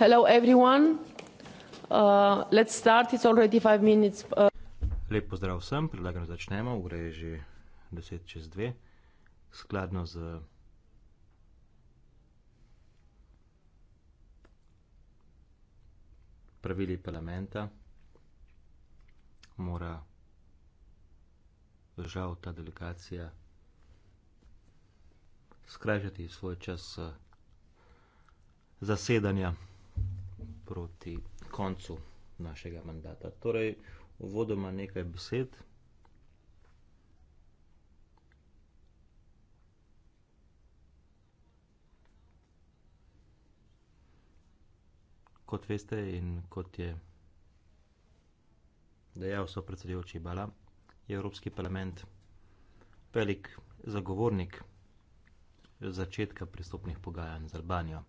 Hello everyone. Uh, let's start. It's already five minutes. Uh... Lep pozdrav vsem, predlagam, da začnemo. Ure je že 10 čez 2. Skladno z pravili parlamenta mora žal ta delegacija skrajšati svoj čas uh, zasedanja proti koncu našega mandata. Torej, uvodoma nekaj besed. Kot veste in kot je dejal so predsedujoči Bala, je Evropski parlament velik zagovornik začetka pristopnih pogajanj z Albanijo.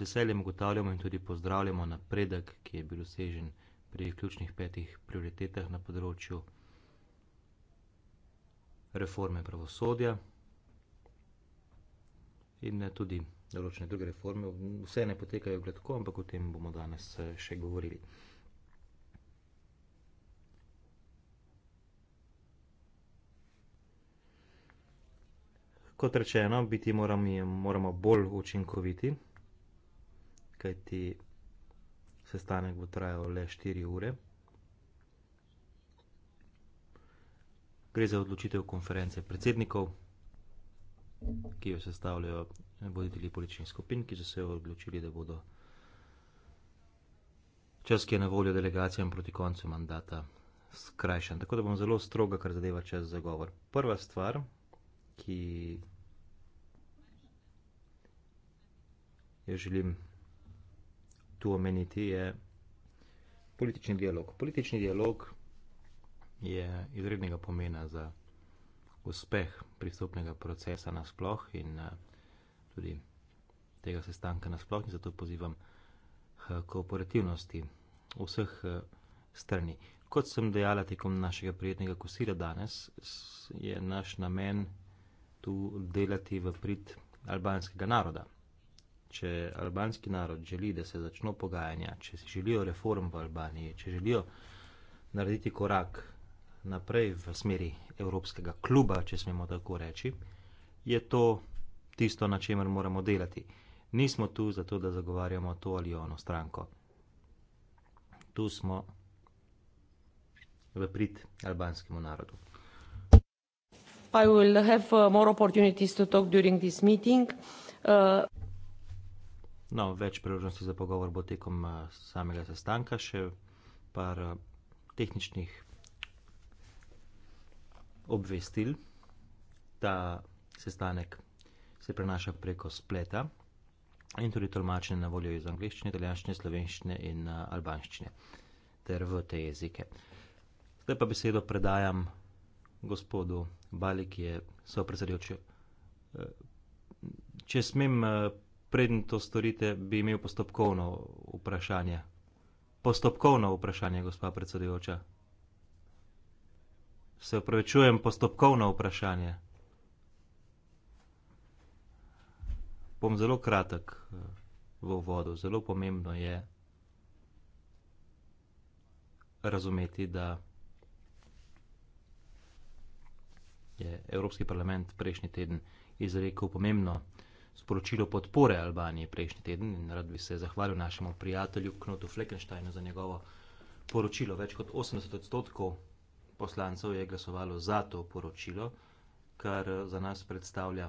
veseljem ugotavljamo in tudi pozdravljamo napredek, ki je bil dosežen pri ključnih petih prioritetah na področju reforme pravosodja in eh, tudi določene druge reforme. Vse ne potekajo gledko, ampak o tem bomo danes eh, še govorili. Kot rečeno, biti moramo, moramo bolj učinkoviti kajti sestanek bo trajal le 4 ure. Gre za odločitev konference predsednikov, ki jo sestavljajo voditelji političnih skupin, ki so se odločili, da bodo čas, ki je na voljo delegacijam proti koncu mandata, skrajšan. Tako da bom zelo stroga, kar zadeva čas za govor. Prva stvar, ki jo želim tu omeniti, je politični dialog. Politični dialog je izrednega pomena za uspeh pristopnega procesa nasploh in eh, tudi tega sestanka nasploh in zato pozivam k kooperativnosti vseh eh, strani. Kot sem dejala tekom našega prijetnega kosila danes, je naš namen tu delati v prid albanskega naroda če albanski narod želi, da se začno pogajanja, če si želijo reform v Albaniji, če želijo narediti korak naprej v smeri evropskega kluba, če smemo tako reči, je to tisto, na čemer moramo delati. Nismo tu zato, da zagovarjamo to ali ono stranko. Tu smo v prid albanskemu narodu. I will have uh, more opportunities to talk during this meeting. Uh No, več priložnosti za pogovor bo tekom eh, samega sestanka, še par eh, tehničnih obvestil. Ta sestanek se prenaša preko spleta in tudi tolmačenje na voljo iz angliščine, italijanščine, slovenščine in eh, albanščine ter v te jezike. Zdaj pa besedo predajam gospodu Bali, ki je sopresedujoči. Če smem preden to storite, bi imel postopkovno vprašanje. Postopkovno vprašanje, gospa predsedujoča. Se upravičujem, postopkovno vprašanje. Bom zelo kratek eh, v uvodu. Zelo pomembno je razumeti, da je Evropski parlament prejšnji teden izrekel pomembno sporočilo podpore Albaniji prejšnji teden in rad bi se zahvalil našemu prijatelju Knutu Fleckensteinu za njegovo poročilo. Več kot 80 odstotkov poslancev je glasovalo za to poročilo, kar eh, za nas predstavlja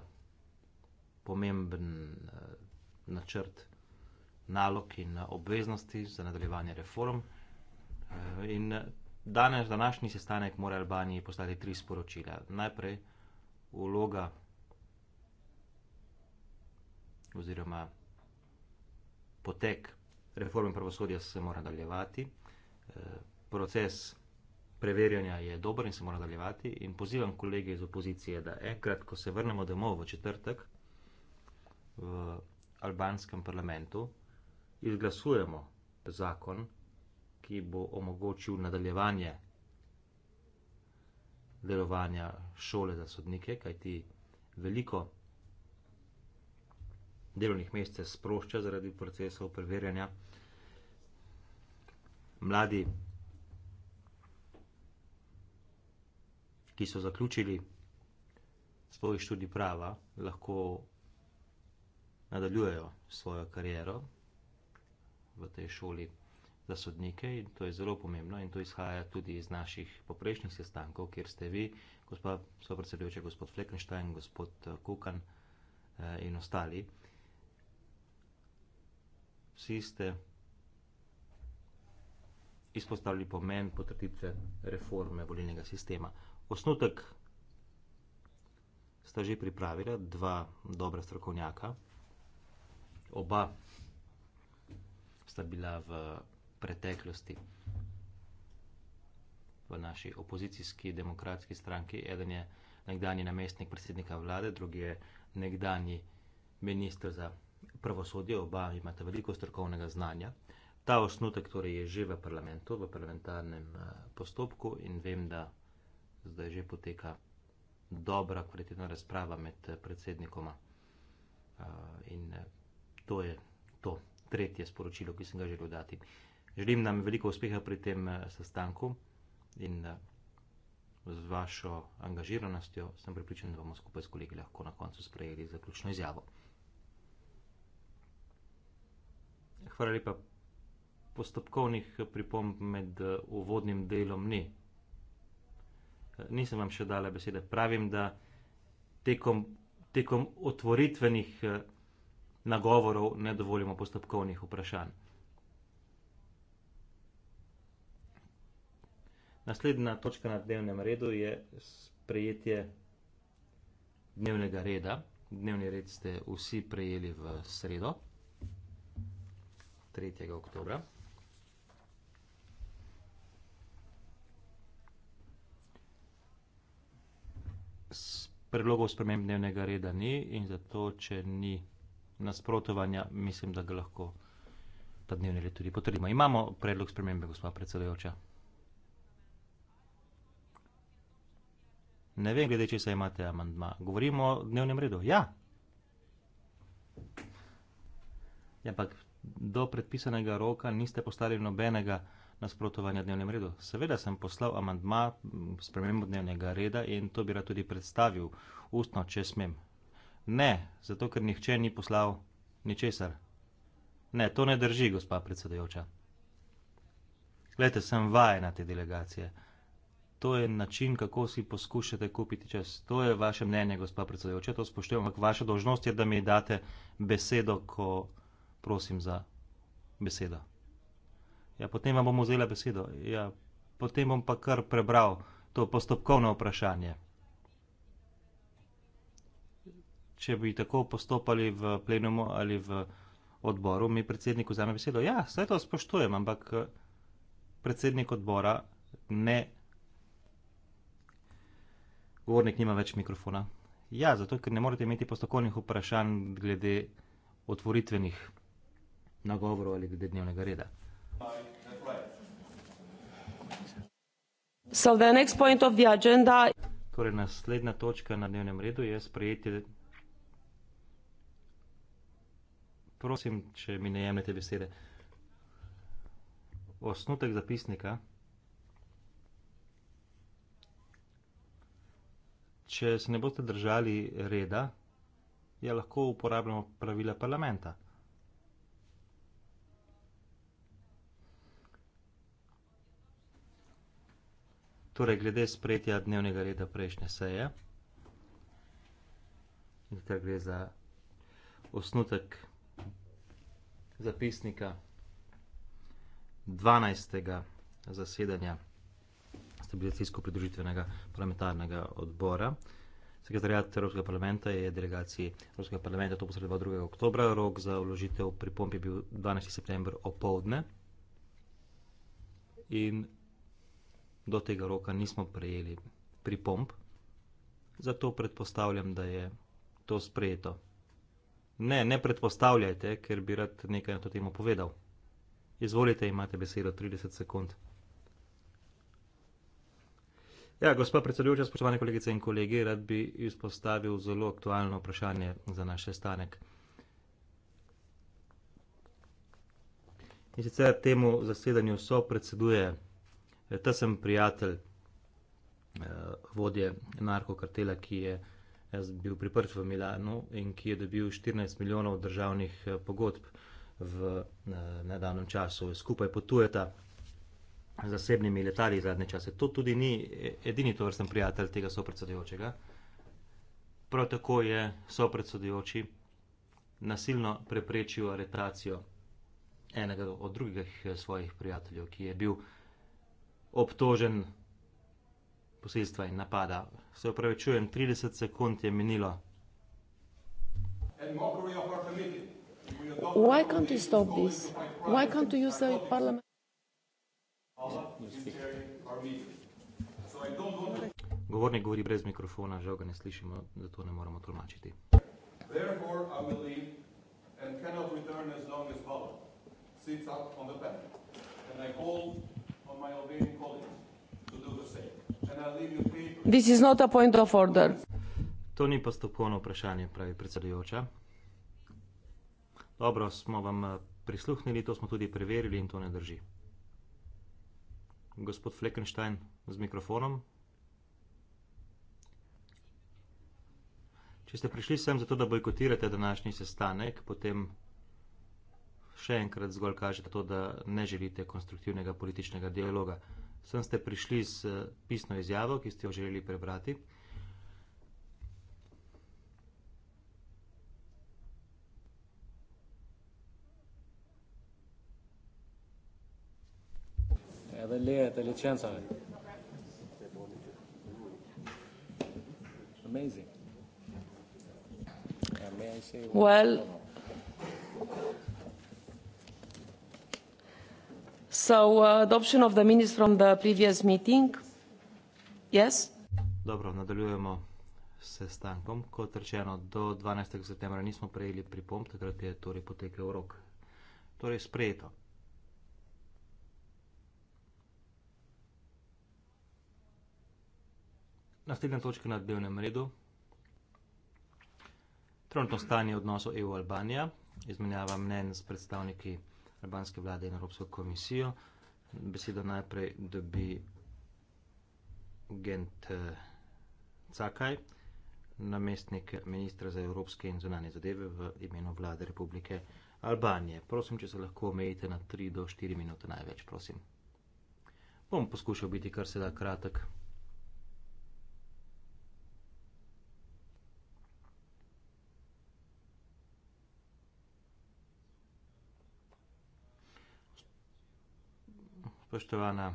pomemben eh, načrt nalog in eh, obveznosti za nadaljevanje reform. In danes, današnji sestanek mora Albaniji poslati tri sporočila. Najprej vloga oziroma potek reforme pravosodja se mora nadaljevati. Eh, proces preverjanja je dober in se mora nadaljevati. In pozivam kolege iz opozicije, da enkrat, ko se vrnemo domov v četrtek v albanskem parlamentu, izglasujemo zakon, ki bo omogočil nadaljevanje delovanja šole za sodnike, kajti veliko delovnih mest se sprošča zaradi procesov preverjanja. Mladi, ki so zaključili svoj študij prava, lahko nadaljujejo svojo kariero v tej šoli za sodnike in to je zelo pomembno in to izhaja tudi iz naših poprejšnjih sestankov, kjer ste vi, gospod predsedujoče, gospod Fleckenstein, gospod Kukan eh, in ostali, vsi ste izpostavili pomen potrditve reforme volilnega sistema. Osnutek sta že pripravila dva dobra strokovnjaka. Oba sta bila v preteklosti v naši opozicijski demokratski stranki. Eden je nekdani namestnik predsednika vlade, drugi je nekdani ministr za pravosodje, oba imata veliko strokovnega znanja. Ta osnutek torej je že v parlamentu, v parlamentarnem eh, postopku in vem, da zdaj že poteka dobra, kvalitetna razprava med eh, predsednikoma. Eh, in to je to tretje sporočilo, ki sem ga želel dati. Želim nam veliko uspeha pri tem sestanku in z vašo angažiranostjo sem pripričan, da bomo skupaj s kolegi lahko na koncu sprejeli zaključno izjavo. Hvala lepa. Postopkovnih eh, pripomb med eh, uvodnim delom ni. Eh, nisem vam še dala besede. Pravim, da tekom, tekom otvoritvenih nagovorov ne dovolimo postopkovnih vprašanj. Naslednja točka na dnevnem redu je sprejetje dnevnega reda. Dnevni red ste vsi prejeli v sredo. 3. oktobra. Predlogov sprememb dnevnega reda ni in zato, če ni nasprotovanja, mislim, da ga lahko ta dnevni red tudi potrdimo. Imamo predlog spremembe, gospod predsedujoča. Ne vem, glede, če se imate amandma. Govorimo o dnevnem redu. Ja. Ja, ampak do predpisanega roka niste poslali nobenega nasprotovanja dnevnem redu. Seveda sem poslal amandma spremembo dnevnega reda in to bi rad tudi predstavil ustno, če smem. Ne, zato ker nihče ni poslal ničesar. Ne, to ne drži, gospa predsedujoča. Glejte, sem vajena te delegacije. To je način, kako si poskušate kupiti čas. To je vaše mnenje, gospa predsedujoča, to spoštujem, ampak vaša dožnost je, da mi date besedo, ko prosim za besedo. Ja, potem vam bom vzela besedo. Ja, potem bom pa kar prebral to postopkovno vprašanje. Če bi tako postopali v plenumu ali v odboru, mi predsednik vzame besedo. Ja, vse to spoštujem, ampak eh, predsednik odbora ne. Govornik nima več mikrofona. Ja, zato ker ne morete imeti postopkovnih vprašanj glede otvoritvenih vprašanj nagovoru ali glede dnevnega reda. So the next point of the agenda. Torej, naslednja točka na dnevnem redu je sprejetje. Prosim, če mi ne jemljete besede. Osnutek zapisnika. Če se ne boste držali reda, je ja lahko uporabljamo pravila parlamenta. Torej, glede sprejetja dnevnega reda prejšnje seje, in da gre za osnutek zapisnika 12. zasedanja stabilizacijsko-pridružitvenega parlamentarnega odbora. Sekretarjat Evropskega parlamenta je delegaciji Evropskega parlamenta to posredoval 2. oktobra, rok za vložitev pripomb je bil 12. september opoldne. In do tega roka nismo prejeli pripomb, zato predpostavljam, da je to sprejeto. Ne, ne predpostavljajte, ker bi rad nekaj na to temo povedal. Izvolite, imate besedo 30 sekund. Ja, gospod predsedujoča, spoštovane kolegice in kolegi, rad bi izpostavil zelo aktualno vprašanje za naš sestanek. In sicer temu zasedanju so predseduje Ta sem prijatelj eh, vodje narkokartela, ki je bil priprt v Milano in ki je dobil 14 milijonov državnih eh, pogodb v eh, nedavnem času. Skupaj potujeta z zasebnimi letali zadnje čase. To tudi ni edini tovrsten prijatelj tega sopredsodujočega. Prav tako je sopredsodujoči nasilno preprečil aretacijo enega od drugih eh, svojih prijateljev, ki je bil eh, obtožen posilstva in napada. Se upravičujem, 30 sekund je minilo. Why can't you stop this? Why can't you use the parliament? Govornik govori brez mikrofona, žal ga ne slišimo, zato ne moramo tolmačiti. As as This is not a point of order. To ni postopkovno vprašanje, pravi predsedujoča. Dobro, smo vam eh, prisluhnili, to smo tudi preverili in to ne drži. Gospod Fleckenstein z mikrofonom. Če ste prišli sem zato, da bojkotirate današnji sestanek, potem še enkrat zgolj kaže to, da ne želite konstruktivnega političnega dialoga. Sem ste prišli s eh, pisno izjavo, ki ste jo želeli prebrati. Ja, well, So uh, adoption of the minutes from the previous meeting. Yes? Dobro, nadaljujemo s sestankom. Kot rečeno, do 12. septembra nismo prejeli pripomp, takrat je torej potekel rok. Torej sprejeto. Naslednja točka na dnevnem redu. Trenutno stanje odnosov EU-Albanija, izmenjava mnen s predstavniki albanske vlade in Evropsko komisijo. Besedo najprej dobi Gent eh, Cakaj, namestnik ministra za evropske in zunanje zadeve v imenu vlade Republike Albanije. Prosim, če se lahko omejite na 3 do 4 minute največ, prosim. Bom poskušal biti kar se da kratek. Spoštovana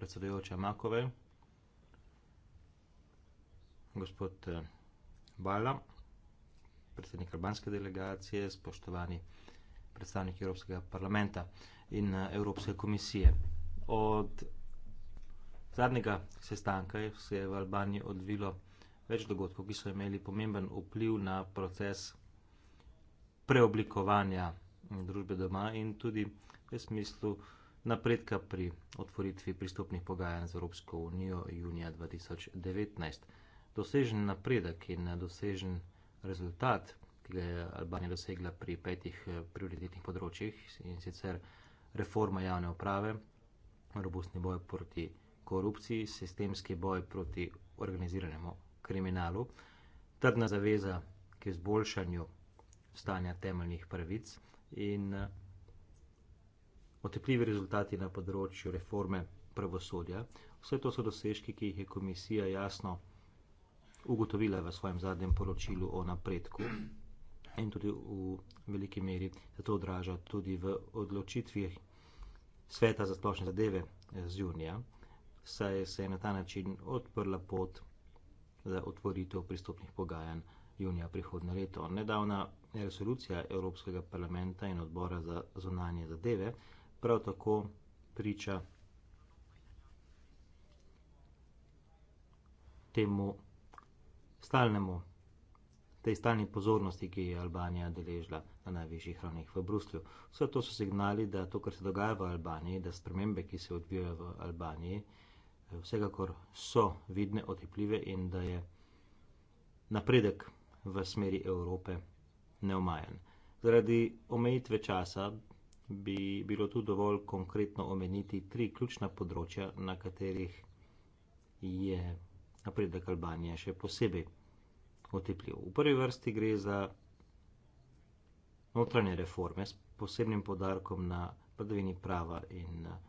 predsedujoča Makove, gospod eh, Bala, predsednik albanske delegacije, spoštovani predstavnik Evropskega parlamenta in eh, Evropske komisije. Od zadnjega sestanka se je v Albaniji odvilo več dogodkov, ki so imeli pomemben vpliv na proces preoblikovanja družbe doma in tudi v smislu napredka pri otvoritvi pristopnih pogajanj z Evropsko unijo junija 2019. Dosežen napredek in dosežen rezultat, ki ga je Albanija dosegla pri petih eh, prioritetnih področjih, in sicer reforma javne uprave, robustni boj proti korupciji, sistemski boj proti organiziranemu kriminalu, trdna zaveza k izboljšanju stanja temeljnih pravic in eh, otepljivi rezultati na področju reforme pravosodja. Vse to so dosežki, ki jih je komisija jasno ugotovila v svojem zadnjem poročilu o napredku in tudi v veliki meri se to odraža tudi v odločitvi Sveta za splošne zadeve z junija, saj se je na ta način odprla pot za otvoritev pristopnih pogajanj junija prihodne leto. Nedavna resolucija Evropskega parlamenta in odbora za zonanje zadeve prav tako priča temu stalnemu, tej stalni pozornosti, ki je Albanija deležila na najvišjih ravnih v Bruslju. Vse to so signali, da to, kar se dogaja v Albaniji, da spremembe, ki se odvijajo v Albaniji, vsekakor so vidne, otepljive in da je napredek v smeri Evrope neomajen. Zaradi omejitve časa bi bilo tu dovolj konkretno omeniti tri ključna področja, na katerih je napredek Albanije še posebej otepljiv. V prvi vrsti gre za notranje reforme s posebnim podarkom na vladavini prava in eh,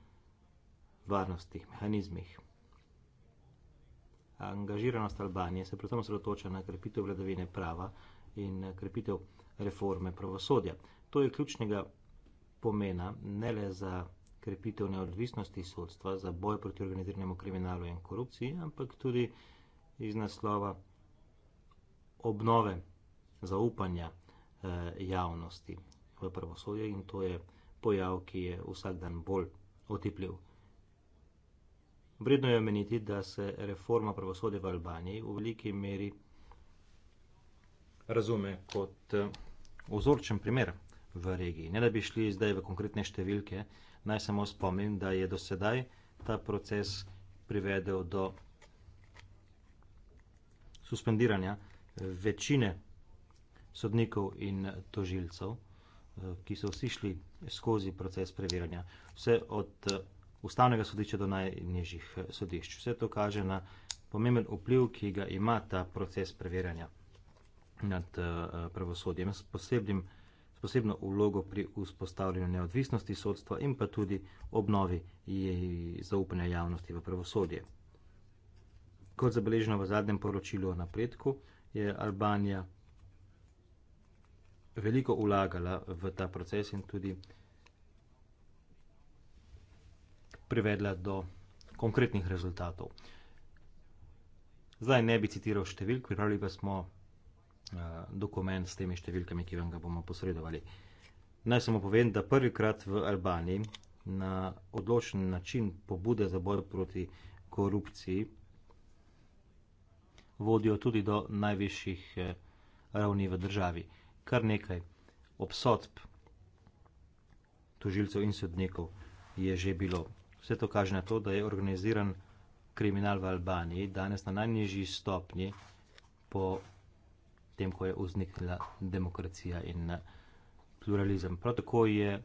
varnostnih mehanizmih. Angažiranost Albanije se predvsem osredotoča na krepitev vladavine prava in eh, krepitev reforme pravosodja. To je ključnega pomena ne le za krepitev neodvisnosti sodstva, za boj proti organiziranemu kriminalu in korupciji, ampak tudi iz naslova obnove zaupanja eh, javnosti v pravosodje in to je pojav, ki je vsak dan bolj otipljiv. Vredno je omeniti, da se reforma pravosodja v Albaniji v veliki meri razume kot eh, vzorčen primer v regiji. Ne da bi šli zdaj v konkretne številke, naj samo spomnim, da je do sedaj ta proces privedel do suspendiranja večine sodnikov in tožilcev, ki so vsi šli skozi proces preverjanja, vse od eh, ustavnega sodišča do najnižjih eh, sodišč. Vse to kaže na pomemben vpliv, ki ga ima ta proces preverjanja nad eh, pravosodjem. S posebnim pravosodjem posebno vlogo pri vzpostavljanju neodvisnosti sodstva in pa tudi obnovi zaupanja javnosti v pravosodje. Kot zabeleženo v zadnjem poročilu o napredku, je Albanija veliko vlagala v ta proces in tudi privedla do konkretnih rezultatov. Zdaj ne bi citiral številk, pripravili pa smo Eh, dokument s temi številkami, ki vam ga bomo posredovali. Naj samo povem, da prvikrat v Albaniji na odločen način pobude za bor proti korupciji vodijo tudi do najvišjih eh, ravni v državi. Kar nekaj obsodb tožilcev in sodnikov je že bilo. Vse to kaže na to, da je organiziran kriminal v Albaniji danes na najnižji stopnji po potem, ko je vzniknila demokracija in eh, pluralizem. Prav tako je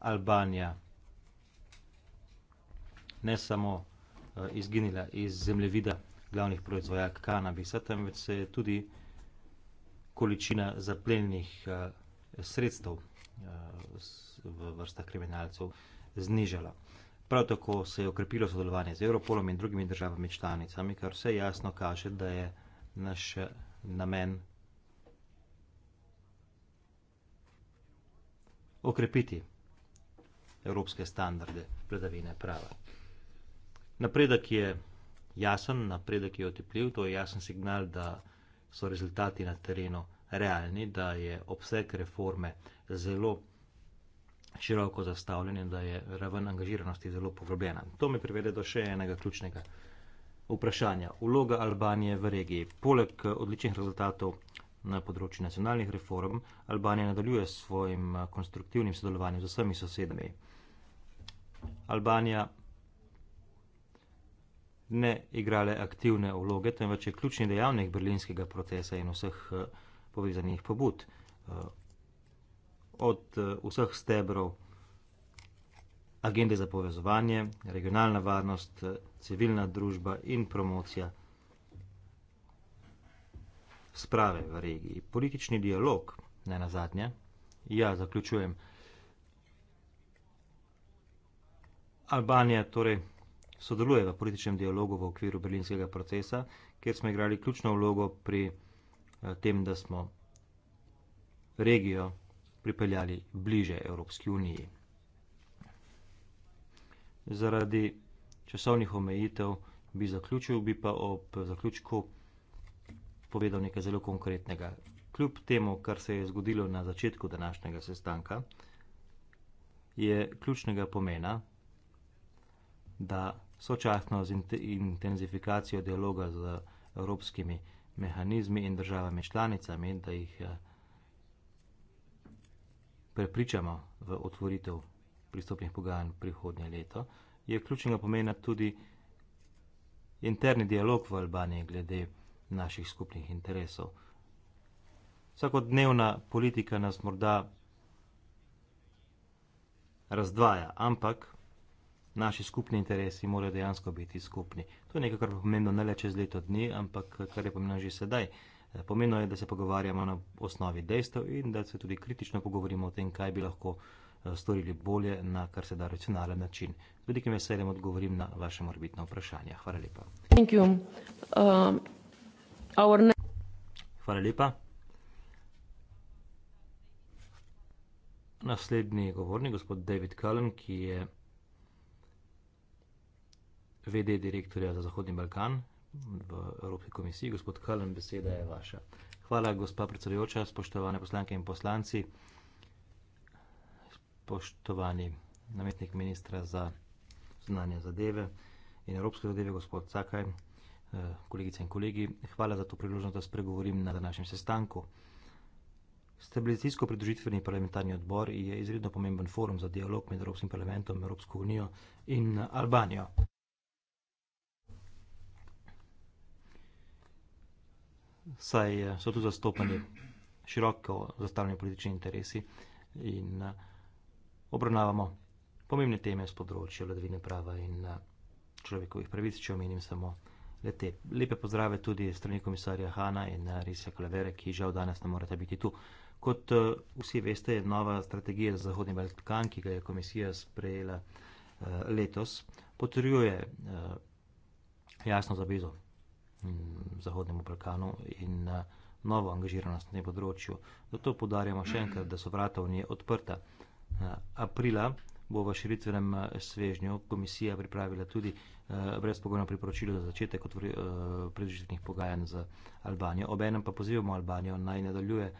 Albanija ne samo eh, izginila iz zemljevida glavnih proizvajalk kanabisa, temveč se je tudi količina zaplenjenih eh, sredstev v vrstah kriminalcev znižala. Prav tako se je okrepilo sodelovanje z Europolom in drugimi državami članicami, kar vse jasno kaže, da je naš eh, namen. Okrepiti evropske standarde vladavine prava. Napredek je jasen, napredek je otepljiv, to je jasen signal, da so rezultati na terenu realni, da je obseg reforme zelo široko zastavljen in da je raven angažiranosti zelo poglobljena. To me privede do še enega ključnega vprašanja. Vloga Albanije v regiji. Poleg eh, odličnih rezultatov na področju nacionalnih reform, Albanija nadaljuje s svojim eh, konstruktivnim sodelovanjem z vsemi sosedami. Albanija ne igrale aktivne vloge, temveč je ključni dejavnik berlinskega procesa in vseh eh, povezanih pobud. Od vseh stebrov agende za povezovanje, regionalna varnost, civilna družba in promocija sprave v regiji. Politični dialog, ne na zadnje, ja, zaključujem. Albanija torej sodeluje v političnem dialogu v okviru berlinskega procesa, kjer smo igrali ključno vlogo pri eh, tem, da smo regijo pripeljali bliže Evropski uniji zaradi časovnih omejitev bi zaključil, bi pa ob zaključku povedal nekaj zelo konkretnega. Kljub temu, kar se je zgodilo na začetku današnjega sestanka, je ključnega pomena, da sočasno z intenzifikacijo dialoga z evropskimi mehanizmi in državami članicami, da jih prepričamo v otvoritev pristopnih pogajanj prihodnje leto, je ključnega pomena tudi interni dialog v Albaniji glede naših skupnih interesov. Vsakodnevna politika nas morda razdvaja, ampak naši skupni interesi morajo dejansko biti skupni. To je nekaj, kar pomeni ne le čez leto dni, ampak kar je pomenilo že sedaj. Eh, Pomeno je, da se pogovarjamo na osnovi dejstev in da se tudi kritično pogovorimo o tem, kaj bi lahko Eh, storili bolje na kar se da racionalen način. Velikim veseljem odgovorim na vaše morbitno vprašanje. Hvala lepa. Thank you. Uh, our Hvala lepa. Naslednji govornik, gospod David Cullen, ki je VD direktorja za Zahodni Balkan v Evropski komisiji. Gospod Cullen, beseda je vaša. Hvala, gospa predsedujoča, spoštovane poslanke in poslanci spoštovani namestnik ministra za znanje zadeve in evropske zadeve, gospod Cakaj, eh, kolegice in kolegi, hvala za to priložnost, da spregovorim na današnjem sestanku. Stabilizacijsko-pridružitveni parlamentarni odbor je izredno pomemben forum za dialog med Evropskim parlamentom, Evropsko unijo in eh, Albanijo. Saj eh, so tu zastopani široko zastavljeni politični interesi in uh, obravnavamo pomembne teme z področja vladavine prava in eh, človekovih pravic, če omenim samo le te. Lepe pozdrave tudi strani komisarja Hanna in eh, Risa Kalavere, ki žal danes ne morete biti tu. Kot eh, vsi veste, je nova strategija za Zahodni Balkan, ki ga je komisija sprejela letos, potrjuje jasno zavezo mm, Zahodnemu Balkanu in novo angažiranost na tem področju. Zato podarjamo še enkrat, da so vrata v njej odprta. Eh, aprila bo v širitvenem eh, svežnju komisija pripravila tudi eh, brezpogojno priporočilo za začetek predvičitvenih pogajanj za Albanijo. Obenem pa pozivamo Albanijo naj nadaljuje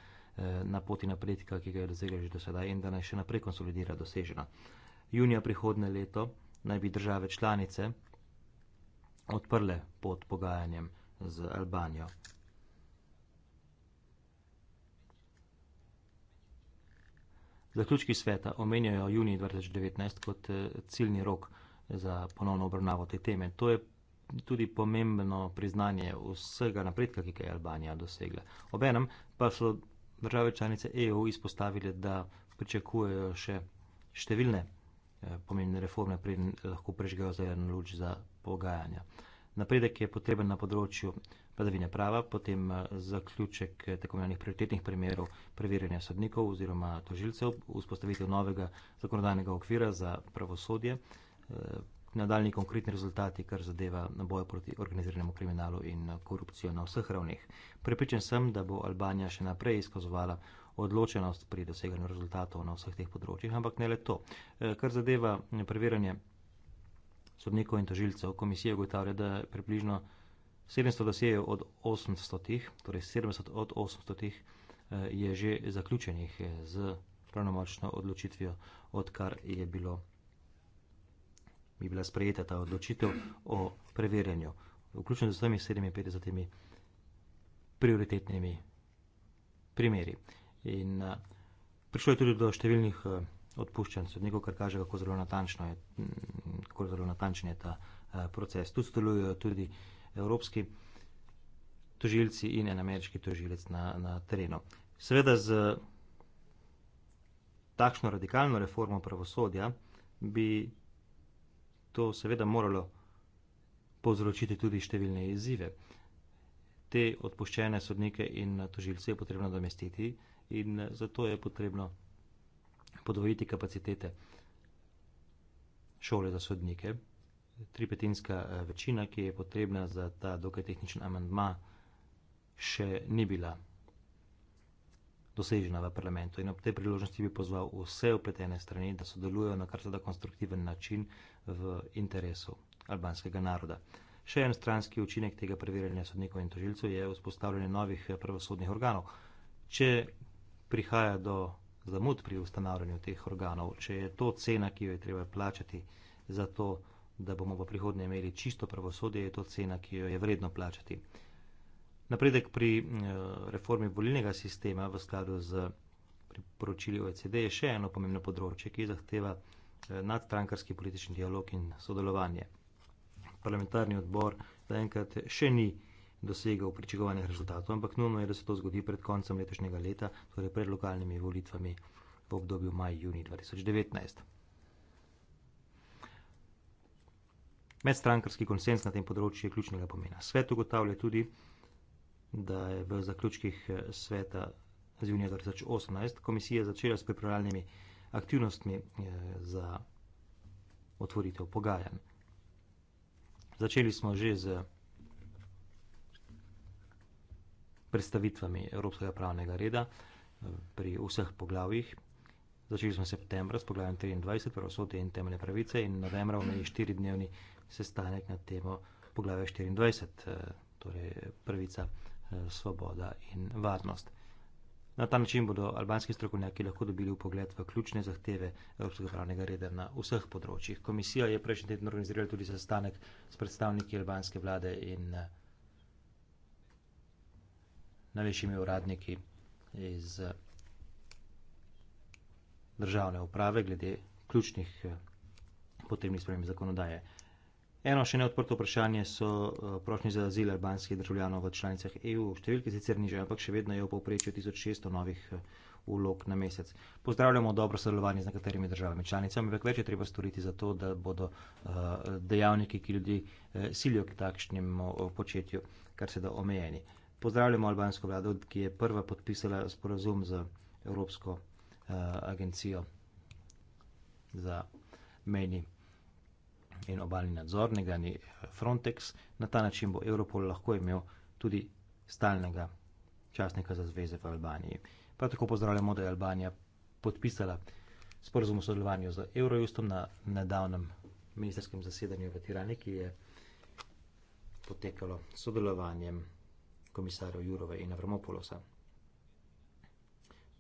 na poti napredka, ki ga je dosegla že do sedaj in da naj še naprej konsolidira dosežena. Junija prihodne leto naj bi države članice odprle pod pogajanjem z Albanijo. Zaključki sveta omenjajo juni 2019 kot eh, ciljni rok za ponovno obravnavo te teme. To je tudi pomembno priznanje vsega napredka, ki ga je Albanija dosegla. Obenem pa so države članice EU izpostavile, da pričakujejo še številne eh, pomembne reforme, preden lahko prežgajo zeleno luč za pogajanja napredek je potreben na področju vladavine prava, potem eh, zaključek eh, tako imenih prioritetnih primerov preverjanja sodnikov oziroma tožilcev, vzpostavitev novega zakonodajnega okvira za pravosodje, eh, nadaljni konkretni rezultati, kar zadeva na boju proti organiziranemu kriminalu in korupcijo na vseh ravneh. Prepričan sem, da bo Albanija še naprej izkazovala odločenost pri doseganju rezultatov na vseh teh področjih, ampak ne le to. Kar zadeva preverjanje sodnikov in tožilcev. Komisija ugotavlja, da je približno 700 dosijev od 800, torej 70 od 800 eh, je že zaključenih eh, z pravnomočno odločitvijo, odkar je bilo. Mi bila sprejeta ta odločitev o preverjanju, vključno z vsemi 57 prioritetnimi primeri. In a, eh, prišlo je tudi do številnih a, odpuščen sodnikov, kar kaže, kako zelo natančno je, kako zelo natančen je ta eh, proces. Tu sodelujo tudi evropski tožilci in en ameriški tožilec na, na terenu. Seveda z takšno radikalno reformo pravosodja bi to seveda moralo povzročiti tudi številne izzive. Te odpuščene sodnike in tožilce je potrebno domestiti in eh, zato je potrebno podvojiti kapacitete šole za sodnike. Tripetinska eh, večina, ki je potrebna za ta dokaj tehničen amendma, še ni bila dosežena v parlamentu. In ob tej priložnosti bi pozval vse upletene strani, da sodelujo na kar se da konstruktiven način v interesu albanskega naroda. Še en stranski učinek tega preverjanja sodnikov in tožilcev je vzpostavljanje novih eh, pravosodnih organov. Če prihaja do zamud pri ustanavljanju teh organov, če je to cena, ki jo je treba plačati za to, da bomo v prihodnje imeli čisto pravosodje, je to cena, ki jo je vredno plačati. Napredek pri eh, reformi volilnega sistema v skladu z priporočili OECD je še eno pomembno področje, ki zahteva eh, nadstrankarski politični dialog in sodelovanje. Parlamentarni odbor zaenkrat še ni dosegel pričakovanih rezultatov, ampak nujno je, da se to zgodi pred koncem letošnjega leta, torej pred lokalnimi volitvami v obdobju maj-juni 2019. Medstrankarski konsens na tem področju je ključnega pomena. Svet ugotavlja tudi, da je v zaključkih eh, sveta z junija 2018 komisija začela s pripravljalnimi aktivnostmi eh, za otvoritev pogajanj. Začeli smo že z predstavitvami evropskega pravnega reda eh, pri vseh poglavjih. Začeli smo septembra s poglavjem 23, pravosodje in temeljne pravice, in novembra bomo imeli štiridnevni sestanek na temo poglavja 24, eh, torej pravica, eh, svoboda in varnost. Na ta način bodo albanski strokovnjaki lahko dobili upogled v ključne zahteve Evropskega pravnega reda na vseh področjih. Komisija je prejšnji teden organizirala tudi sestanek s predstavniki albanske vlade in najvišjimi uradniki iz eh, državne uprave glede ključnih eh, potrebnih sprememb zakonodaje. Eno še neodprto vprašanje so eh, prošnje za azil albanskih državljanov v članicah EU. Številke sicer niže, ampak še vedno je v povprečju 1600 novih ulog na mesec. Pozdravljamo dobro sodelovanje z nekaterimi državami članicami, ampak več je treba storiti za to, da bodo dejavniki, ki ljudi silijo k takšnemu početju, kar se da omejeni pozdravljamo albansko vlado, ki je prva podpisala sporazum z Evropsko uh, agencijo za meni in obaljni nadzor, nekajni eh, Frontex. Na ta način bo Evropol lahko imel tudi stalnega časnika za zveze v Albaniji. Prav tako pozdravljamo, da je Albanija podpisala sporozum o sodelovanju z Eurojustom na nedavnem ministerskem zasedanju v Tirani, ki je potekalo sodelovanjem komisarjev Jurove in Avramopolosa.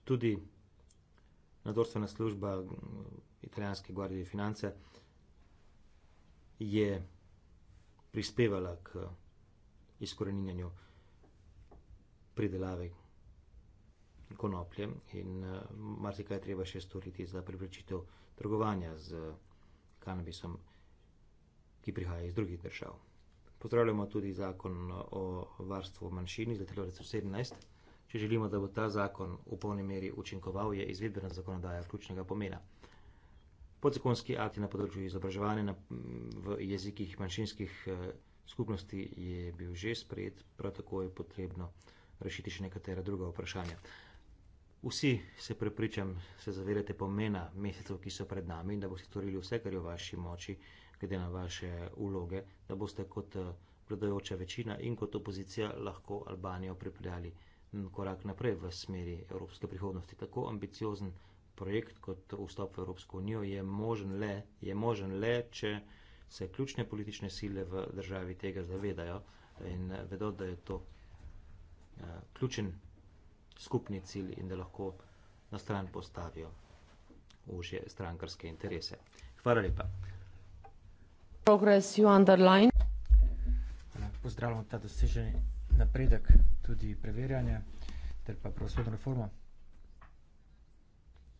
Tudi nadzorstvena služba mm, italijanske guardije finance je prispevala k izkoreninjanju pridelave konoplje in eh, marsikaj treba še storiti za preprečitev trgovanja z kanabisom, ki prihaja iz drugih držav. Pozdravljamo tudi zakon eh, o varstvu manjšin iz leta 2017. Če želimo, da bo ta zakon v polni meri učinkoval, je izvedbena zakonodaja ključnega pomena. Podzakonski akti na področju izobraževanja v jezikih manjšinskih eh, skupnosti je bil že sprejet, prav tako je potrebno rešiti še nekatera druga vprašanja. Vsi se prepričam, se zavedate pomena mesecev, ki so pred nami in da boste storili vse, kar je v vaši moči glede na vaše uloge, da boste kot eh, vladajoča večina in kot opozicija lahko Albanijo pripeljali korak naprej v smeri evropske prihodnosti. Tako ambiciozen projekt kot vstop v Evropsko unijo je možen le, je možen le če se ključne politične sile v državi tega zavedajo in eh, vedo, da je to eh, ključen skupni cilj in da lahko na stran postavijo užje strankarske interese. Hvala lepa progress you underline? Pozdravljamo ta doseženi napredek, tudi preverjanje ter pa pravosodno reformo.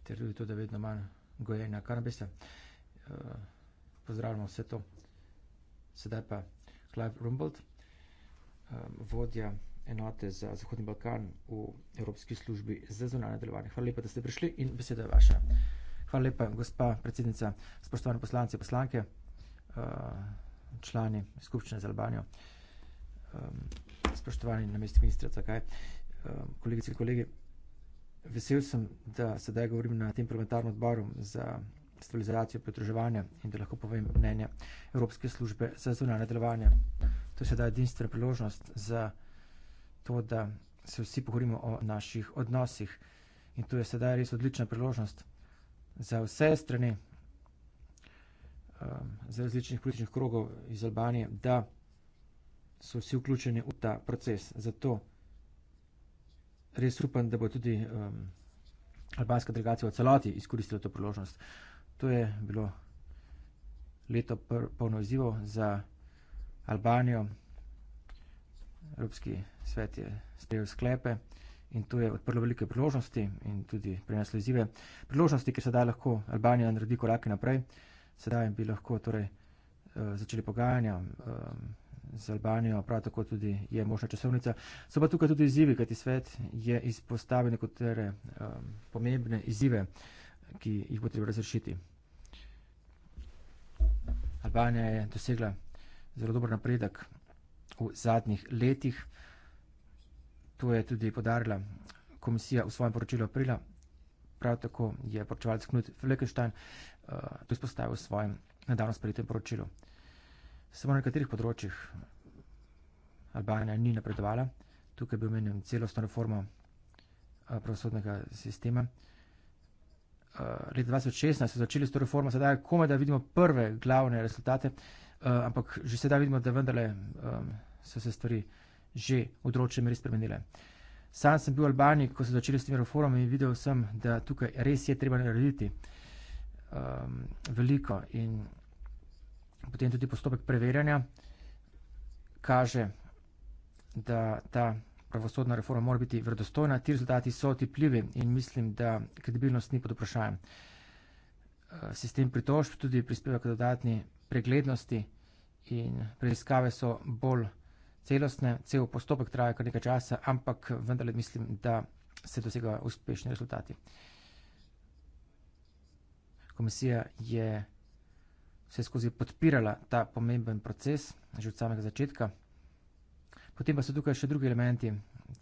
Ter tudi to, da vedno manj gojenja kanabisa. Eh, pozdravljamo vse to. Sedaj pa Clive Rumbold, eh, vodja enote za Zahodni Balkan v Evropski službi za zunanje delovanje. Hvala lepa, da ste prišli in beseda je vaša. Hvala lepa, gospa predsednica, spoštovani poslanci, poslanke. Eh, člani skupščine za Albanijo, um, spoštovani namestnik ministra, zakaj, um, kolegice in kolegi, vesel sem, da sedaj govorim na tem parlamentarnem odboru za stabilizacijo pridruževanja in da lahko povem mnenje Evropske službe za zunanje delovanje. To je sedaj edinstvena priložnost za to, da se vsi pogovorimo o naših odnosih. In to je sedaj res odlična priložnost za vse strani iz um, različnih političnih krogov iz Albanije, da so vsi vključeni v ta proces. Zato res upam, da bo tudi um, albanska delegacija v celoti izkoristila to priložnost. To je bilo leto pr, polno izzivov za Albanijo. Evropski svet je sprejel sklepe in to je odprlo velike priložnosti in tudi prineslo izzive. Priložnosti, ki se da lahko Albanija naredi korake naprej sedaj bi lahko torej, uh, začeli pogajanja um, z Albanijo, prav tako tudi je možna časovnica. So pa tukaj tudi izzivi, kajti svet je izpostavil nekatere um, pomembne izzive, ki jih bo treba razrešiti. Albanija je dosegla zelo dober napredek v zadnjih letih. To je tudi podarila komisija v svojem poročilu aprila. Prav tako je poročevalc Knut Flekenstein Eh, to izpostavil v svojem nedavno sprejetem poročilu. Samo na nekaterih področjih Albanija ni napredovala, tukaj bi omenil celostno reformo eh, pravosodnega sistema. Eh, leta 2016 so začeli s to reformo, sedaj je komaj, da vidimo prve glavne rezultate, ampak že sedaj vidimo, da vendarle so se stvari že v odročje meri spremenile. Sam sem bil v Albaniji, ko so začeli s tem reformom in videl sem, da tukaj res je treba narediti um, veliko. In potem tudi postopek preverjanja kaže, da ta pravosodna reforma mora biti vredostojna, ti rezultati so otipljivi in mislim, da kredibilnost ni pod vprašanjem. Uh, sistem pritožb tudi prispeva k dodatni preglednosti in preiskave so bolj celostne, cel postopek traja kar nekaj časa, ampak vendarle mislim, da se dosega uspešni rezultati komisija je vse skozi podpirala ta pomemben proces, že od samega začetka. Potem pa so tukaj še drugi elementi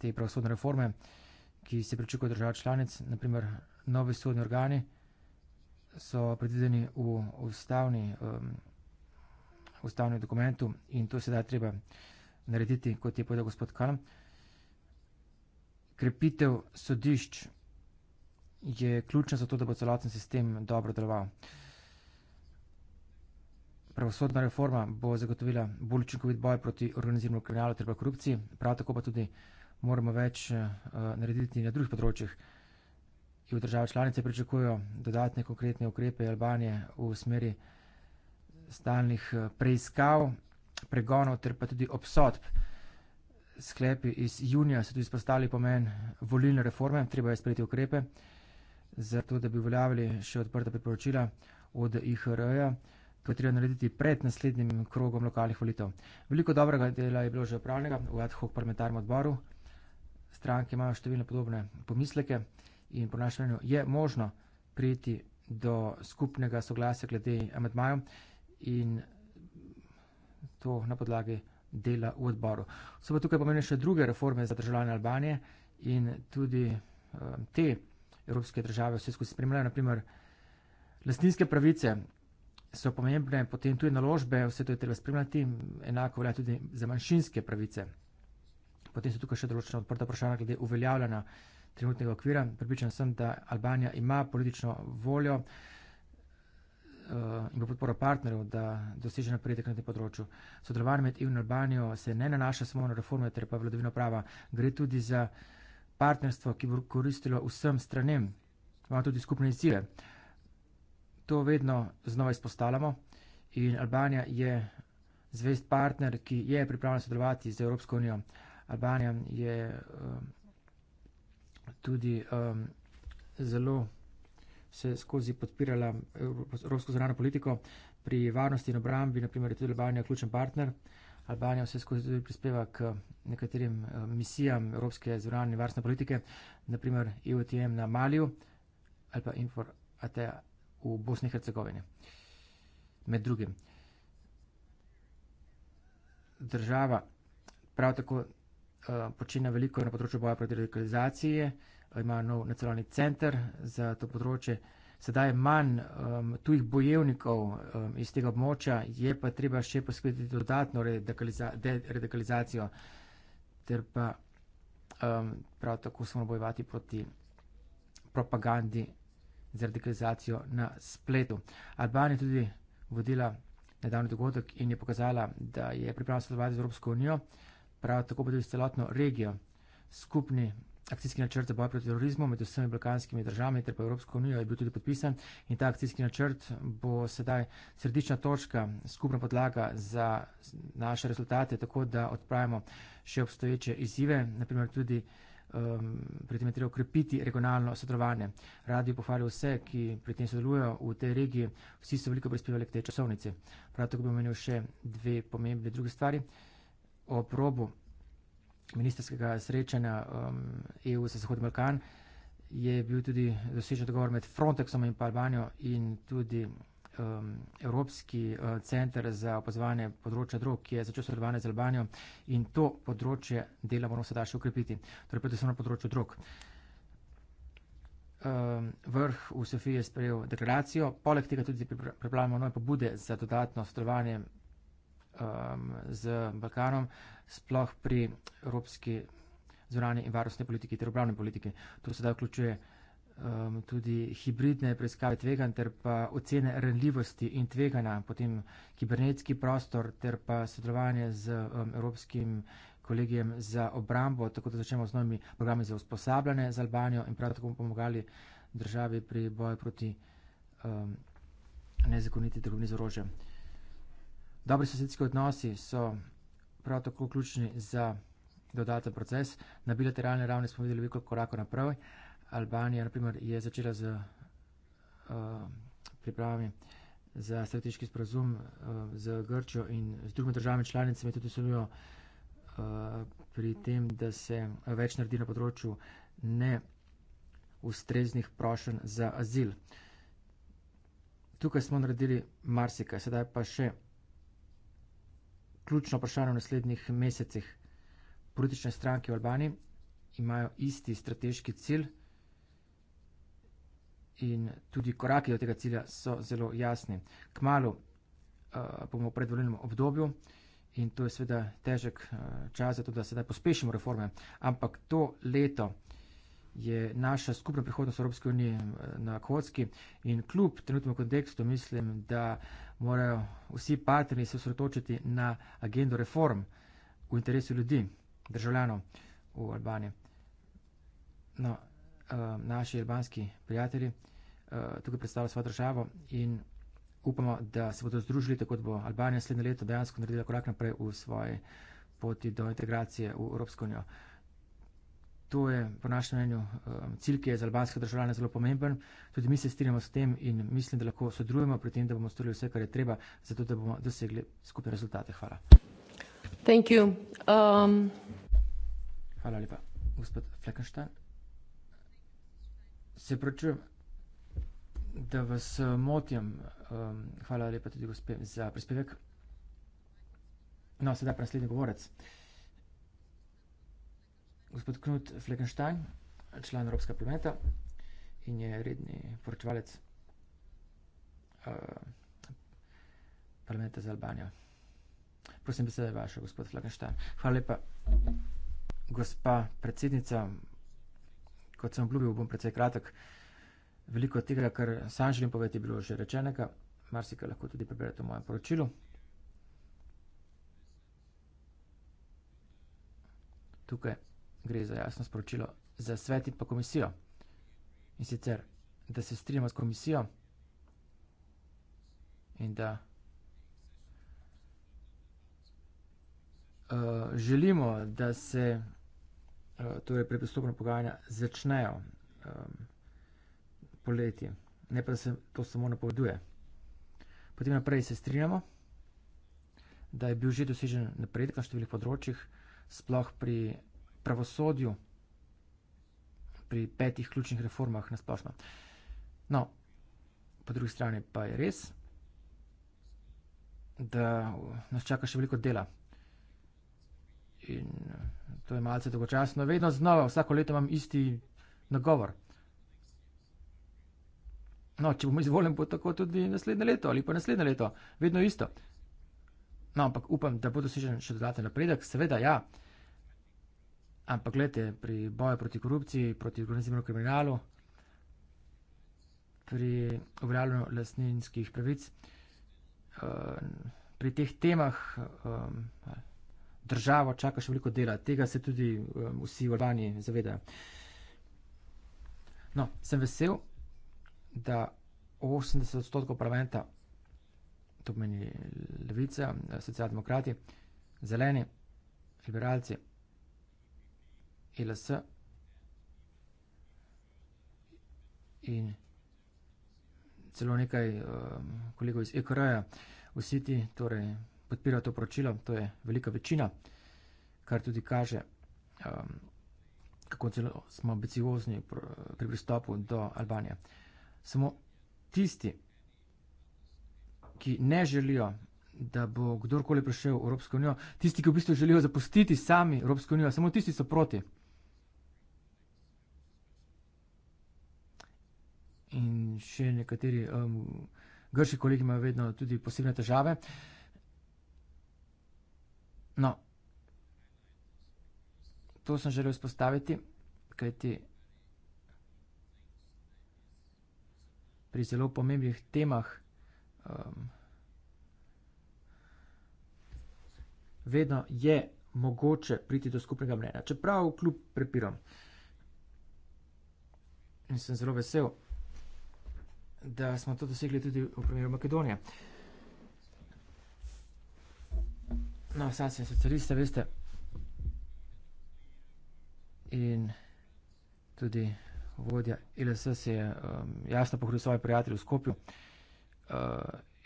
te pravosodne reforme, ki se pričakuje držav članic, naprimer novi sodni organi so predvideni v ustavni, um, ustavni dokumentu in to se da treba narediti, kot je povedal gospod Kalam. Krepitev sodišč je ključna za to, da bo celoten sistem dobro deloval. Pravosodna reforma bo zagotovila bolj učinkovit boj proti organiziranemu kriminalu ter korupciji, prav tako pa tudi moramo več eh, narediti na drugih področjih. Ki v državah članice pričakujejo dodatne konkretne ukrepe Albanije v smeri stalnih eh, preiskav, pregonov ter pa tudi obsodb. Sklepi iz junija so tudi izpostavili pomen volilne reforme, treba je sprejeti ukrepe zato da bi uveljavili še odprta priporočila od IHR-ja, ki je treba narediti pred naslednjim krogom lokalnih volitev. Veliko dobrega dela je bilo že opravljenega v ad hoc parlamentarnem odboru. Stranke imajo številne podobne pomisleke in po našem mnenju je možno priti do skupnega soglasja glede amedmajev in to na podlagi dela v odboru. So pa tukaj pomenili še druge reforme za državljanje Albanije in tudi um, te evropske države vse skupaj spremljajo. Naprimer, lastninske pravice so pomembne, potem tudi naložbe, vse to je treba spremljati, enako velja tudi za manjšinske pravice. Potem so tukaj še določena odprta vprašanja glede uveljavljanja trenutnega okvira. Pripričan sem, da Albanija ima politično voljo eh, in bo podporo partnerjev, da doseže napredek na tem področju. Sodelovanje med EU in Albanijo se ne nanaša samo na reforme, ter pa vladovino prava. Gre tudi za partnerstvo, ki bo koristilo vsem stranem, imamo tudi skupne izzive. To vedno znova izpostavljamo in Albanija je zvest partner, ki je pripravljen sodelovati z Evropsko unijo. Albanija je um, tudi um, zelo se skozi podpirala eh, evropsko zranjeno politiko pri varnosti in obrambi, naprimer je tudi Albanija ključen partner. Albanija vse skozi tudi prispeva k eh, nekaterim eh, misijam Evropske zvonarne varstne politike, naprimer EUTM na Maliju ali pa Infor ATA v Bosni in Hercegovini. Med drugim. Država prav tako uh, eh, počne veliko na področju boja proti radikalizaciji, ima nov nacionalni center za to področje. Uh, sedaj manj um, tujih bojevnikov um, iz tega območja, je pa treba še poskrbeti dodatno redekalizacijo ter pa um, prav tako smo bojevati proti propagandi za radikalizacijo na spletu. Albanija je tudi vodila nedavni dogodek in je pokazala, da je pripravljena sodelovati z Evropsko unijo, prav tako pa tudi s celotno regijo. Skupni akcijski načrt za boj proti terorizmu med vsemi balkanskimi državami ter pa Evropsko unijo je bil tudi podpisan in ta akcijski načrt bo sedaj središnja točka, skupna podlaga za naše rezultate, tako da odpravimo še obstoječe izzive, naprimer tudi um, pri tem je treba ukrepiti regionalno sodelovanje. Radi pohvalijo vse, ki pri tem sodelujo v tej regiji, vsi so veliko prispevali k tej časovnici. Prav tako bi omenil še dve pomembne druge stvari. Ob robu ministerskega srečanja um, EU za Zahodni Balkan je bil tudi dosežen dogovor med Frontexom in Albanijo in tudi um, Evropski uh, center za opazovanje področja drog, ki je začel sodelovanje z Albanijo in to področje dela moramo no, sedaj še ukrepiti, torej predvsem na področju drog. Um, vrh v Sofiji je sprejel deklaracijo, poleg tega tudi pripravljamo nove pobude za dodatno sodelovanje um, z Balkanom, sploh pri evropski zvorani in varnostne politiki ter obravne politiki. To se da vključuje um, tudi hibridne preiskave tvegan ter pa ocene renljivosti in tvegana, potem kibernetski prostor ter pa sodelovanje z um, evropskim kolegijem za obrambo, tako da začnemo z novimi programi za usposabljanje za Albanijo in prav tako bomo pomagali državi pri boju proti um, nezakoniti trgovini z orožjem. Dobri sosedski odnosi so prav tako ključni za dodaten proces. Na bilateralni ravni smo videli veliko korakov naprej. Albanija, naprimer, je začela z uh, pripravami za strateški sprazum uh, eh, z Grčjo in z drugimi državami članicami tudi sodelujo uh, pri tem, da se več naredi na področju ne ustreznih prošen za azil. Tukaj smo naredili marsikaj, sedaj pa še ključno vprašanje v naslednjih mesecih. Politične stranke v Albaniji imajo isti strateški cilj in tudi koraki do tega cilja so zelo jasni. Kmalo uh, eh, bomo v predvoljenem obdobju in to je seveda težek uh, čas, zato da sedaj pospešimo reforme, ampak to leto je naša skupna prihodnost Evropske unije eh, na kocki in kljub trenutnemu kontekstu mislim, da morajo vsi partnerji se osredotočiti na agendo reform v interesu ljudi, državljanov v Albaniji. No, eh, naši albanski prijatelji eh, tukaj predstavljajo svojo državo in upamo, da se bodo združili, tako da bo Albanija naslednje leto dejansko naredila korak naprej v svoji poti do integracije v Evropsko unijo. To je po našem mnenju um, cilj, ki je za albanske državljane zelo pomemben. Tudi mi se strinjamo s tem in mislim, da lahko sodelujemo pri tem, da bomo storili vse, kar je treba, zato da bomo dosegli skupne rezultate. Hvala. Thank you. Um... Hvala lepa, gospod Fleckenstein. Se pročujem, da vas uh, motim. Um, hvala lepa tudi gospe za prispevek. No, sedaj pa naslednji govorec. Uh, gospod Knut Fleckenstein, član Evropskega parlamenta in je redni poročevalec uh, parlamenta za Albanijo. Prosim, beseda je vaša, gospod Fleckenstein. Hvala lepa, gospa predsednica. Kot sem obljubil, bom precej kratek. Veliko tega, kar sam želim povedati, je bilo že rečenega. Marsika lahko tudi preberete v mojem poročilu. Tukaj gre za jasno sporočilo za svet in pa komisijo. In sicer, da se strinjamo s komisijo in da uh, želimo, da se uh, torej predpostopno pogajanja začnejo um, poleti, ne pa da se to samo napoveduje. Potem naprej se strinjamo, da je bil že dosežen napredek na številnih področjih, sploh pri pravosodju, pri petih ključnih reformah na splošno. No, po drugi strani pa je res, da nas čaka še veliko dela. In eh, to je malce dolgočasno, vedno znova, vsako leto imam isti nagovor. No, če bom izvoljen, bo tako tudi naslednje leto ali pa naslednje leto, vedno isto. No, ampak upam, da bo dosežen še dodaten napredek, seveda ja. Ampak, gledajte, pri boju proti korupciji, proti organiziranemu kriminalu, pri uveljavljanju lasninskih pravic, eh, pri teh temah državo čaka še veliko dela. Tega se tudi vsi v Albaniji zavedajo. No, sem vesel, da 80 odstotkov parlamenta, to pomeni levica, socialdemokrati, zeleni, liberalci, ELS in celo nekaj um, kolegov iz EKR-ja, vsi ti torej podpirajo to poročilo, to je velika večina, kar tudi kaže, um, kako celo smo ambiciozni pri pristopu do Albanije. Samo tisti, ki ne želijo, da bo kdorkoli prišel v Evropsko unijo, tisti, ki v bistvu želijo zapustiti sami Evropsko unijo, samo tisti so proti. in še nekateri um, grški kolegi imajo vedno tudi posebne težave. No, to sem želel izpostaviti, kajti pri zelo pomembnih temah um, vedno je mogoče priti do skupnega mnenja, čeprav kljub prepirom. In sem zelo vesel, da smo to dosegli tudi v primeru Makedonije. No, sad sem socialista, veste. In tudi vodja LSS se je um, jasno pohodil svoje prijatelje v Skopju uh,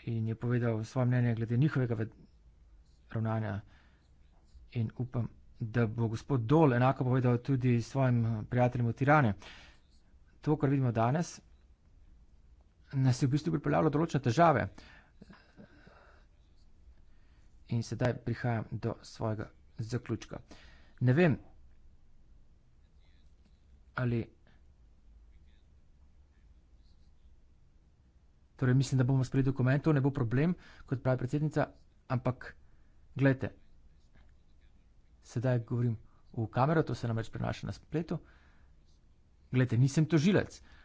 in je povedal svoje mnenje glede njihovega ravnanja. In upam, da bo gospod Dol enako povedal tudi svojim prijateljem v Tirane. To, kar vidimo danes, nas je v bistvu pripeljalo določene težave. In sedaj prihajam do svojega zaključka. Ne vem, ali. Torej, mislim, da bomo sprejeli dokumentov, ne bo problem, kot pravi predsednica, ampak gledajte, sedaj govorim v kamero, to se namreč prenaša na spletu. Glede, nisem tožilec. Uh,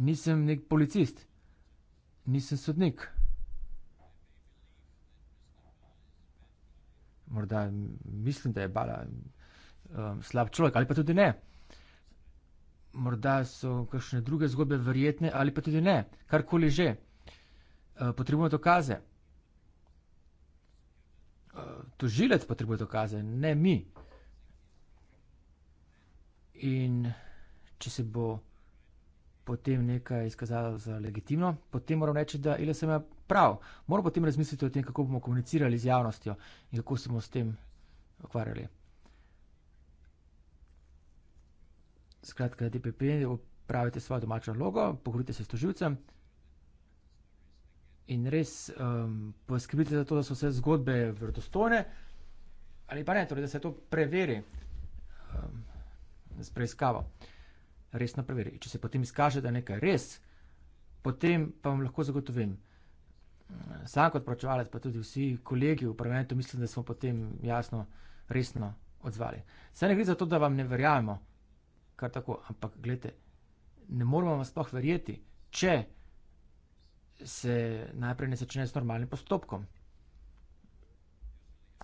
Nisem nek policist. Nisem sodnik. Morda mislim, da je bala um, slab človek, ali pa tudi ne. Morda so kakšne druge zgodbe verjetne, ali pa tudi ne, karkoli že. Uh, potrebujemo dokaze. Uh, tožilec potrebuje dokaze, ne mi. In če se bo potem nekaj izkazalo za legitimno, potem moram reči, da ili sem imel prav. Moram potem razmisliti o tem, kako bomo komunicirali z javnostjo in kako se bomo s tem ukvarjali. Skratka, DPP, upravite svojo domačo logo, pogovorite se s toživcem in res um, poskrbite za to, da so vse zgodbe vrtostone ali pa ne, torej, da se to preveri um, s preiskavo resno preveri. Če se potem izkaže, da je nekaj res, potem pa vam lahko zagotovim, sam kot pročevalec, pa tudi vsi kolegi v parlamentu, mislim, da smo potem jasno, resno odzvali. Saj ne gre za to, da vam ne verjamemo, kar tako, ampak gledajte, ne moramo vam sploh verjeti, če se najprej ne začne s normalnim postopkom.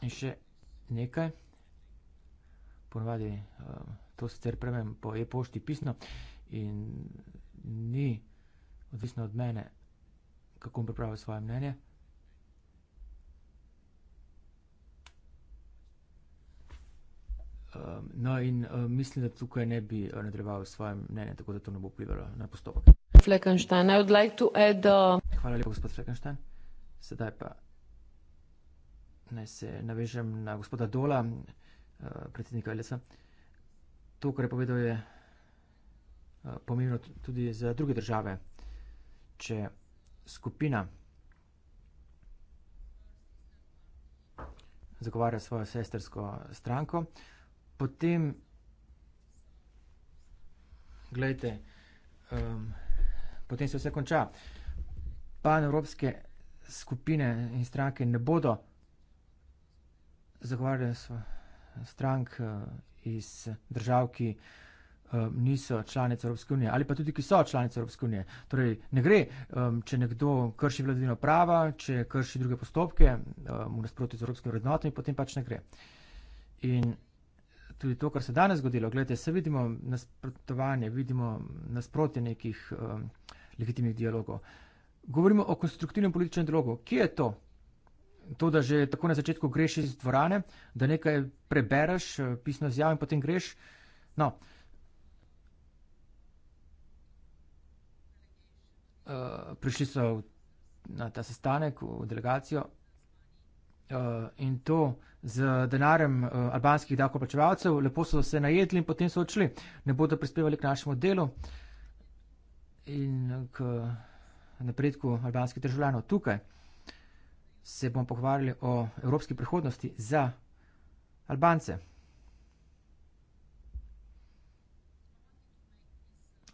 In še nekaj, ponovadi. Uh, eh, to sicer prejmem po e-pošti pisno in ni odvisno od mene, kako bom pripravil svoje mnenje. Ehm, no, in uh, mislim, da tukaj ne bi uh, nadaljeval svoje mnenje, tako da to ne bo vplivalo na postopek. Like add, uh... Hvala lepa, gospod Fleckenstein. Sedaj pa naj se navežem na gospoda Dola, uh, predsednika Elisa. Uh, to, kar je povedal, je eh, pomembno tudi za druge države. Če skupina zagovarja svojo sestrsko stranko, potem, gledajte, um, potem se vse konča. Pan Evropske skupine in stranke ne bodo zagovarjali svojo strank eh, iz držav, ki eh, niso članice Evropske unije ali pa tudi, ki so članice Evropske unije. Torej, ne gre, ehm, če nekdo krši vladavino prava, če krši druge postopke ehm, v nasprotju z evropskimi vrednotami, potem pač ne gre. In tudi to, kar se danes zgodilo, gledajte, se vidimo nasprotovanje, vidimo nasprotje nekih ehm, legitimnih dialogov. Govorimo o konstruktivnem političnem dialogu. Kje je to? to, da že tako na začetku greš iz dvorane, da nekaj prebereš, eh, pisno izjavo in potem greš. No. Uh, prišli so v, na ta sestanek v delegacijo uh, in to z denarjem uh, albanskih davkoplačevalcev, lepo so se najedli in potem so odšli. Ne bodo prispevali k našemu delu in k napredku albanskih državljanov tukaj se bomo pogovarjali o evropski prihodnosti za Albance.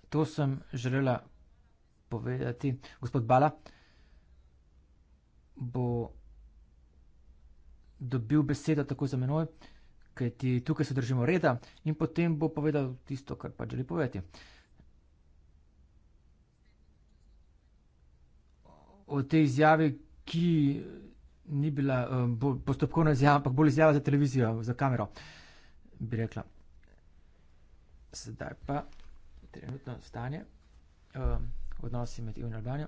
To sem želela povedati. Gospod Bala bo dobil besedo tako za menoj, kajti tukaj se držimo reda in potem bo povedal tisto, kar pa želi povedati. O tej izjavi, ki ni bila um, postopkovna izjava, ampak bolj izjava za televizijo, za kamero, bi rekla. Sedaj pa trenutno stanje, um, odnosi med EU in Albanijo.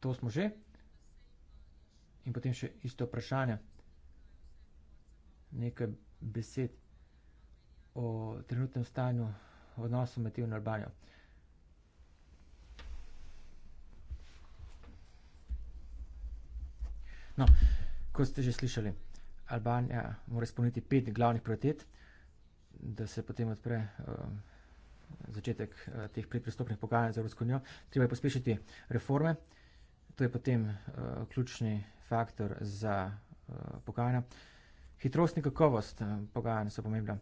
To smo že. In potem še isto vprašanje, nekaj besed o trenutnem stanju odnosov med EU in Albanijo. Uh, No, kot ste že slišali, Albanija mora izpolniti pet glavnih prioritet, da se potem odpre uh, začetek uh, teh predpristopnih pogajanj z Evropsko unijo. Treba je pospešiti reforme, to je potem uh, ključni faktor za uh, pogajanja. Hitrost in kakovost uh, pogajanj so pomembna.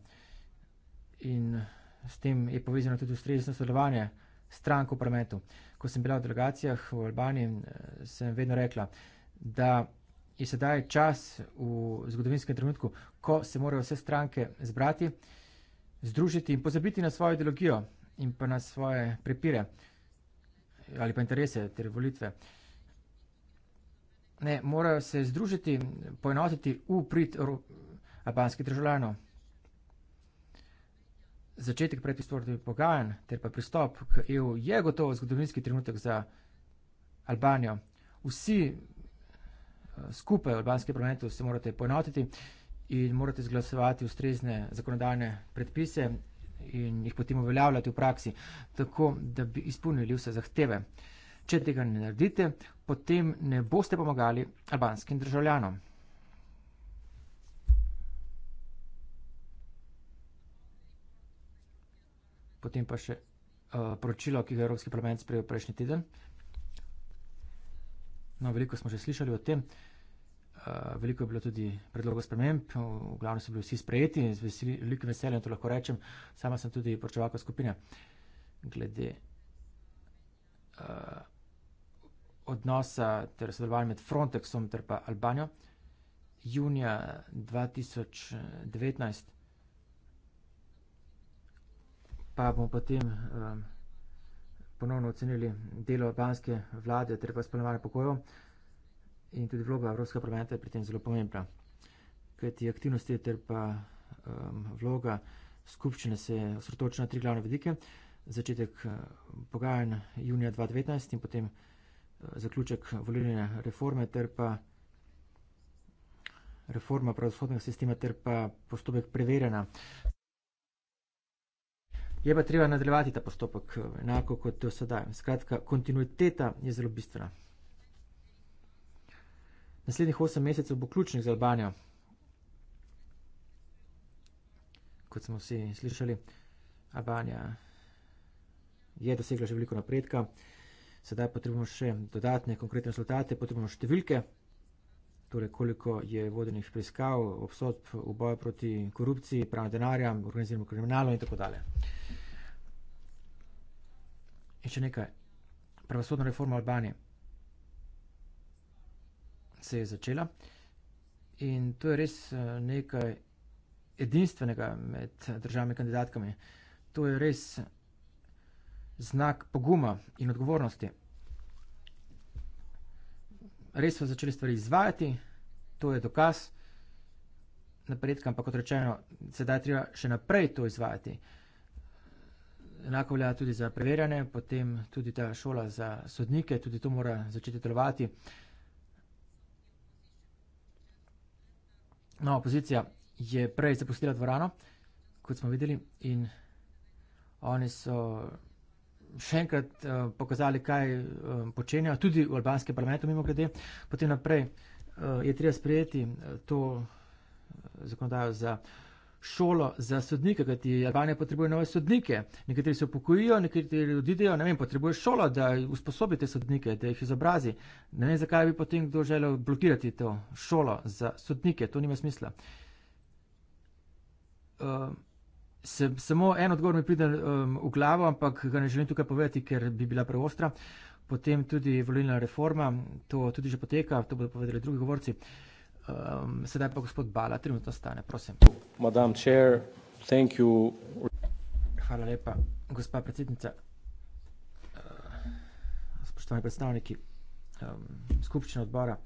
In uh, s tem je povezano tudi ustrezno sodelovanje strank v parlamentu. Ko sem bila v delegacijah v Albaniji, uh, sem vedno rekla, da je sedaj čas v zgodovinskem trenutku, ko se morajo vse stranke zbrati, združiti in pozabiti na svojo ideologijo in pa na svoje prepire ali pa interese ter volitve. Ne, morajo se združiti, poenotiti v prid albanskih državljanov. Začetek predpistvornih pogajanj ter pa pristop k EU je gotovo zgodovinski trenutek za Albanijo. Vsi Eh, skupaj v albanskem parlamentu se morate poenotiti in morate zglasovati ustrezne zakonodajne predpise in jih potem uveljavljati v praksi, tako da bi izpolnili vse zahteve. Če tega ne naredite, potem ne boste pomagali albanskim državljanom. Potem pa še uh, poročilo, ki ga je Evropski parlament sprejel prejšnji teden, No, veliko smo že slišali o tem. Eh, veliko je bilo tudi predlogov sprememb, v glavnem so bili vsi sprejeti in z velikim veseljem to lahko rečem. Sama sem tudi poročevalka skupine glede uh, odnosa ter sodelovanja med Frontexom ter pa Albanijo. Junija 2019 pa bomo potem. Uh, ponovno ocenili delo albanske vlade ter pa spolnovanje pokojev in tudi vloga Evropskega parlamenta je pri tem zelo pomembna. Kaj ti aktivnosti ter pa um, vloga skupščine se osrotoča na tri glavne vedike. Začetek uh, pogajanj junija 2019 in potem uh, zaključek volilne reforme ter pa reforma pravzhodnega sistema ter pa postopek preverjena Je pa treba nadaljevati ta postopek, eh, enako kot do sedaj. Skratka, kontinuiteta je zelo bistvena. Naslednjih 8 mesecev bo ključnih za Albanijo, kot smo vsi slišali. Albanija je dosegla že veliko napredka, sedaj potrebujemo še dodatne konkretne rezultate, potrebujemo številke, torej koliko je vodenih preiskav, obsodb v boju proti korupciji, pranju denarja, organiziranemu kriminalu in tako dalje. In še nekaj, pravosodna reforma Albanije se je začela in to je res eh, nekaj edinstvenega med državami kandidatkami. To je res znak poguma in odgovornosti res so začeli stvari izvajati, to je dokaz napredka, ampak kot rečeno, sedaj treba še naprej to izvajati. Enako velja tudi za preverjanje, potem tudi ta šola za sodnike, tudi to mora začeti delovati. No, opozicija je prej zapustila dvorano, kot smo videli, in oni so še enkrat uh, pokazali, kaj uh, počenjajo, tudi v albanskem parlamentu, mimo grede. Potem naprej uh, je treba sprejeti uh, to zakonodajo za šolo, za sodnike, kajti Albanija potrebuje nove sodnike. Nekateri se upokojijo, nekateri odidejo, ne vem, potrebuje šola, da usposobite sodnike, da jih izobrazi. Ne vem, zakaj bi potem kdo želel blokirati to šolo za sodnike, to nima smisla. Uh, Se, samo en odgovor mi pride um, v glavo, ampak ga ne želim tukaj povedati, ker bi bila preostra. Potem tudi volilna reforma, to tudi že poteka, to bodo povedali drugi govorci. Um, sedaj pa gospod Bala, trenutno stane, prosim. Chair, thank you. Hvala lepa, gospa predsednica. Uh, spoštovani predstavniki um, skupščine odbora,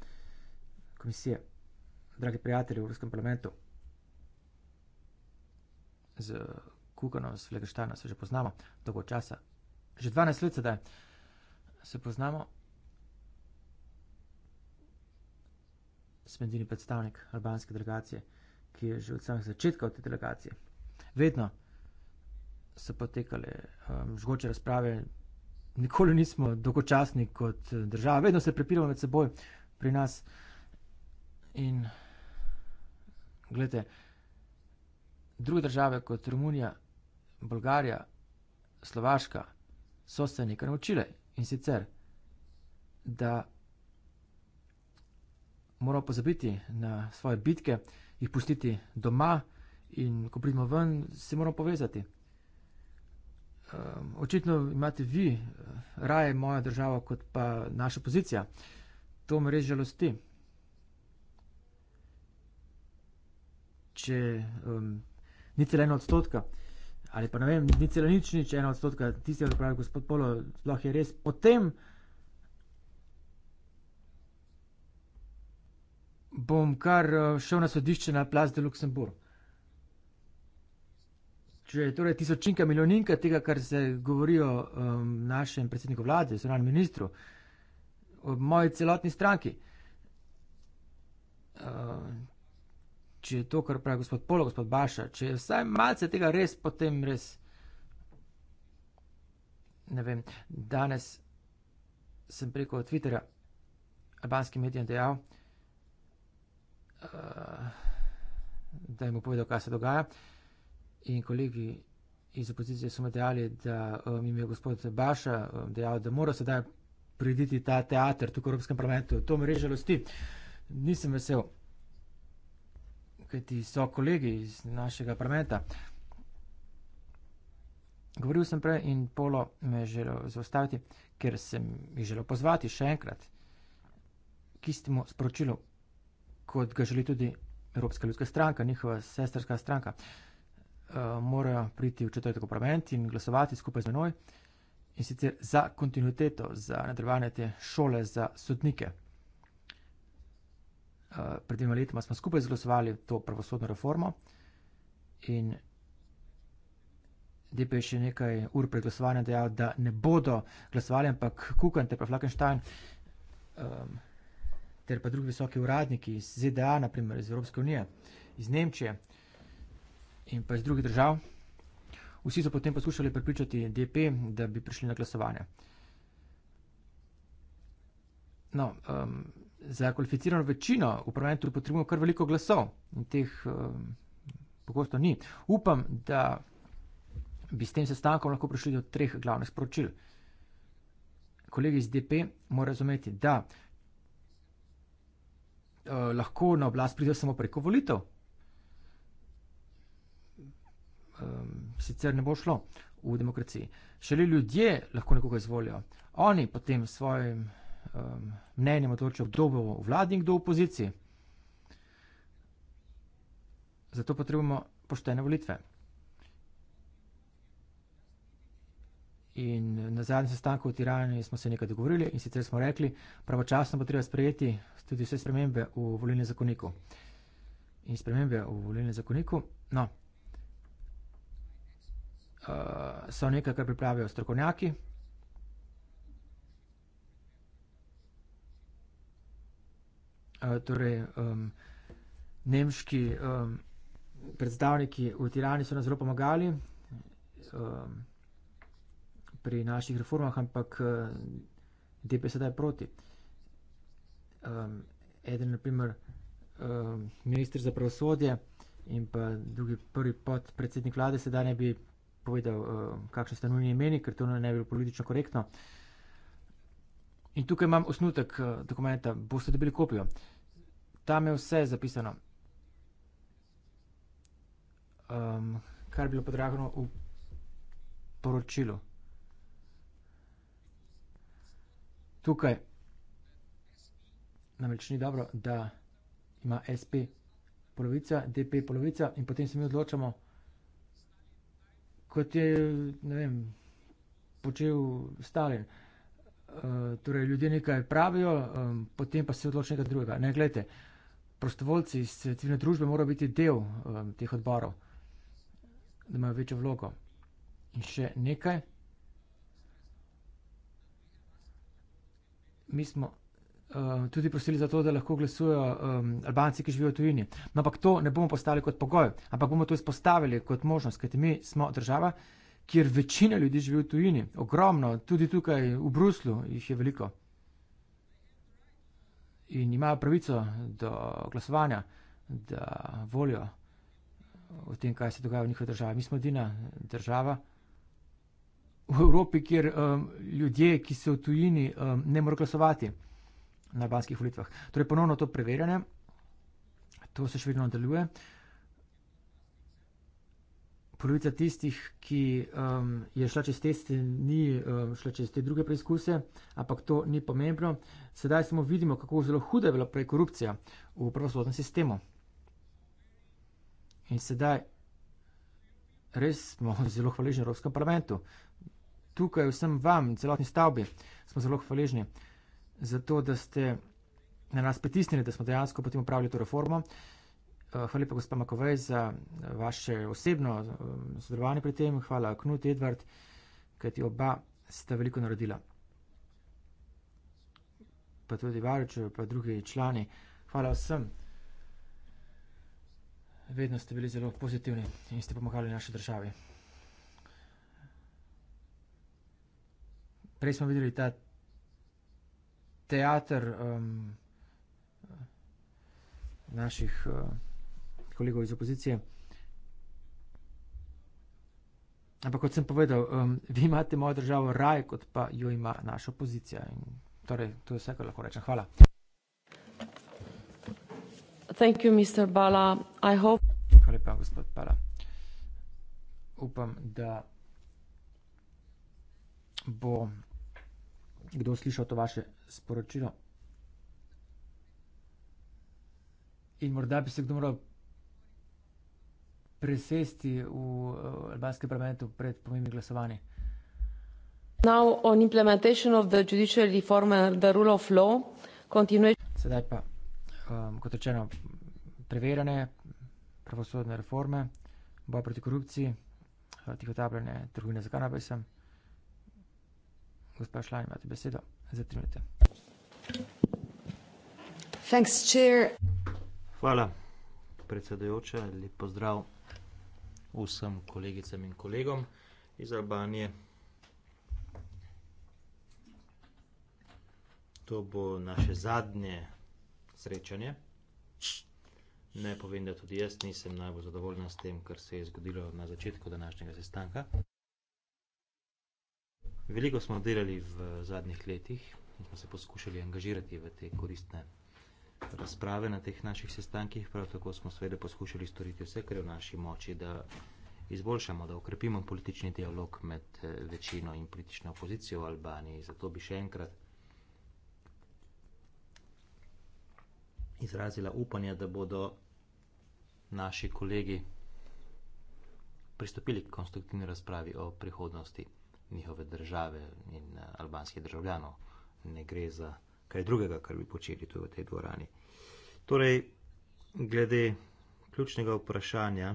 komisije, dragi prijatelji v Evropskem parlamentu z Kuganom, s Flegrštajnom se že poznamo dolgo časa. Že 12 let sedaj se poznamo. Smedini predstavnik albanske delegacije, ki je že od samih začetkov te delegacije. Vedno so potekale um, žgoče razprave, nikoli nismo dolgočasni kot eh, država, vedno se prepiramo med seboj pri nas. In gledajte, druge države kot Romunija, Bolgarija, Slovaška, so se nekaj naučile in sicer, da moramo pozabiti na svoje bitke, jih pustiti doma in ko pridemo ven, se moramo povezati. Ehm, očitno imate vi eh, raje mojo državo, kot pa naša pozicija. To me res žalosti. Če um, ni celo en odstotka. Ali pa ne vem, ni celo nič, nič en odstotka, tisti, ki pravi, gospod Polo, sploh je res. Potem bom kar eh, šel na sodišče na plaz de Luksemburg. Če je torej tisočinka milijoninka tega, kar se govori o um, našem predsedniku vlade, o svojem ministru, o moji celotni stranki. Uh, če je to, kar pravi gospod Polo, gospod Baša, če je vsaj malce tega res, potem res. Ne vem, danes sem preko Twitterja albanskim medijem dejal, eh, da jim povedal, kaj se dogaja. In kolegi iz opozicije so mi dejali, da mi eh, um, je gospod Baša um, dejal, da mora sedaj prediti ta teater tukaj v Evropskem parlamentu. To me res žalosti. Nisem vesel kaj ti so kolegi iz našega prometa. Govoril sem prej in polo me je želel zaustaviti, ker sem jih želel pozvati še enkrat k istemu sporočilu, kot ga želi tudi Evropska ljudska stranka, njihova sestrska stranka. E, morajo priti v četrtek parlament in glasovati skupaj z menoj in sicer za kontinuiteto, za nadaljevanje te šole za sodnike. Eh, pred dvema letoma smo skupaj izglasovali to pravosodno reformo in DP je še nekaj ur pred glasovanjem dejal, da ne bodo glasovali, ampak Kukan ter pa Flakenstein um, ter pa drugi visoki uradniki iz ZDA, naprimer iz Evropske unije, iz Nemčije in pa iz drugih držav. Vsi so potem poskušali prepričati DP, da bi prišli na glasovanje. No, um, za kvalificirano večino v parlamentu potrebujemo kar veliko glasov in teh um, pogosto ni. Upam, da bi s tem sestankom lahko prišli do treh glavnih sporočil. Kolegi iz DP morajo razumeti, da uh, lahko na oblast pride samo preko volitev. Um, sicer ne bo šlo v demokraciji. Šele ljudje lahko nekoga izvolijo. Oni potem svojim um, mnenjem odločil, kdo bo v vladi in kdo v opoziciji. Zato potrebujemo poštene volitve. In na zadnjem sestanku v Tirani smo se nekaj dogovorili in sicer smo rekli, pravočasno bo treba sprejeti tudi vse spremembe v volilnem zakoniku. In spremembe v volilnem zakoniku, no, uh, so nekaj, kar pripravijo strokovnjaki, torej, um, nemški um, predstavniki v Tirani so nam zelo pomagali um, pri naših reformah, ampak uh, DP sedaj proti. Um, eden, naprimer, um, ministr za pravosodje in pa drugi prvi podpredsednik vlade sedaj ne bi povedal, um, kakšne stanovni imeni, ker to ne bi bilo politično korektno. In tukaj imam osnutek eh, dokumenta, boste dobili kopijo. Tam je vse zapisano, um, kar je bilo podrahno v poročilu. Tukaj namreč ni dobro, da ima SP polovica, DP polovica in potem se mi odločamo, kot je, ne vem, počel Stalin. Eh, torej ljudje nekaj pravijo, um, potem pa se odloči nekaj drugega. Ne, gledajte, prostovoljci iz civilne družbe morajo biti del um, teh odborov, da imajo večjo vlogo. In še nekaj. Mi smo uh, tudi prosili za to, da lahko glasujejo um, Albanci, ki živijo v tujini. No, ampak to ne bomo postavili kot pogoj, ampak bomo to izpostavili kot možnost, kajti mi smo država, kjer večina ljudi živi v tujini, ogromno, tudi tukaj v Bruslu jih je veliko. In imajo pravico do glasovanja, da volijo o tem, kaj se dogaja v njihovi državi. Mi smo edina država v Evropi, kjer um, ljudje, ki so v tujini, um, ne morejo glasovati na banskih volitvah. Torej, ponovno to preverjanje, to se še vedno nadaljuje. Uh, polovica tistih, ki um, je šla čez teste, ni um, šla čez te druge preizkuse, ampak to ni pomembno. Sedaj samo vidimo, kako zelo huda je bila prej korupcija v pravosodnem sistemu. In sedaj res smo zelo hvaležni Evropskem parlamentu. Tukaj vsem vam, celotni stavbi, smo zelo hvaležni za to, da ste na nas pritisnili, da smo dejansko potem upravili to reformo. Uh, Eh, hvala lepa, gospa Makovej, za eh, vaše osebno eh, sodelovanje pri tem. Hvala, Knut, Edvard, kajti oba sta veliko naredila. Pa tudi Varuče, pa drugi člani. Hvala vsem. Vedno ste bili zelo pozitivni in ste pomagali naši državi. Prej smo videli ta teater um, naših. Um, kolegov iz opozicije. Ampak kot sem povedal, um, vi imate mojo državo raje, kot pa jo ima naša opozicija. In torej, to je vse, kar lahko rečem. Hvala. Thank you, Mr. Bala. I hope... Hvala lepa, gospod Bala. Upam, da bo kdo slišal to vaše sporočilo. In morda bi se kdo moral presesti v eh, albanskem parlamentu pred pomembnimi glasovanji. Now on implementation of the judicial reform and the rule of law continue. Sedaj pa, um, kot rečeno, preverjene pravosodne reforme, boj proti korupciji, eh, tihotapljene trgovine za kanabisem. Gospod Šlan, imate besedo za tri minute. Thanks, Chair. Hvala, predsedujoča, lep pozdrav vsem kolegicam in kolegom iz Albanije. To bo naše zadnje srečanje. Ne povem, da tudi jaz nisem najbolj zadovoljna s tem, kar se je zgodilo na začetku današnjega sestanka. Veliko smo delali v zadnjih letih in smo se poskušali angažirati v te koristne razprave na teh naših sestankih, prav tako smo seveda poskušali storiti vse, kar je v naši moči, da izboljšamo, da okrepimo politični dialog med eh, večino in politično opozicijo v Albaniji. Zato bi še enkrat izrazila upanje, da bodo naši kolegi pristopili k konstruktivni razpravi o prihodnosti njihove države in eh, albanskih državljanov. Ne gre za kaj drugega, kar bi počeli tu v tej dvorani. Torej, glede ključnega vprašanja.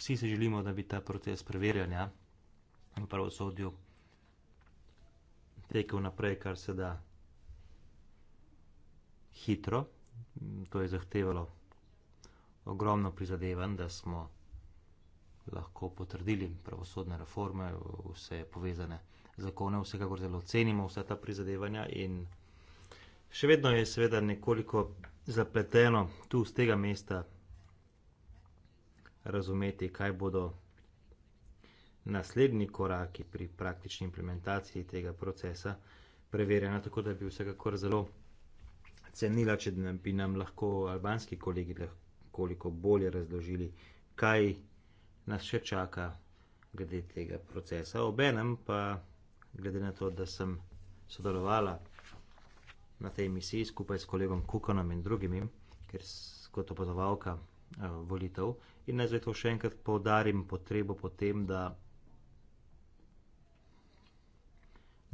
Vsi si želimo, da bi ta proces preverjanja in pravosodju tekel naprej, kar se da hitro to je zahtevalo ogromno prizadevanj, da smo lahko potrdili pravosodne reforme, vse povezane zakone, vsekakor zelo cenimo vsa ta prizadevanja in še vedno je seveda nekoliko zapleteno tu z tega mesta razumeti, kaj bodo naslednji koraki pri praktični implementaciji tega procesa preverjena, tako da bi vsekakor zelo cenila, če nam, bi nam lahko albanski kolegi nekoliko bolje razložili, kaj nas še čaka glede tega procesa. Obenem pa, glede na to, da sem sodelovala na tej misiji skupaj s kolegom Kukonom in drugimi, ker kot opazovalka eh, volitev in naj zdaj to še enkrat poudarim potrebo po tem, da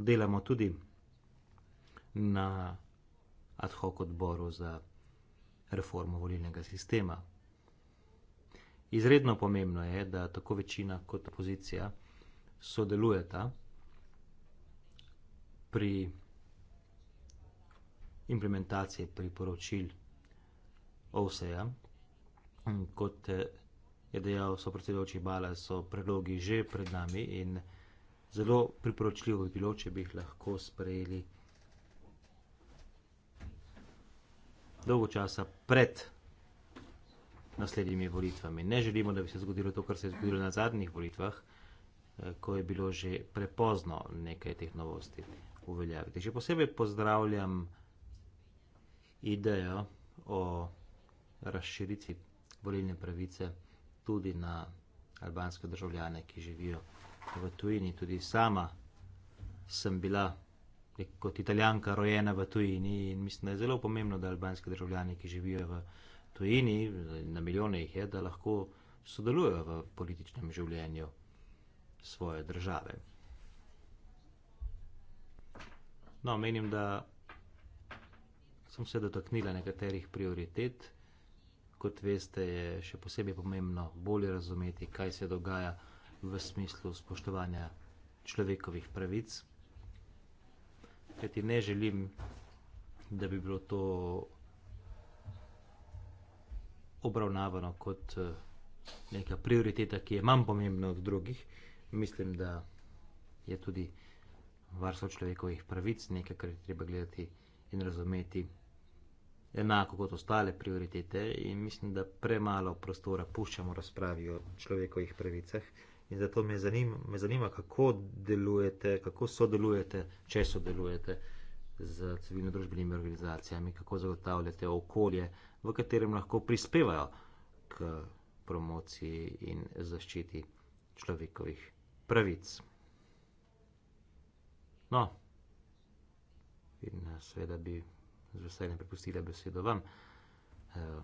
delamo tudi na ad hoc odboru za reformo volilnega sistema. Izredno pomembno je, da tako večina kot opozicija sodelujeta pri implementaciji priporočil OVSE-ja. Kot eh, je dejal sopredsedujoči Bala, so predlogi že pred nami in zelo priporočljivo bi bilo, če bi jih lahko sprejeli. dolgo časa pred naslednjimi volitvami. Ne želimo, da bi se zgodilo to, kar se je zgodilo na zadnjih volitvah, eh, ko je bilo že prepozno nekaj teh novosti uveljaviti. Še posebej pozdravljam idejo o razširitvi volilne pravice tudi na albanske državljane, ki živijo v tujini. Tudi sama sem bila kot italijanka rojena v tujini in mislim, da je zelo pomembno, da albanski državljani, ki živijo v tujini, na milijone jih je, da lahko sodelujejo v političnem življenju svoje države. No, menim, da sem se dotaknila nekaterih prioritet. Kot veste, je še posebej pomembno bolje razumeti, kaj se dogaja v smislu spoštovanja človekovih pravic ker ti ne želim, da bi bilo to obravnavano kot eh, neka prioriteta, ki je manj pomembna od drugih. Mislim, da je tudi varstvo človekovih pravic nekaj, kar je treba gledati in razumeti enako kot ostale prioritete in mislim, da premalo prostora puščamo razpravi o človekovih pravicah. In zato me zanima, me zanima kako delujete, kako sodelujete, če sodelujete z civilno-družbenimi organizacijami, kako zagotavljate okolje, v katerem lahko prispevajo k promociji in zaščiti človekovih pravic. No, in eh, seveda bi z veseljem prepustila besedo vam. Eh,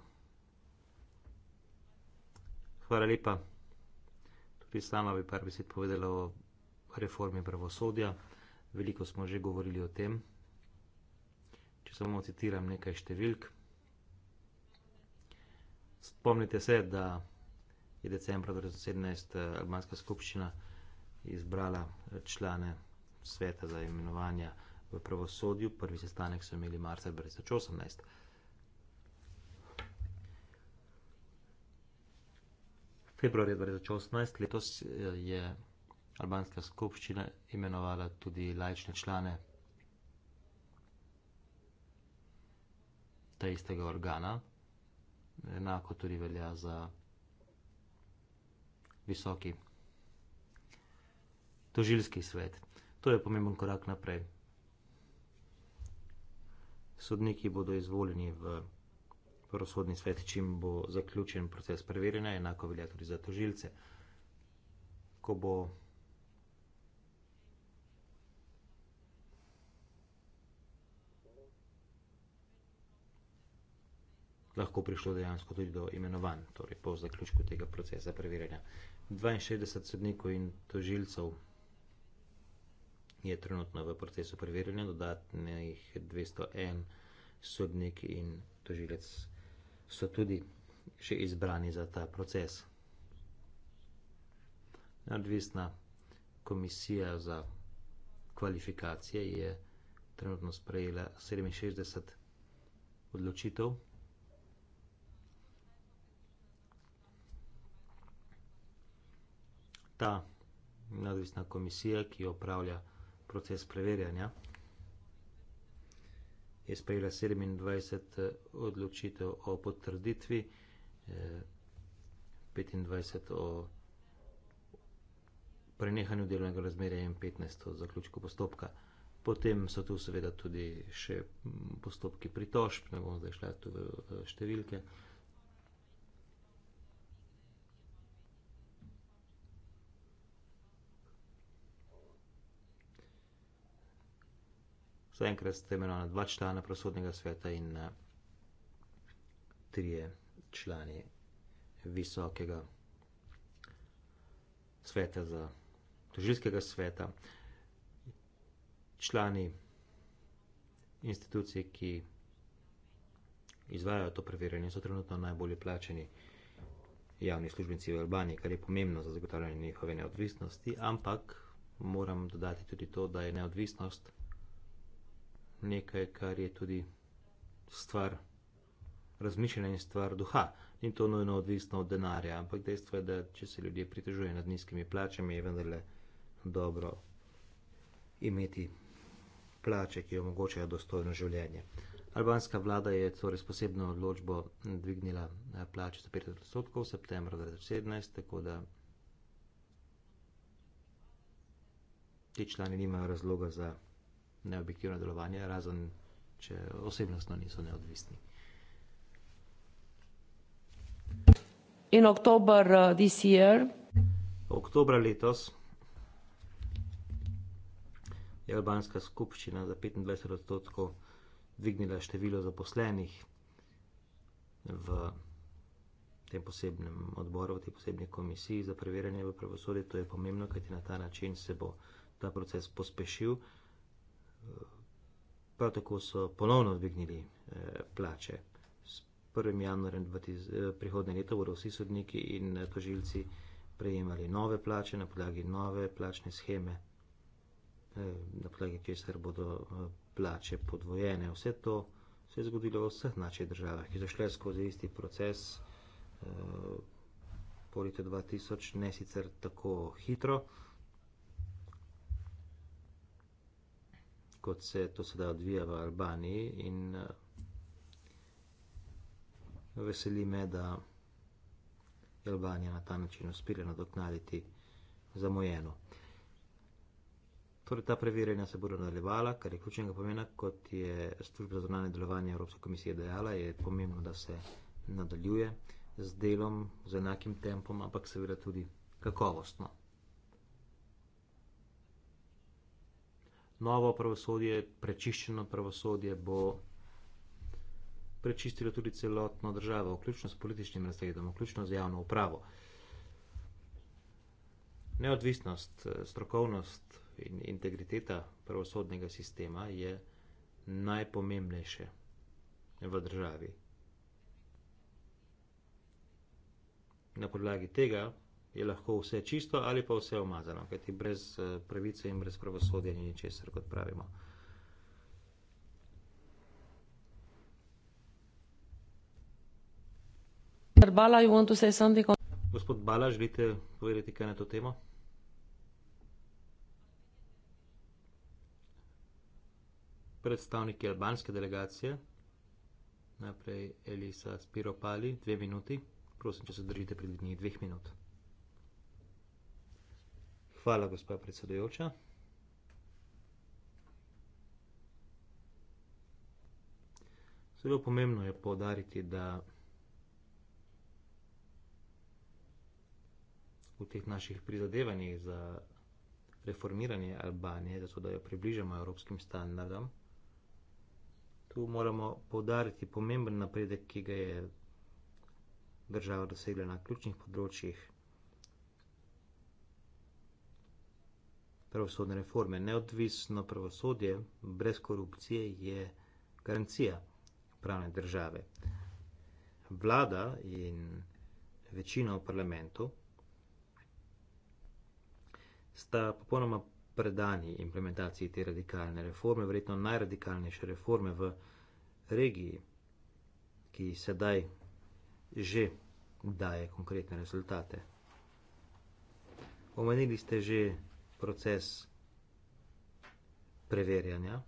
hvala lepa. Tudi sama bi par besed povedala o reformi pravosodja. Veliko smo že govorili o tem. Če samo citiram nekaj številk. Spomnite se, da je decembra 2017 eh, Albanska skupščina izbrala eh, člane sveta za imenovanja v pravosodju. Prvi sestanek so imeli marca 2018. februarja torej 2018 letos eh, je albanska skupščina imenovala tudi lajčne člane ta istega organa, enako tudi velja za visoki tožilski svet. To je pomemben korak naprej. Sodniki bodo izvoljeni v Albanijo prosodni svet, čim bo zaključen proces preverjanja, enako velja tudi za tožilce. Ko bo lahko prišlo dejansko tudi do imenovanj, torej po zaključku tega procesa preverjanja. 62 sodnikov in tožilcev je trenutno v procesu preverjanja, dodatnih 201 sodnik in tožilec so tudi še izbrani za ta proces. Nadvisna komisija za kvalifikacije je trenutno sprejela 67 odločitev. Ta nadvisna komisija, ki opravlja proces preverjanja, je sprejela 27 eh, odločitev o potrditvi, 25 eh, o prenehanju delovnega razmerja in 15 o zaključku postopka. Potem so tu seveda tudi še postopki pritožb, ne bom zdaj šla tu v eh, številke. Zaenkrat ste imenovali dva člana prosodnega sveta in eh, tri člani visokega sveta za tožilskega sveta. Člani institucije, ki izvajajo to preverjanje, so trenutno najbolje plačeni javni službenci v Albaniji, kar je pomembno za zagotavljanje njihove neodvisnosti, ampak moram dodati tudi to, da je neodvisnost nekaj, kar je tudi stvar razmišljanja in stvar duha. In to nujno odvisno od denarja. Ampak dejstvo je, da če se ljudje pritožujejo nad nizkimi plačami, je vendarle dobro imeti plače, ki omogočajo dostojno življenje. Albanska vlada je torej s posebno odločbo dvignila eh, plače za 50 odstotkov v septembru 2017, tako da ti člani nimajo razloga za neobjektivno delovanje, razen če osebnostno niso neodvisni. In oktober uh, this year? Oktobra letos je albanska skupščina za 25 odstotkov dvignila število zaposlenih v tem posebnem odboru, v tej posebni komisiji za preverjanje v pravosodje. To je pomembno, kajti na ta način se bo ta proces pospešil. Prav tako so ponovno dvignili eh, plače. S 1. januarjem eh, prihodne leta bodo vsi sodniki in eh, tožilci prejemali nove plače na podlagi nove plačne scheme, na podlagi česar bodo plače podvojene. Vse to se je zgodilo v vseh naših državah, ki so šle skozi isti proces po letu 2000, ne sicer tako hitro. kot se to sedaj odvija v Albaniji in eh, veseli me, da je Albanija na ta način uspela nadoknaditi zamojeno. Torej, ta preverjanja se bodo nadaljevala, kar je ključnega pomena, kot je služba za zunanje delovanje Evropske komisije dejala, je pomembno, da se nadaljuje z delom, z enakim tempom, ampak seveda tudi kakovostno. novo pravosodje, prečiščeno pravosodje bo prečistilo tudi celotno državo, vključno s političnim razredom, vključno z javno upravo. Neodvisnost, strokovnost in integriteta pravosodnega sistema je najpomembnejše v državi. Na podlagi tega je lahko vse čisto ali pa vse umazano, kajti brez eh, pravice in brez pravosodja ni ničesar, kot pravimo. Bala, Gospod Bala, želite povedati kaj na to temo? Predstavniki albanske delegacije, najprej Elisa Spiropali, dve minuti. Prosim, če se držite pred njih dveh minut. Hvala, gospa predsedujoča. Zelo pomembno je povdariti, da v teh naših prizadevanjih za reformiranje Albanije, zato da jo približamo evropskim standardom, tu moramo povdariti pomemben napredek, ki ga je država dosegla na ključnih področjih. pravosodne reforme. Neodvisno pravosodje brez korupcije je garancija pravne države. Vlada in večina v parlamentu sta popolnoma predani implementaciji te radikalne reforme, verjetno najradikalnejše reforme v regiji, ki sedaj že daje konkretne rezultate. Omenili ste že proces preverjanja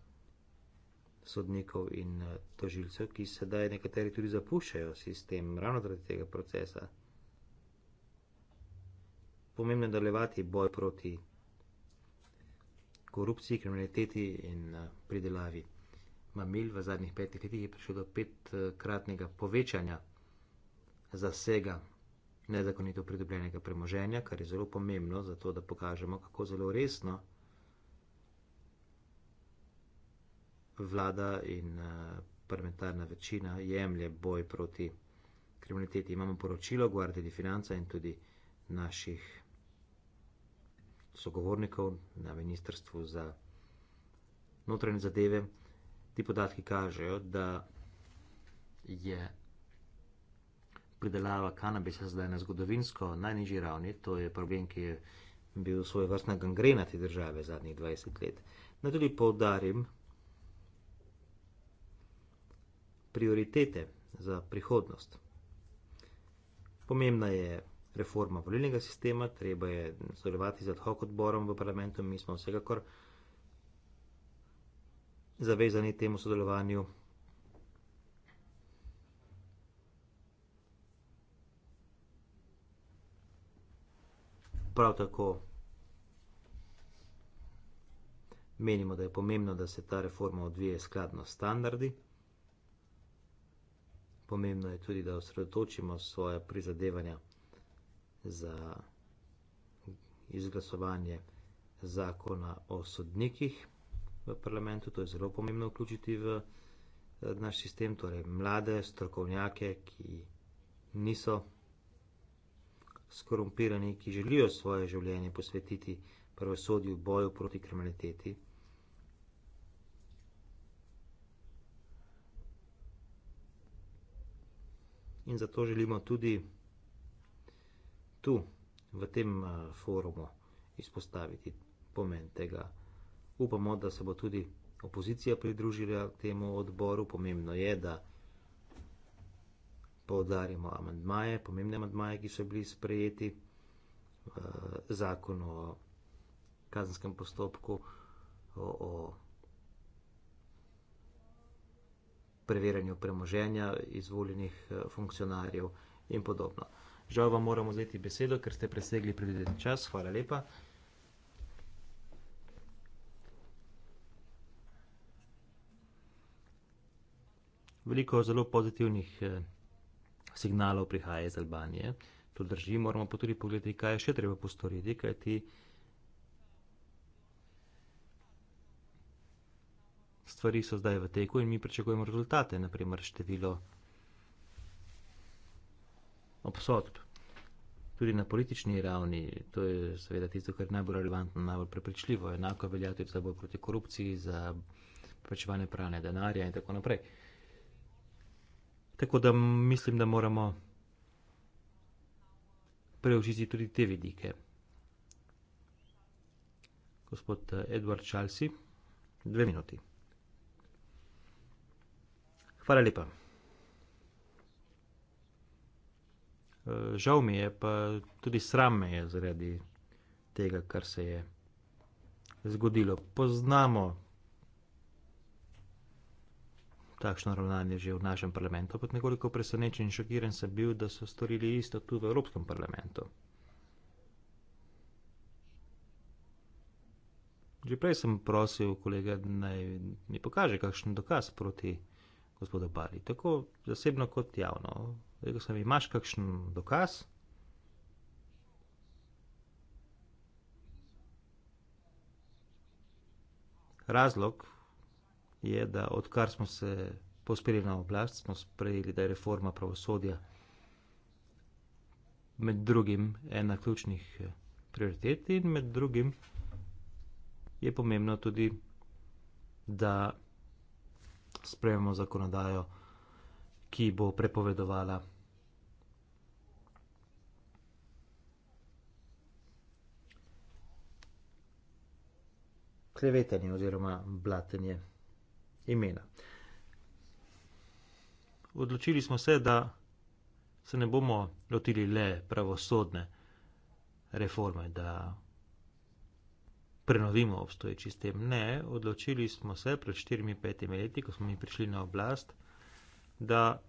sodnikov in eh, tožilcev, ki sedaj nekateri tudi zapuščajo sistem ravno zaradi tega procesa. Pomembno je nadaljevati boj proti korupciji, kriminaliteti in eh, pridelavi mamil. V zadnjih petih letih je prišlo do petkratnega povečanja zasega nezakonito pridobljenega premoženja, kar je zelo pomembno, zato da pokažemo, kako zelo resno vlada in eh, parlamentarna večina jemlje boj proti kriminaliteti. Imamo poročilo Guardi di Financa in tudi naših sogovornikov na Ministrstvu za notranje zadeve. Ti podatki kažejo, da je pridelava kanabisa zdaj na zgodovinsko najnižji ravni, to je problem, ki je bil svoj vrstna gangrena te države zadnjih 20 let. Naj tudi poudarim prioritete za prihodnost. Pomembna je reforma volilnega sistema, treba je sodelovati z odhok odborom v parlamentu, mi smo vsekakor zavezani temu sodelovanju. prav tako menimo, da je pomembno, da se ta reforma odvije skladno s standardi. Pomembno je tudi, da osredotočimo svoje prizadevanja za izglasovanje zakona o sodnikih v parlamentu. To je zelo pomembno vključiti v eh, naš sistem, torej mlade strokovnjake, ki niso skorumpirani, ki želijo svoje življenje posvetiti pravosodju boju proti kriminaliteti. In zato želimo tudi tu, v tem eh, forumu, izpostaviti pomen tega. Upamo, da se bo tudi opozicija pridružila temu odboru. Pomembno je, da poudarimo amandmaje, pomembne amandmaje, ki so bili sprejeti v eh, zakonu o kazenskem postopku, o, o preverjanju premoženja izvoljenih eh, funkcionarjev in podobno. Žal vam moramo vzeti besedo, ker ste presegli predviden čas. Hvala lepa. Veliko zelo pozitivnih. Eh, signalov prihaja iz Albanije. To drži, moramo pa tudi pogledati, kaj je še treba postoriti, kaj ti stvari so zdaj v teku in mi pričakujemo rezultate, naprimer število obsodb. Tudi na politični ravni, to je seveda tisto, kar je najbolj relevantno, najbolj prepričljivo, enako velja tudi za boj proti korupciji, za prečevanje pranja denarja in tako naprej. Tako da mislim, da moramo preučiti tudi te vidike. Gospod eh, Edward Chalsi, dve minuti. Hvala lepa. Eh, žal mi je, pa tudi sram me je zaradi tega, kar se je zgodilo. Poznamo takšno ravnanje že v našem parlamentu, ampak nekoliko presenečen in šokiran sem bil, da so storili isto tudi v Evropskem parlamentu. Že prej sem prosil kolega, naj mi pokaže kakšen dokaz proti gospodu Bali, tako zasebno kot javno. Rekel sem, imaš kakšen dokaz? Razlog, je, da odkar smo se pospeli na oblast, smo sprejeli, da je reforma pravosodja med drugim ena ključnih eh, prioritet in med drugim je pomembno tudi, da sprejemo zakonodajo, ki bo prepovedovala klevetanje oziroma blatenje imena. Odločili smo se, da se ne bomo lotili le pravosodne reforme, da prenovimo obstoječ sistem. Ne, odločili smo se pred 4-5 leti, ko smo mi prišli na oblast, da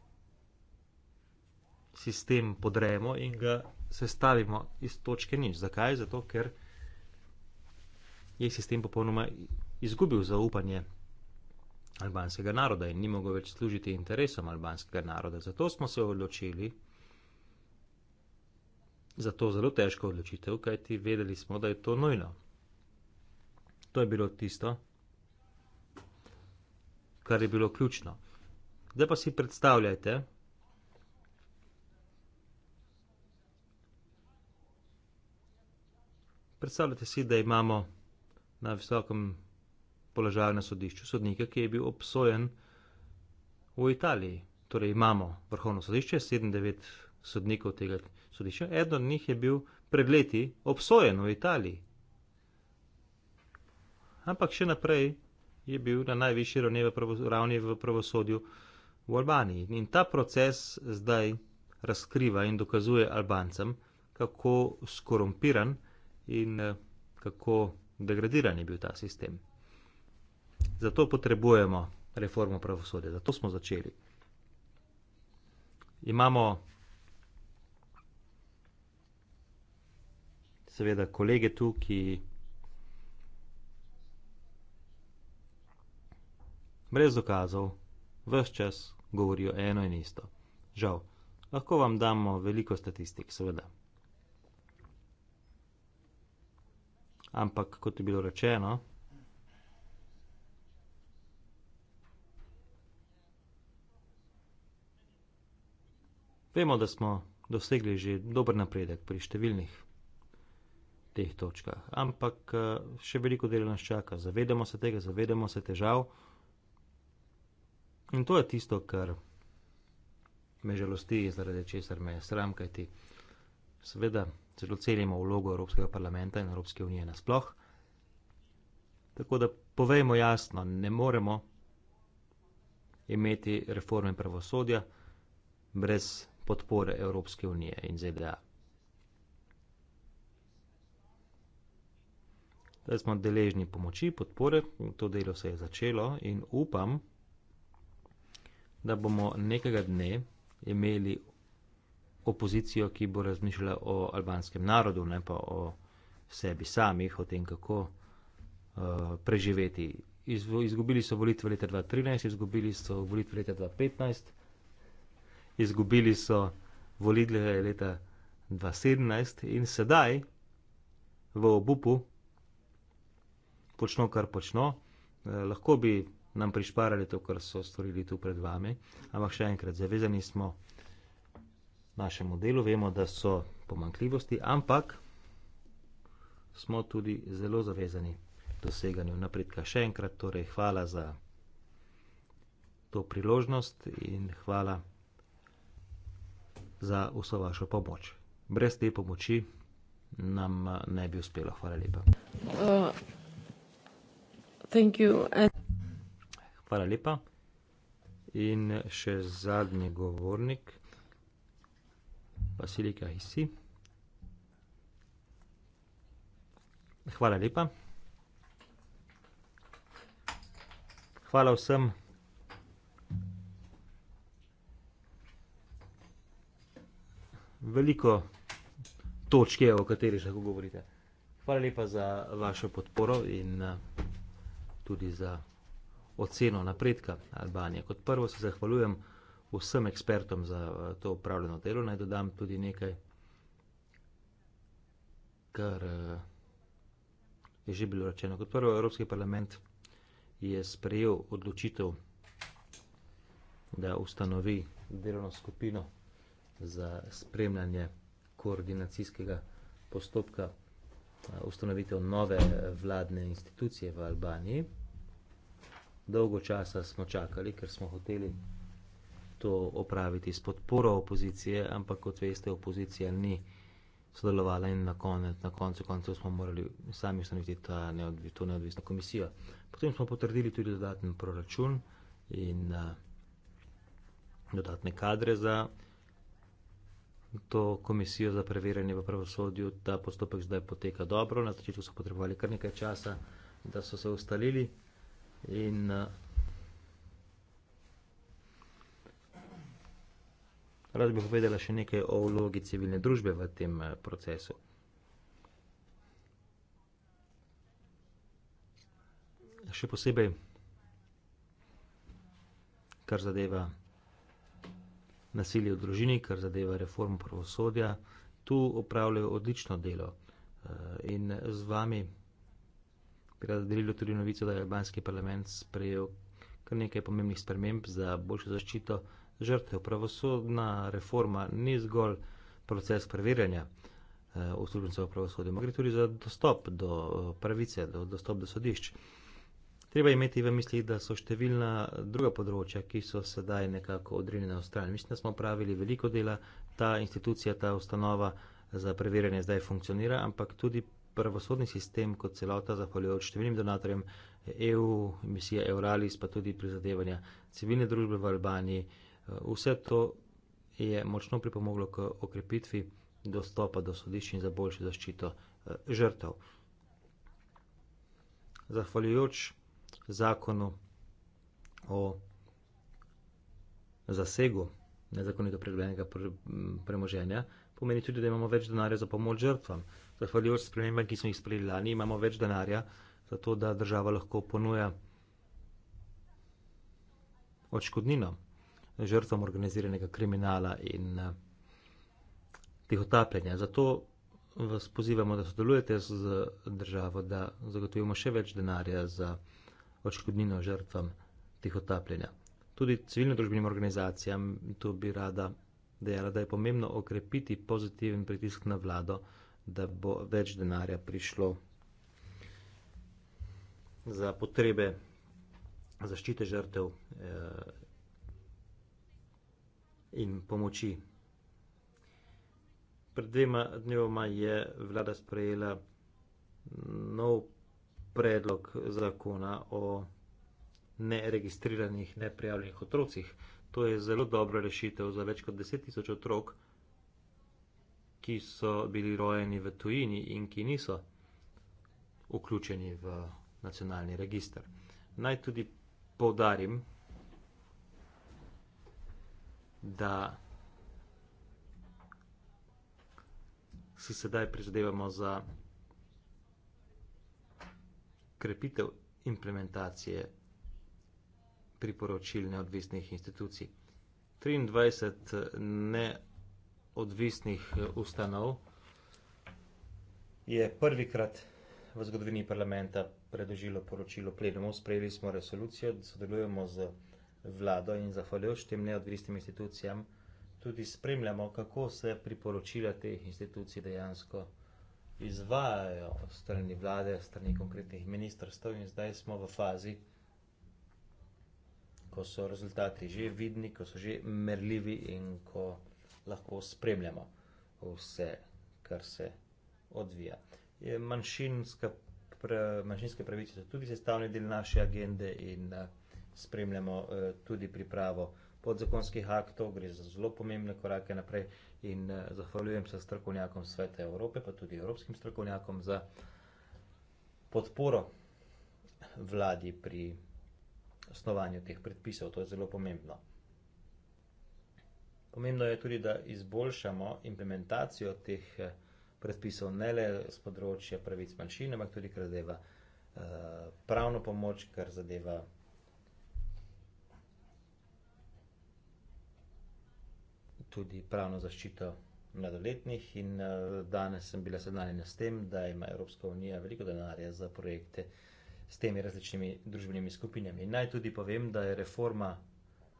sistem podremo in ga sestavimo iz točke nič. Zakaj? Zato, ker je sistem popolnoma izgubil zaupanje albanskega naroda in ni mogel več služiti interesom albanskega naroda. Zato smo se odločili za to zelo težko odločitev, kajti vedeli smo, da je to nujno. To je bilo tisto, kar je bilo ključno. Zdaj pa si predstavljajte, predstavljajte si, da imamo na visokem položaju na sodišču sodnika, ki je bil obsojen v Italiji. Torej imamo vrhovno sodišče, 7-9 sodnikov tega sodišča, eden od njih je bil pred leti obsojen v Italiji. Ampak še naprej je bil na najvišji ravni v, ravni v pravosodju v Albaniji. In ta proces zdaj razkriva in dokazuje Albancem, kako skorumpiran in eh, kako degradiran je bil ta sistem. Zato potrebujemo reformo pravosodja, zato smo začeli. Imamo seveda kolege tu, ki brez dokazov vse čas govorijo eno in isto. Žal, lahko vam damo veliko statistik, seveda. Ampak, kot je bilo rečeno, Vemo, da smo dosegli že dober napredek pri številnih teh točkah, ampak eh, še veliko dela nas čaka. Zavedamo se tega, zavedamo se težav. In to je tisto, kar me žalosti, zaradi česar me je sram, kajti seveda zelo celimo vlogo Evropskega parlamenta in Evropske unije nasploh. Tako da povejmo jasno, ne moremo imeti reforme pravosodja brez podpore Evropske unije in ZDA. Zdaj smo deležni pomoči, podpore, to delo se je začelo in upam, da bomo nekega dne imeli opozicijo, ki bo razmišljala o albanskem narodu, ne pa o sebi samih, o tem, kako uh, preživeti. Izgubili so volitve leta 2013, izgubili so volitve leta 2015 izgubili so volitve leta 2017 in sedaj v obupu počno, kar počno. Eh, lahko bi nam prišparali to, kar so storili tu pred vami, ampak še enkrat, zavezani smo našemu delu, vemo, da so pomankljivosti, ampak smo tudi zelo zavezani doseganju napredka. Še enkrat torej hvala za to priložnost in hvala za vso vašo pomoč. Brez te pomoči nam eh, ne bi uspelo. Hvala lepa. Uh, and... Hvala lepa. In še zadnji govornik, Vasilika Hisi. Hvala lepa. Hvala vsem, veliko točk je, o katerih lahko govorite. Hvala lepa za vašo podporo in eh, tudi za oceno napredka Albanije. Kot prvo se zahvaljujem vsem ekspertom za eh, to upravljeno delo. Naj dodam tudi nekaj, kar eh, je že bilo rečeno. Kot prvo, Evropski parlament je sprejel odločitev, da ustanovi delovno skupino za spremljanje koordinacijskega postopka ustanovitev nove e, vladne institucije v Albaniji. Dolgo časa smo čakali, ker smo hoteli to opraviti s podporo opozicije, ampak kot veste, opozicija ni sodelovala in na, konec, na koncu koncev smo morali sami ustanoviti ta neodv, to neodvisno komisijo. Potem smo potrdili tudi dodaten proračun in uh, dodatne kadre za uh, to komisijo za preverjanje v pravosodju, da postopek zdaj poteka dobro. Na začetku so potrebovali kar nekaj časa, da so se ustalili in uh, rad bi povedala še nekaj o vlogi civilne družbe v tem uh, procesu. Še posebej, kar zadeva nasilje v družini, kar zadeva reformo pravosodja, tu opravljajo odlično delo. Eh, in z vami bi rad delilo tudi novico, da je albanski parlament sprejel kar nekaj pomembnih sprememb za boljšo zaščito žrtev. Pravosodna reforma ni zgolj proces preverjanja eh, uslužencev v pravosodju, ampak gre tudi za dostop do eh, pravice, do dostop do sodišč. Treba imeti v mislih, da so številna druga področja, ki so sedaj nekako odrinjena v stran. Mislim, da smo pravili veliko dela, ta institucija, ta ustanova za preverjanje zdaj funkcionira, ampak tudi pravosodni sistem kot celota, zahvaljujoč številnim donatorjem EU, misija Euralis, pa tudi prizadevanja civilne družbe v Albaniji, vse to je močno pripomoglo k okrepitvi dostopa do sodišč in za boljšo zaščito eh, žrtev. Zahvaljujoč zakonu o zasegu nezakonito pregledanega premoženja, pomeni tudi, da imamo več denarja za pomoč žrtvam. Zahvaljujoč spremembam, ki smo jih sprejeli lani, imamo več denarja za to, da država lahko ponuja odškodnino žrtvam organiziranega kriminala in eh, tihotapljenja. Zato vas pozivamo, da sodelujete z državo, da zagotovimo še več denarja za pomoč žrtvam očkodnino žrtvam teh otapljenja. Tudi civilno družbenim organizacijam, tu bi rada dejala, da je pomembno okrepiti pozitiven pritisk na vlado, da bo več denarja prišlo za potrebe zaščite žrtev eh, in pomoči. Pred dvema dnevoma je vlada sprejela nov predlog zakona o neregistriranih, neprijavljenih otrocih. To je zelo dobra rešitev za več kot 10 tisoč otrok, ki so bili rojeni v tujini in ki niso vključeni v nacionalni registr. Naj tudi povdarim, da si sedaj prizadevamo za krepitev implementacije priporočil neodvisnih institucij. 23 eh, neodvisnih eh, ustanov je prvikrat v zgodovini parlamenta predložilo poročilo plenumu. Sprejeli smo resolucijo, da sodelujemo z vlado in zahvaljujoč tem neodvisnim institucijam tudi spremljamo, kako se priporočila teh institucij dejansko izvajajo strani vlade, strani konkretnih ministrstv in zdaj smo v fazi, ko so rezultati že vidni, ko so že merljivi in ko lahko spremljamo vse, kar se odvija. Manjšinske pravice so tudi sestavni del naše agende in eh, spremljamo eh, tudi pripravo podzakonskih aktov, gre za zelo pomembne korake naprej in eh, zahvaljujem se strokovnjakom Sveta Evrope, pa tudi evropskim strokovnjakom za podporo vladi pri osnovanju teh predpisov. To je zelo pomembno. Pomembno je tudi, da izboljšamo implementacijo teh eh, predpisov ne le z področja pravic manjšin, ampak tudi, kar zadeva eh, pravno pomoč, kar zadeva tudi pravno zaščito mladoletnih in eh, danes sem bila seznanjena s tem, da ima Evropska unija veliko denarja za projekte s temi različnimi družbenimi skupinami. Naj tudi povem, da je reforma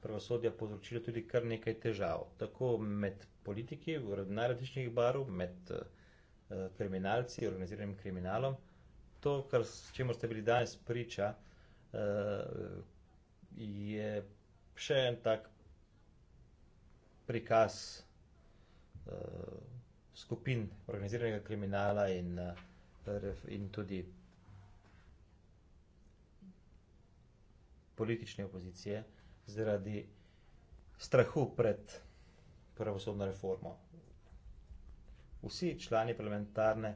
pravosodja povzročila tudi kar nekaj težav, tako med politiki v najrazličnejših barv, med eh, kriminalci, organiziranim kriminalom. To, kar, s čemu ste bili danes priča, eh, je še en tak prikaz uh, skupin organiziranega kriminala in, uh, in tudi politične opozicije zaradi strahu pred pravosodno reformo. Vsi člani parlamentarne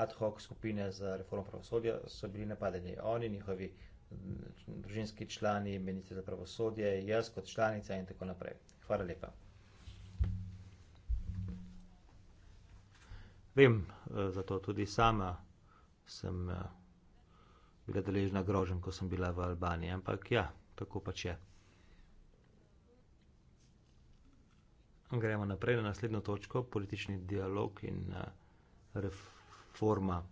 ad hoc skupine za reformo pravosodja so bili napadeni. Oni, njihovi družinski člani, ministrstva pravosodja, jaz kot članica in tako naprej. Hvala lepa. Vem, eh, zato tudi sama sem eh, bila deležna grožen, ko sem bila v Albaniji, ampak ja, tako pač je. Gremo naprej na naslednjo točko, politični dialog in eh, reforma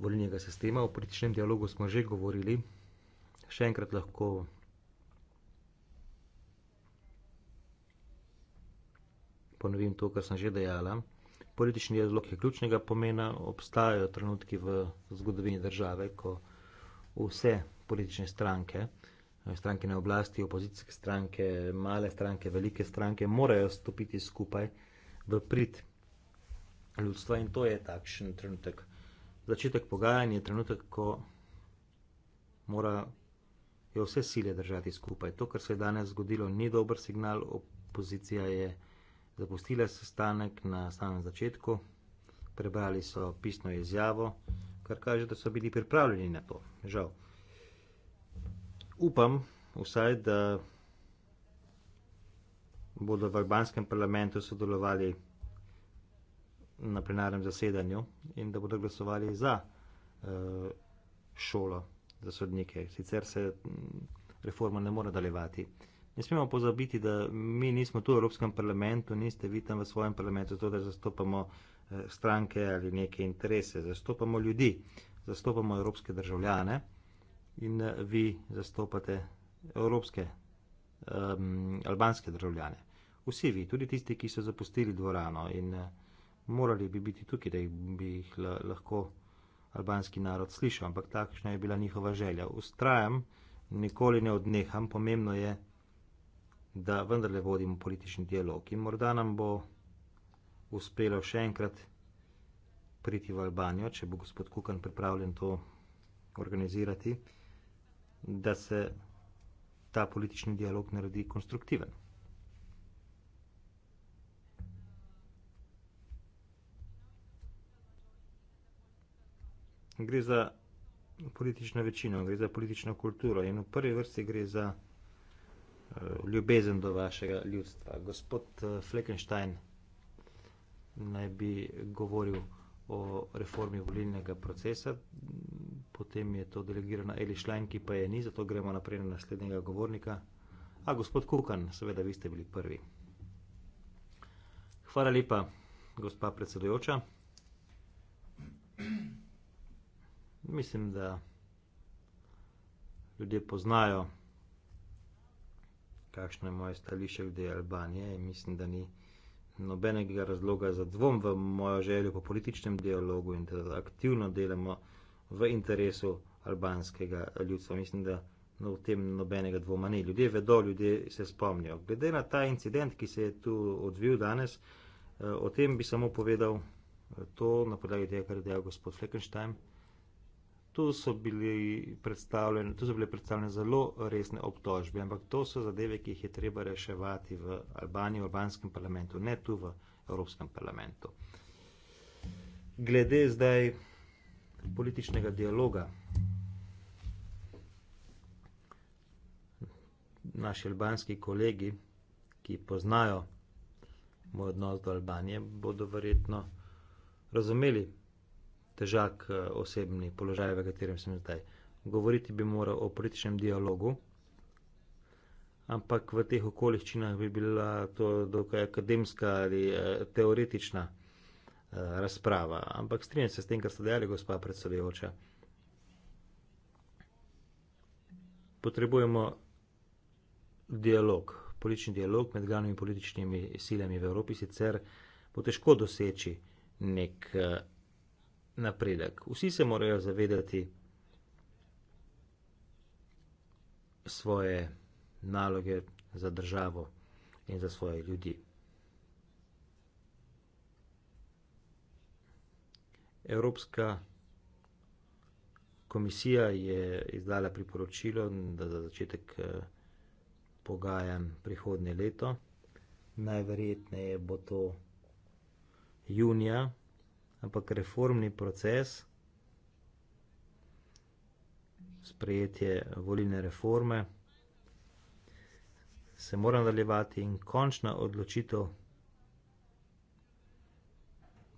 volilnega sistema. O političnem dialogu smo že govorili, še enkrat lahko ponovim to, kar sem že dejala. Politični dialog je ključnega pomena, obstajajo trenutki v zgodovini države, ko vse politične stranke, eh, stranke na oblasti, opozicijske stranke, male stranke, velike stranke, morajo stopiti skupaj v prid ljudstva in to je takšen trenutek. Začetek pogajanja je trenutek, ko mora jo vse sile držati skupaj. To, kar se je danes zgodilo, ni dober signal, opozicija je zapustile sestanek na samem začetku, prebrali so pisno izjavo, kar kaže, da so bili pripravljeni na to. Žal. Upam vsaj, da bodo v albanskem parlamentu sodelovali na plenarnem zasedanju in da bodo glasovali za uh, šolo, za sodnike. Sicer se mm, reforma ne more nadaljevati. Uh, Ne smemo pozabiti, da mi nismo tu v Evropskem parlamentu, niste vi tam v svojem parlamentu, zato da zastopamo eh, stranke ali neke interese, zastopamo ljudi, zastopamo evropske državljane in eh, vi zastopate evropske, um, albanske državljane. Vsi vi, tudi tisti, ki so zapustili dvorano in eh, morali bi biti tukaj, da bi jih lahko albanski narod slišal, ampak takšna je bila njihova želja. Ustrajam, nikoli ne odneham, pomembno je, da vendarle vodimo politični dialog in morda nam bo uspelo še enkrat priti v Albanijo, če bo gospod Kukan pripravljen to organizirati, da se ta politični dialog naredi konstruktiven. Gre za politično večino, gre za politično kulturo in v prvi vrsti gre za politično kulturo, ljubezen do vašega ljudstva. Gospod eh, Fleckenstein naj bi govoril o reformi volilnega procesa, potem je to delegirana Eli Šlajn, ki pa je ni, zato gremo naprej na naslednjega govornika. A gospod Kukan, seveda vi ste bili prvi. Hvala lepa, gospa predsedujoča. Mislim, da ljudje poznajo kakšno je moje stališče glede Albanije. Mislim, da ni nobenega razloga za dvom v mojo željo po političnem dialogu in da aktivno delamo v interesu albanskega ljudstva. Mislim, da no, v tem nobenega dvoma ni. Ljudje vedo, ljudje se spomnijo. Glede na ta incident, ki se je tu odvil danes, eh, o tem bi samo povedal eh, to na podlagi tega, kar je dejal gospod Fleckenstein tu so, tu so bili predstavljene zelo resne obtožbe, ampak to so zadeve, ki jih je treba reševati v Albaniji, v albanskem parlamentu, ne tu v Evropskem parlamentu. Glede zdaj političnega dialoga, naši albanski kolegi, ki poznajo moj odnos do Albanije, bodo verjetno razumeli težak eh, osebni položaj, v katerem sem zdaj. Govoriti bi moral o političnem dialogu, ampak v teh okoliščinah bi bila to dokaj akademska ali eh, teoretična eh, razprava. Ampak strinjam se s tem, kar ste dejali, gospa predsedujoča. Potrebujemo dialog, politični dialog med glavnimi političnimi silami v Evropi, sicer bo težko doseči nek napredek. Vsi se morajo zavedati svoje naloge za državo in za svoje ljudi. Evropska komisija je izdala priporočilo, da za začetek eh, pogajam prihodnje leto. Najverjetneje bo to junija ampak reformni proces, sprejetje volilne reforme, se mora nadaljevati in končna odločitev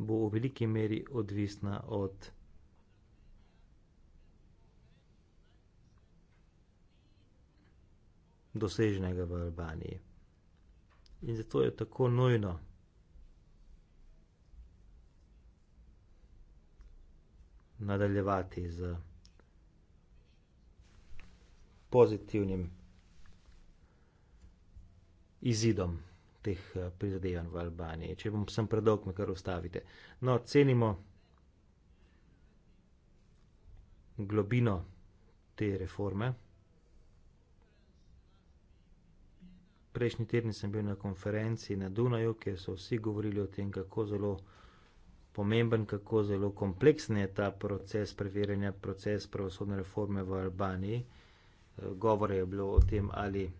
bo v veliki meri odvisna od doseženega v Albaniji. In zato je tako nujno, nadaljevati z pozitivnim izidom teh eh, prizadevanj v Albaniji. Če bom sem predolg, me kar ustavite. No, cenimo globino te reforme. Prejšnji teden sem bil na konferenci na Dunaju, kjer so vsi govorili o tem, kako zelo vsega pomemben, kako zelo kompleksen je ta proces preverjanja, proces pravosodne reforme v Albaniji. Eh, Govore je bilo o tem, ali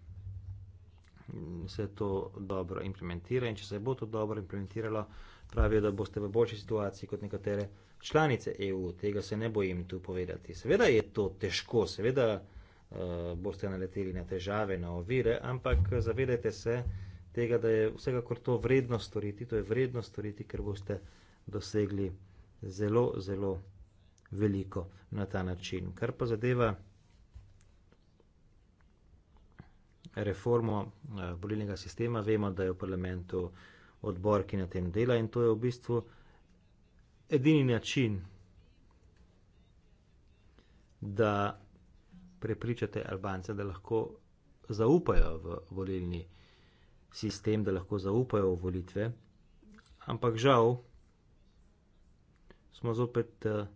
se to dobro implementira in če se bo to dobro implementiralo, pravijo, da boste v boljši situaciji kot nekatere članice EU. Tega se ne bojim tu povedati. Seveda je to težko, seveda uh, boste naleteli na težave, na ovire, ampak zavedajte se tega, da je vsekakor to vredno storiti, to je vredno storiti, ker boste dosegli zelo, zelo veliko na ta način. Kar pa zadeva reformo bolilnega eh, sistema, vemo, da je v parlamentu odbor, ki na tem dela in to je v bistvu edini način, da prepričate Albance, da lahko zaupajo v volilni sistem, da lahko zaupajo v volitve, ampak žal, smo zopet eh,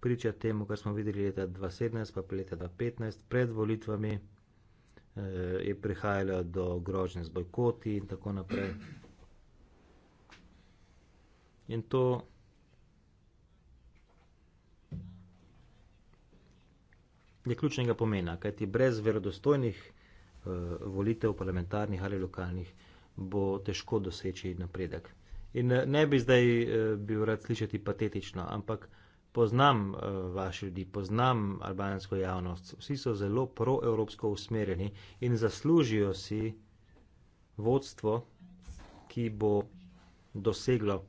priča temu, kar smo videli leta 2017, pa leta 2015, pred volitvami eh, je prihajalo do grožnje z bojkoti in tako naprej. In to je ključnega pomena, kajti brez verodostojnih eh, volitev parlamentarnih ali lokalnih bo težko doseči napredek. In eh, ne bi zdaj eh, bil rad slišati patetično, ampak poznam eh, vaše ljudi, poznam albansko javnost. Vsi so zelo proevropsko usmerjeni in zaslužijo si vodstvo, ki bo doseglo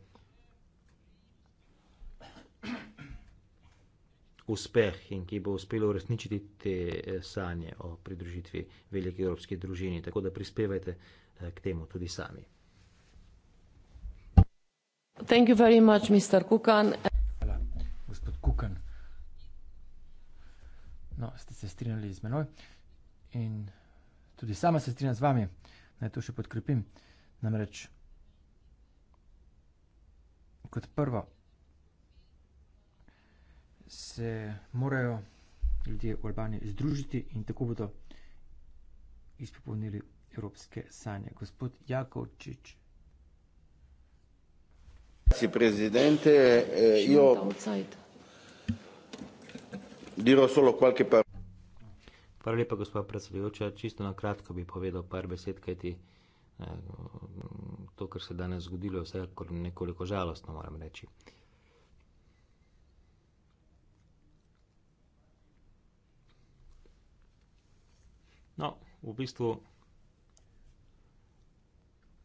uspeh in ki bo uspelo uresničiti te sanje o pridružitvi veliki evropski družini. Tako da prispevajte k temu tudi sami. Thank you very much, Mr. Kukan. Hvala, gospod Kukan. No, ste se strinjali z menoj in tudi sama se strinjam z vami, naj to še podkrepim. Namreč, kot prvo, se morajo ljudje v Albaniji združiti in tako bodo izpopolnili evropske sanje. Gospod Jakovčič. Grazie Presidente, eh, io dirò solo qualche par- Hvala lepa, gospod predsedujoča. Čisto na kratko bi povedal par besed, kaj ti eh, to, kar se danes zgodilo, je vsekakor nekoliko žalostno, moram reči. No, v bistvu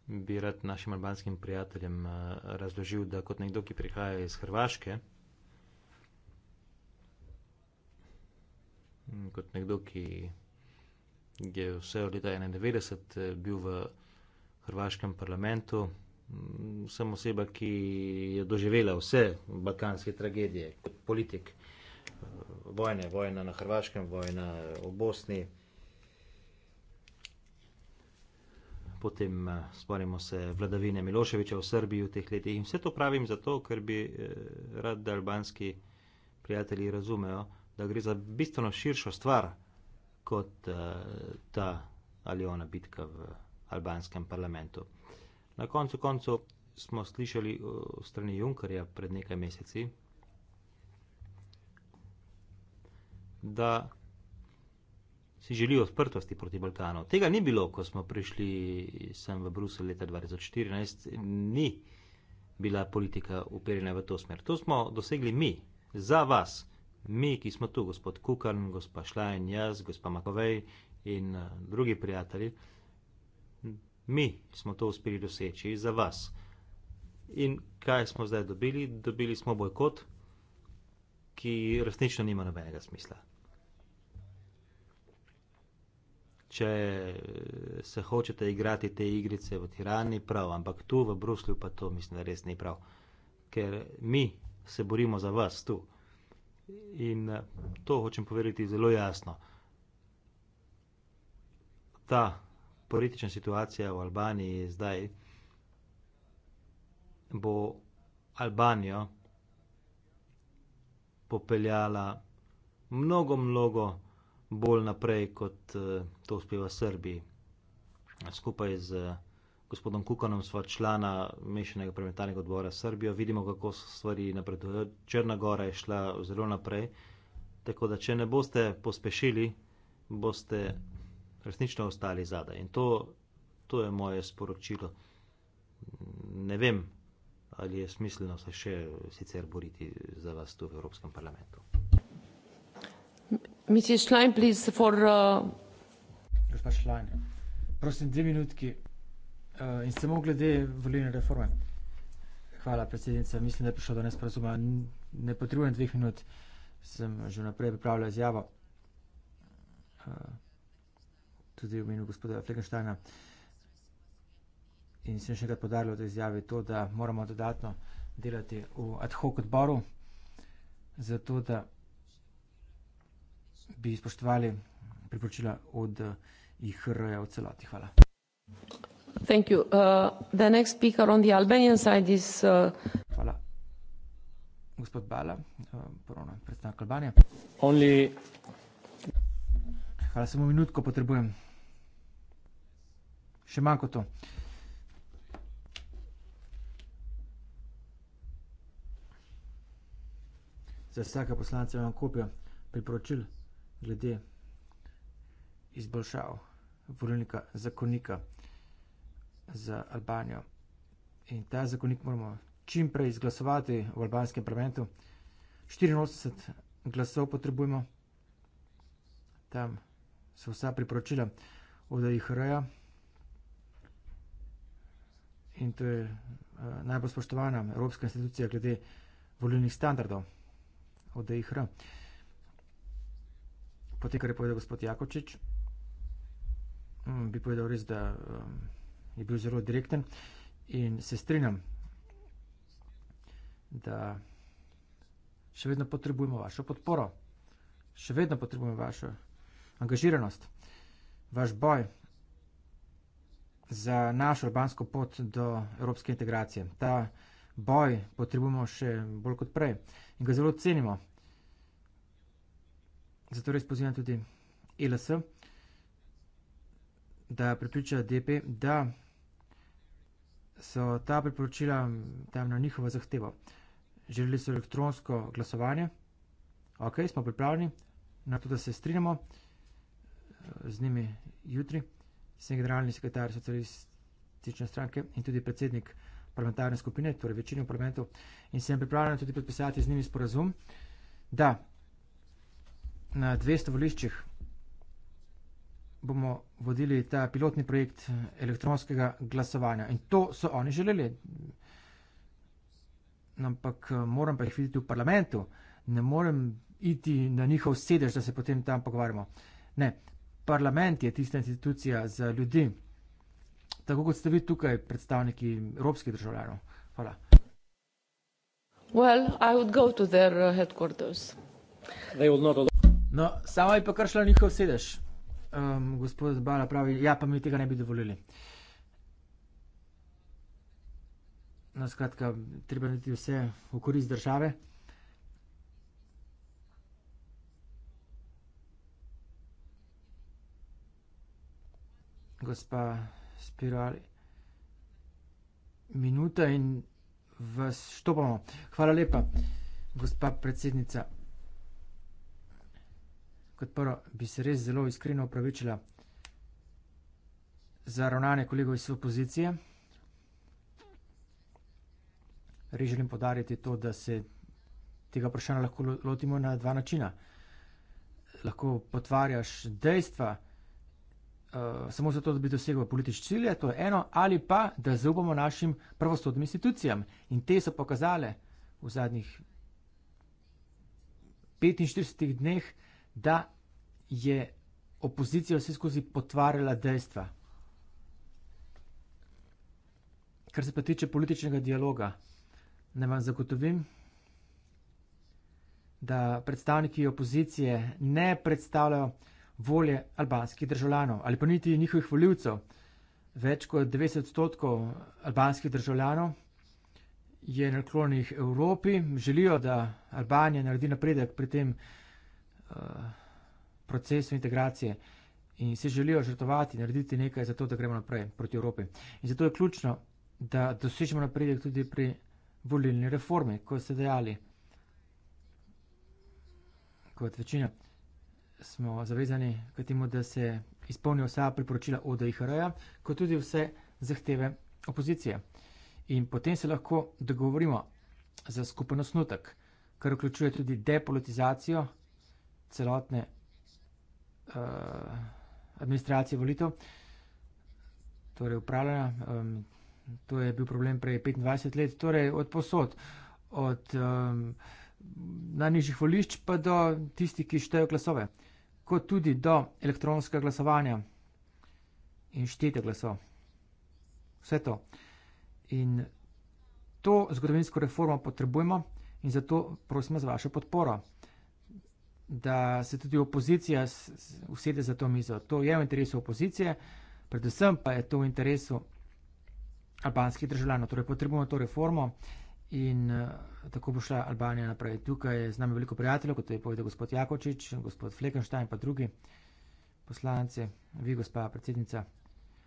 bi rad našim albanskim prijateljem eh, razložil, da kot nekdo, ki prihaja iz Hrvaške, kot nekdo, ki je vse od leta 91 eh, bil v Hrvaškem parlamentu, mm, sem oseba, ki je doživela vse balkanske tragedije kot politik. Eh, vojne, vojna na Hrvaškem, vojna v Bosni, potem eh, spomnimo se vladavine Miloševiča v Srbiji v teh letih. In vse to pravim zato, ker bi eh, rad, da albanski prijatelji razumejo, da gre za bistveno širšo stvar kot eh, ta ali ona bitka v albanskem parlamentu. Na koncu koncu smo slišali v strani Junkarja pred nekaj meseci, da si želijo odprtosti proti Balkanu. Tega ni bilo, ko smo prišli sem v Bruselj leta 2014, ni bila politika uperjena v to smer. To smo dosegli mi, za vas, mi, ki smo tu, gospod Kukan, gospa Šlajn, jaz, gospa Makovej in uh, drugi prijatelji. Mi smo to uspeli doseči za vas. In kaj smo zdaj dobili? Dobili smo bojkot, ki resnično nima nobenega smisla. če eh, se hočete igrati te igrice v Tirani, prav, ampak tu v Bruslju pa to mislim, da res ni prav. Ker mi se borimo za vas tu. In eh, to hočem povedati zelo jasno. Ta politična situacija v Albaniji zdaj bo Albanijo popeljala mnogo, mnogo bolj naprej, kot eh, to uspeva Srbiji. Skupaj z eh, gospodom Kukanom sva člana mešanega premetalnega odbora Srbijo, vidimo, kako so stvari napredujejo. Črna gora je šla zelo naprej, tako da če ne boste pospešili, boste resnično ostali zadaj. In to, to je moje sporočilo. Ne vem, ali je smiselno se še sicer boriti za vas tu v Evropskem parlamentu. Mrs. Schlein, please, for. Uh... Gospa Schlein, prosim, dve minutki uh, in samo glede volilne reforme. Hvala, predsednica. Mislim, da je prišlo do nesporazuma. Ne potrebujem dveh minut, sem že naprej pripravljal izjavo. Uh, tudi v imenu gospoda Fleckensteina. In sem še enkrat podaril od izjave to, da moramo dodatno delati v ad hoc odboru, zato da bi spoštovali priporočila od eh, IHR-ja v celoti. Hvala. Thank you. Uh, the next speaker on the Albanian side is... Uh... Hvala. Gospod Bala, eh, ponovno predstavnik Albanije. Only... Hvala, samo minutko potrebujem. Še manj kot to. Za vsake poslance imam kopijo priporočil glede izboljšav volilnega zakonika za Albanijo. In ta zakonik moramo čim prej izglasovati v albanskem parlamentu. 84 glasov potrebujemo, tam so vsa priporočila od IHR-ja in to je uh, najbolj spoštovana evropska institucija glede volilnih standardov od IHR-ja potem, kar je povedal gospod Jakočič, mm, bi povedal res, da um, je bil zelo direkten in se strinjam, da še vedno potrebujemo vašo podporo, še vedno potrebujemo vašo angažiranost, vaš boj za našo urbansko pot do evropske integracije. Ta boj potrebujemo še bolj kot prej in ga zelo cenimo. Zato res pozivam tudi e LS, da pripriča DP, da so ta priporočila tam na njihovo zahtevo. Želeli so elektronsko glasovanje. Ok, smo pripravljeni na to, da se strinjamo z njimi jutri. Sem generalni sekretar socialistične stranke in tudi predsednik parlamentarne skupine, torej večino parlamentov. In sem pripravljen tudi podpisati z njimi sporazum, da na dveh voliščih bomo vodili ta pilotni projekt elektronskega glasovanja. In to so oni želeli. Ampak eh, moram pa jih videti v parlamentu, ne morem iti na njihov sedež, da se potem tam pogovarjamo. Ne, parlament je tista institucija za ljudi, tako kot ste vi tukaj, predstavniki evropskih državljanov. Hvala. Well, I would go to their eh, headquarters. They will not allow. No, sama je pa kar šla njihov sedež. Um, gospod Bala pravi, ja, pa mi tega ne bi dovolili. No, skratka, treba narediti vse v korist države. Gospa Spiral, minuta in vas štopamo. Hvala lepa, gospa predsednica kot prvo bi se res zelo iskreno upravičila za ravnanje kolegov iz opozicije. Res želim podariti to, da se tega vprašanja lahko lotimo na dva načina. Lahko potvarjaš dejstva uh, samo zato, da bi dosegel politične cilje, to je eno, ali pa da zaupamo našim pravosodnim institucijam. In te so pokazale v zadnjih 45 dneh, da je opozicija vse skozi potvarjala dejstva. Kar se pa tiče političnega dialoga, ne vam zagotovim, da predstavniki opozicije ne predstavljajo volje albanskih državljanov ali pa niti njihovih voljivcev. Več kot 90 odstotkov albanskih državljanov je naklonjenih Evropi, želijo, da Albanija naredi napredek pri tem, da Eh, procesu integracije in se želijo žrtovati, narediti nekaj za to, da gremo naprej proti Evropi. In zato je ključno, da dosežemo napredek tudi pri volilni reformi, ko ste dejali, kot večina, smo zavezani k temu, da se izpolnijo vsa priporočila ODIHR-ja, kot tudi vse zahteve opozicije. In potem se lahko dogovorimo za skupen osnutek, kar vključuje tudi depolitizacijo celotne uh, administracije volitev, torej upravljanja. Um, to je bil problem prej 25 let, torej od posod, od um, najnižjih volišč pa do tistih, ki štejo glasove, kot tudi do elektronskega glasovanja in štete glasov. Vse to. In to zgodovinsko reformo potrebujemo in zato prosim za vašo podporo da se tudi opozicija usede za to mizo. To je v interesu opozicije, predvsem pa je to v interesu albanskih državljanov. Torej, potrebujemo to reformo in uh, tako bo šla Albanija naprej. Tukaj je z nami veliko prijateljev, kot je povedal gospod Jakočič, gospod Fleckenstein in pa drugi poslanci, vi, gospa predsednica.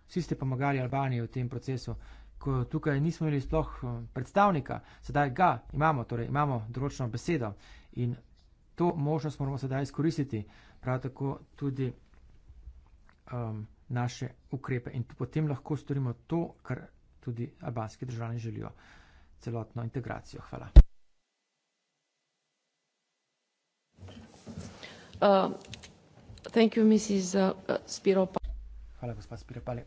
Vsi ste pomagali Albaniji v tem procesu. Ko tukaj nismo imeli sploh eh, predstavnika, sedaj ga imamo, torej imamo določeno besedo in to možnost moramo sedaj izkoristiti, prav tako tudi um, naše ukrepe in potem lahko storimo to, kar tudi albanski državljani želijo, celotno integracijo. Hvala. Uh, thank you, Mrs. Uh, uh, Spiropa. Hvala, gospod Spiropali.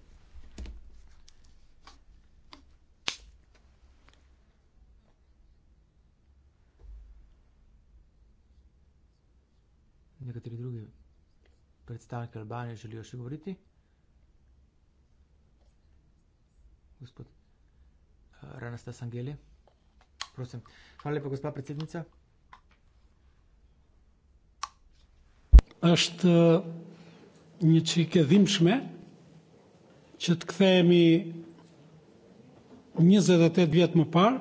nekateri drugi predstavniki Albanije želijo še govoriti. Gospod uh, Ranasta Sangeli, prosim. Hvala lepa, gospa predsednica. Ashtë një që i ke dhimshme, që të kthejemi 28 e vjetë më parë.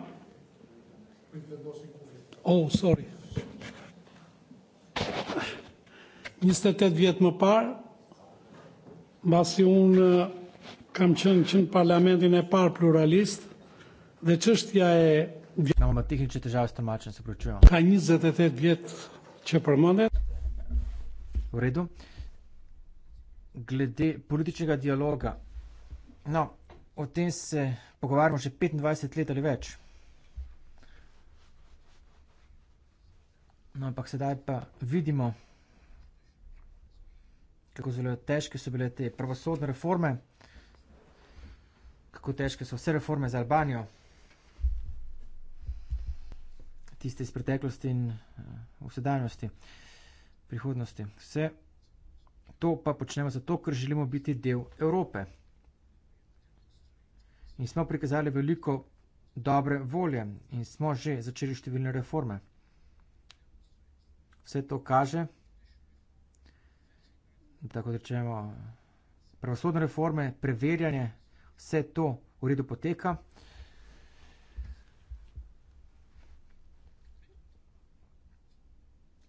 Oh, sorry. 28 vjet më parë, mbasi unë eh, kam qenë që në parlamentin e parë pluralist dhe çështja e diplomatikën që të jashtë marrën se procuron. Ka 28 vjet që përmendet. Vredo. Glede političnega dialoga, no, o tem se pogovarjamo že 25 let ali več. No, ampak sedaj pa vidimo, kako zelo težke so bile te pravosodne reforme, kako težke so vse reforme za Albanijo, tiste iz preteklosti in uh, v sedanjosti, prihodnosti. Vse to pa počnemo zato, ker želimo biti del Evrope. In smo prikazali veliko dobre volje in smo že začeli številne reforme. Vse to kaže, tako rečemo, pravosodne reforme, preverjanje, vse to v redu poteka.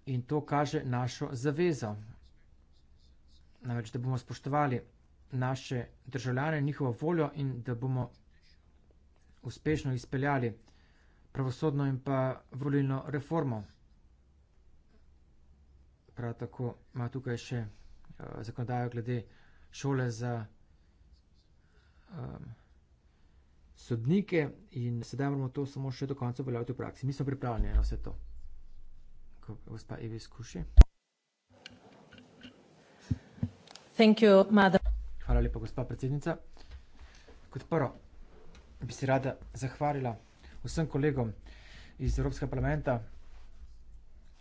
In to kaže našo zavezo. Namreč, da bomo spoštovali naše državljane, njihovo voljo in da bomo uspešno izpeljali pravosodno in pa volilno reformo. Prav tako ima tukaj še Eh, zakonodajo glede šole za um, sodnike in sedaj moramo to samo še do konca uveljaviti v praksi. Mi smo pripravljeni na vse to. Ko gospa Evi skuši. You, Hvala lepa, gospa predsednica. Kot prvo bi se rada zahvalila vsem kolegom iz Evropskega parlamenta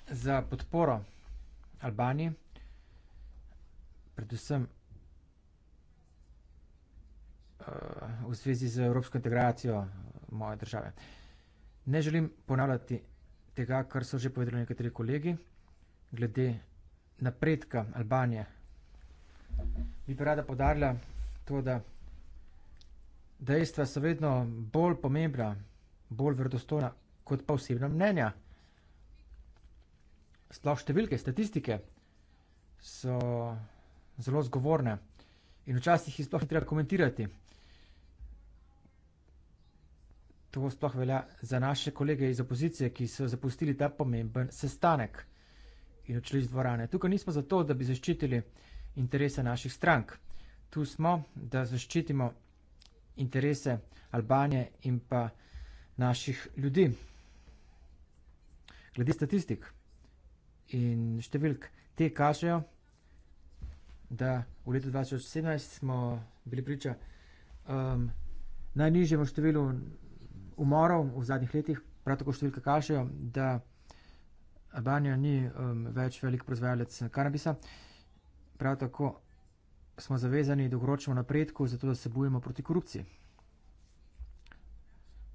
za podporo Albaniji predvsem eh, v zvezi z evropsko integracijo eh, moje države. Ne želim ponavljati tega, kar so že povedali nekateri kolegi, glede napredka Albanije. Bi pa rada podarila to, da dejstva so vedno bolj pomembna, bolj verodostojna, kot pa osebna mnenja. Sploh številke, statistike so zelo zgovorne in včasih jih sploh ni treba komentirati. To sploh velja za naše kolege iz opozicije, ki so zapustili ta pomemben sestanek in odšli iz dvorane. Tukaj nismo zato, da bi zaščitili interese naših strank. Tu smo, da zaščitimo interese Albanije in pa naših ljudi. Glede statistik in številk, te kažejo, da v letu 2017 smo bili priča um, najnižjemu številu umorov v zadnjih letih, prav tako številka kažejo, da Albanija ni um, več velik proizvajalec kanabisa. Prav tako smo zavezani dolgoročnemu napredku, zato da se bojimo proti korupciji.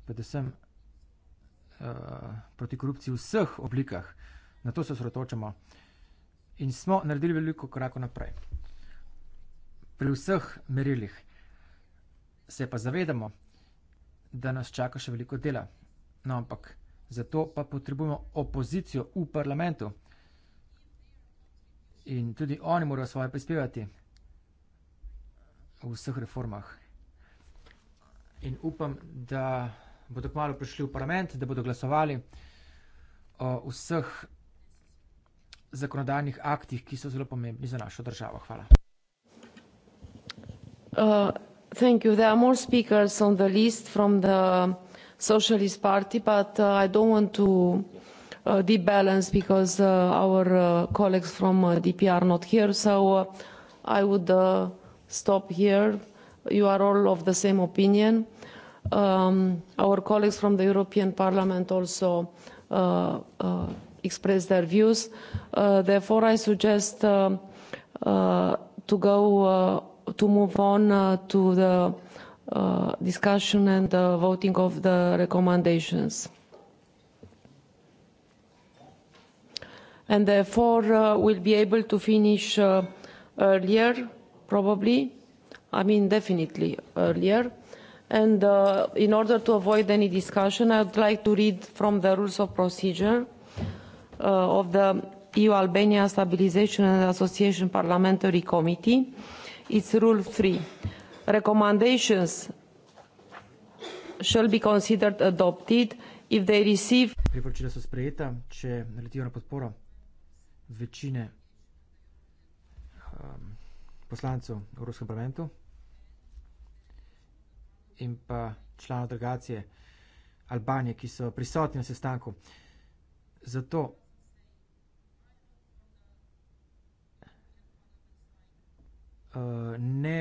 Predvsem uh, proti korupciji v vseh oblikah. Na to se osredotočamo. In smo naredili veliko korakov naprej pri vseh merilih. Se pa zavedamo, da nas čaka še veliko dela. No, ampak zato pa potrebujemo opozicijo v parlamentu. In tudi oni morajo svoje prispevati v vseh reformah. In upam, da bodo kmalo prišli v parlament, da bodo glasovali o vseh zakonodajnih aktih, ki so zelo pomembni za našo državo. Hvala. Uh, thank you. There are more speakers on the list from the Socialist Party, but uh, I don't want to uh, debalance because uh, our uh, colleagues from uh, DPR are not here, so uh, I would uh, stop here. You are all of the same opinion. Um, our colleagues from the European Parliament also uh, uh, express their views. Uh, therefore, I suggest uh, uh, to go uh, to move on uh, to the uh, discussion and the voting of the recommendations. And therefore, uh, we'll be able to finish uh, earlier, probably, I mean, definitely earlier. And uh, in order to avoid any discussion, I'd like to read from the rules of procedure uh, of the EU-Albania Stabilization and Association Parliamentary Committee. Uh, its rule 3 recommendations shall be considered adopted if they receive priporočila so sprejeta če naletijo na podporo večine um, poslancev v ruskem parlamentu in pa članov delegacije Albanije, ki so prisotni na sestanku. Zato Eh, ne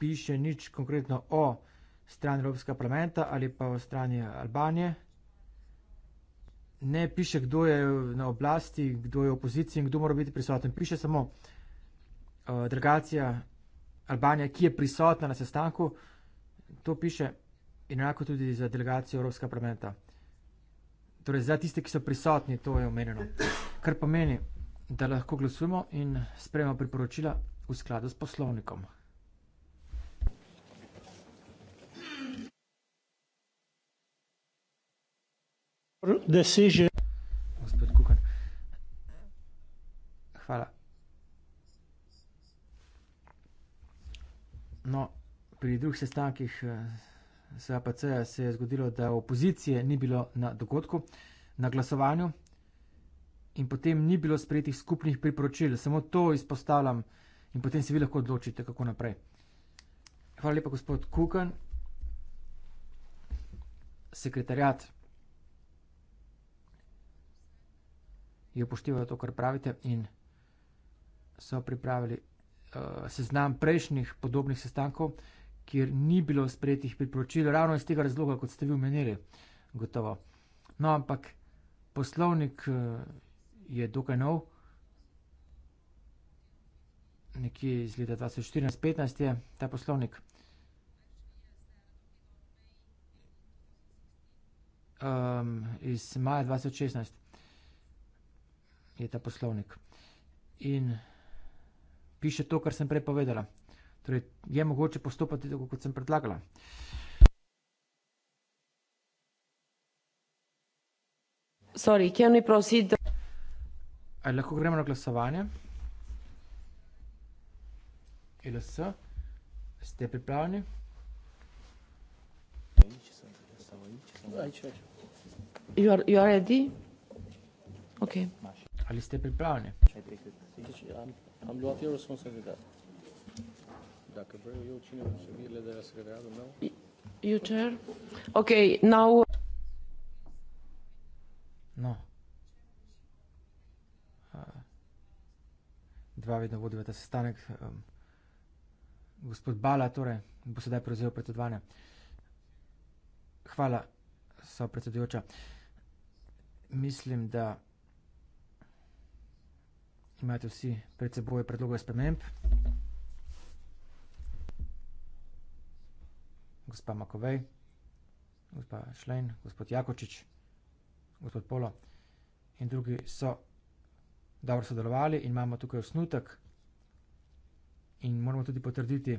piše nič konkretno o strani Evropskega parlamenta ali pa o strani Albanije. Ne piše, kdo je na oblasti, kdo je v opoziciji in kdo mora biti prisoten. Piše samo uh, delegacija Albanije, ki je prisotna na sestanku. To piše enako tudi za delegacijo Evropskega parlamenta. Torej, za tiste, ki so prisotni, to je omenjeno. Kar pomeni, da lahko glasujemo in sprejemo priporočila v skladu s poslovnikom. Decision. Hvala. No, pri drugih sestankih eh, SAPC-ja se je zgodilo, da opozicije ni bilo na dogodku, na glasovanju, in potem ni bilo sprejetih skupnih priporočil, samo to izpostavljam in potem se vi lahko odločite, kako naprej. Hvala lepa, gospod Kukan, sekretarjat. Je upoštevalo to, kar pravite, in so pripravili uh, seznam prejšnjih podobnih sestankov, kjer ni bilo sprejetih priporočil, ravno iz tega razloga, kot ste vi omenili. Gotovo. No, ampak poslovnik uh, je dokaj nov, nekje iz leta 2014-2015 je ta poslovnik. Um, iz maja 2016 je ta poslovnik. In piše to, kar sem prej povedala. Torej, je mogoče postopati tako, kot sem predlagala. Sorry, can we proceed? Ali lahko gremo na glasovanje? LS, ste pripravljeni? You are, you are ready? Okay. Ali ste pripravljeni? Okay, now... dva vedno vodiva ta sestanek. Um, gospod Bala, torej, bo sedaj prevzel predsedovanje. Hvala, so predsedujoča. Mislim, da imate vsi pred seboj predloge sprememb. Gospa Makovej, gospa Šlein, gospod Jakočič, gospod Polo in drugi so dobro sodelovali in imamo tukaj osnutek in moramo tudi potrditi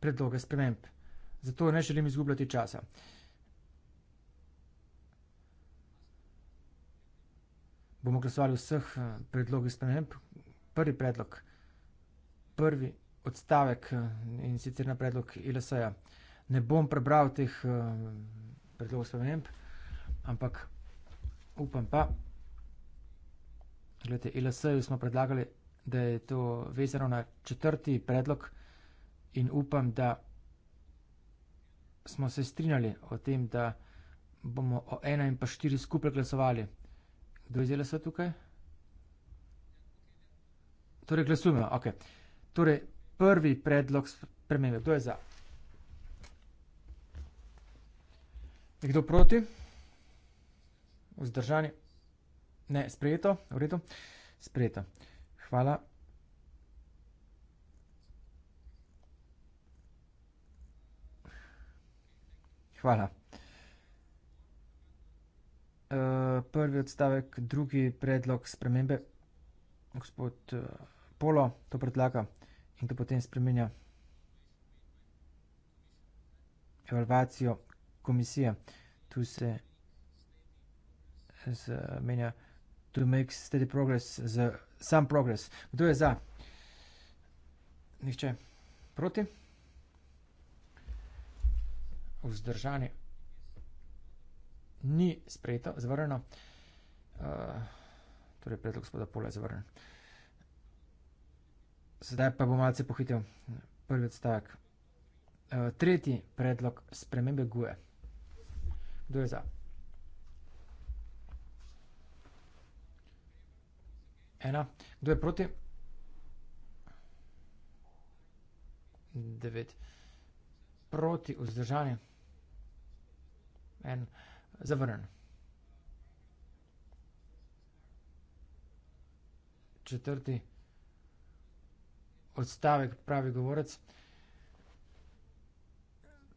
predloge sprememb. Zato ne želim izgubljati časa. Bomo glasovali vseh eh, predlogih sprememb. Prvi predlog, prvi odstavek eh, in sicer na predlog ILS-a. Ne bom prebral teh eh, predlogov sprememb, ampak upam pa, Glede, LSE-ju smo predlagali, da je to vezano na četrti predlog in upam, da smo se strinjali o tem, da bomo o ena in pa štiri skupaj glasovali. Kdo je zdaj LSE tukaj? Torej, glasujemo. Okay. Torej, prvi predlog spremembe. Kdo je za? Je kdo proti? Vzdržani. Ne, sprejeto, v redu. Sprejeto. Hvala. Hvala. Uh, prvi odstavek, drugi predlog spremembe. Gospod uh, Polo to predlaga in to potem spremenja evalvacijo komisije. Tu se eh, zamenja. Uh, to make steady progress, za some progress. Kdo je za? Nihče. Proti? Vzdržani. Ni sprejeto, zavrnjeno. Uh, torej, predlog gospoda Pola je zavrnjen. Sedaj pa bom malce pohitil. Prvi odstavek. Uh, tretji predlog spremembe guje. Kdo je za? ena. Kdo je proti? Devet. Proti vzdržanje. En. Zavrnen. Četrti odstavek pravi govorec.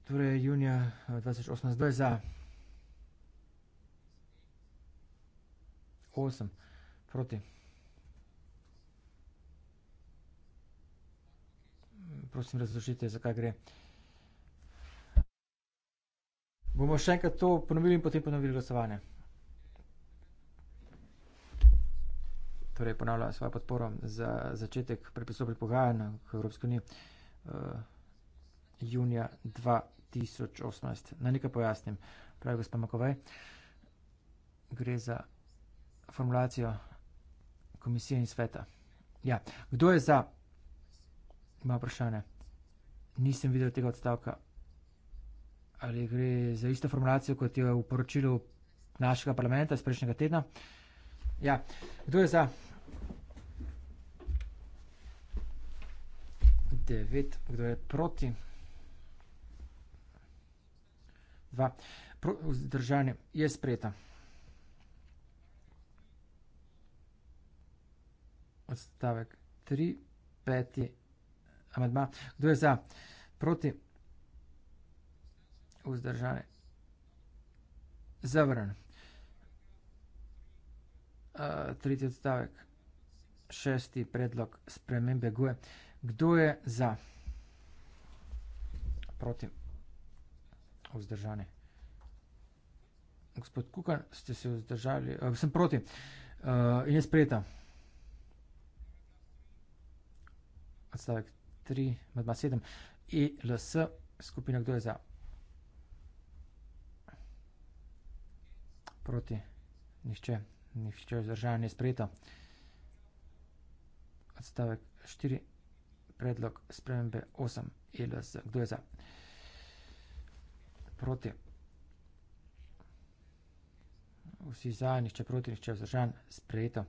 Torej, junija 2018, eh, kdo je za? Osem. Proti. prosim, razložite, zakaj gre. Bomo še enkrat to ponovili in potem ponovili glasovanje. Torej, ponavljam svojo podporo za začetek prepisovnih pogajanj v Evropski uniji uh, junija 2018. Na nekaj pojasnim, pravi gospod Makovej, gre za formulacijo komisije in sveta. Ja, kdo je za Ima vprašanje. Nisem videl tega odstavka. Ali gre za isto formulacijo, kot je v poročilu našega parlamenta iz prejšnjega tedna? Ja, kdo je za? 9, kdo je proti? 2, vzdržanje Pro, je sprejeta. Odstavek 3, 5 amedma. Kdo je za? Proti? Vzdržane. Zavrn. Uh, tretji odstavek. Šesti predlog spremembe GUE. Kdo je za? Proti? Vzdržane. Gospod Kukan, ste se vzdržali? Uh, sem proti. Uh, in je sprejeta. Odstavek 3, med 2, 7, E, L, S, skupina, kdo je za? Proti, nihče, nihče je zdržan, ni sprejeto. Odstavek 4, predlog spremembe 8, E, L, S, kdo je za? Proti. Vsi za, nihče proti, nihče je zdržan, sprejeto.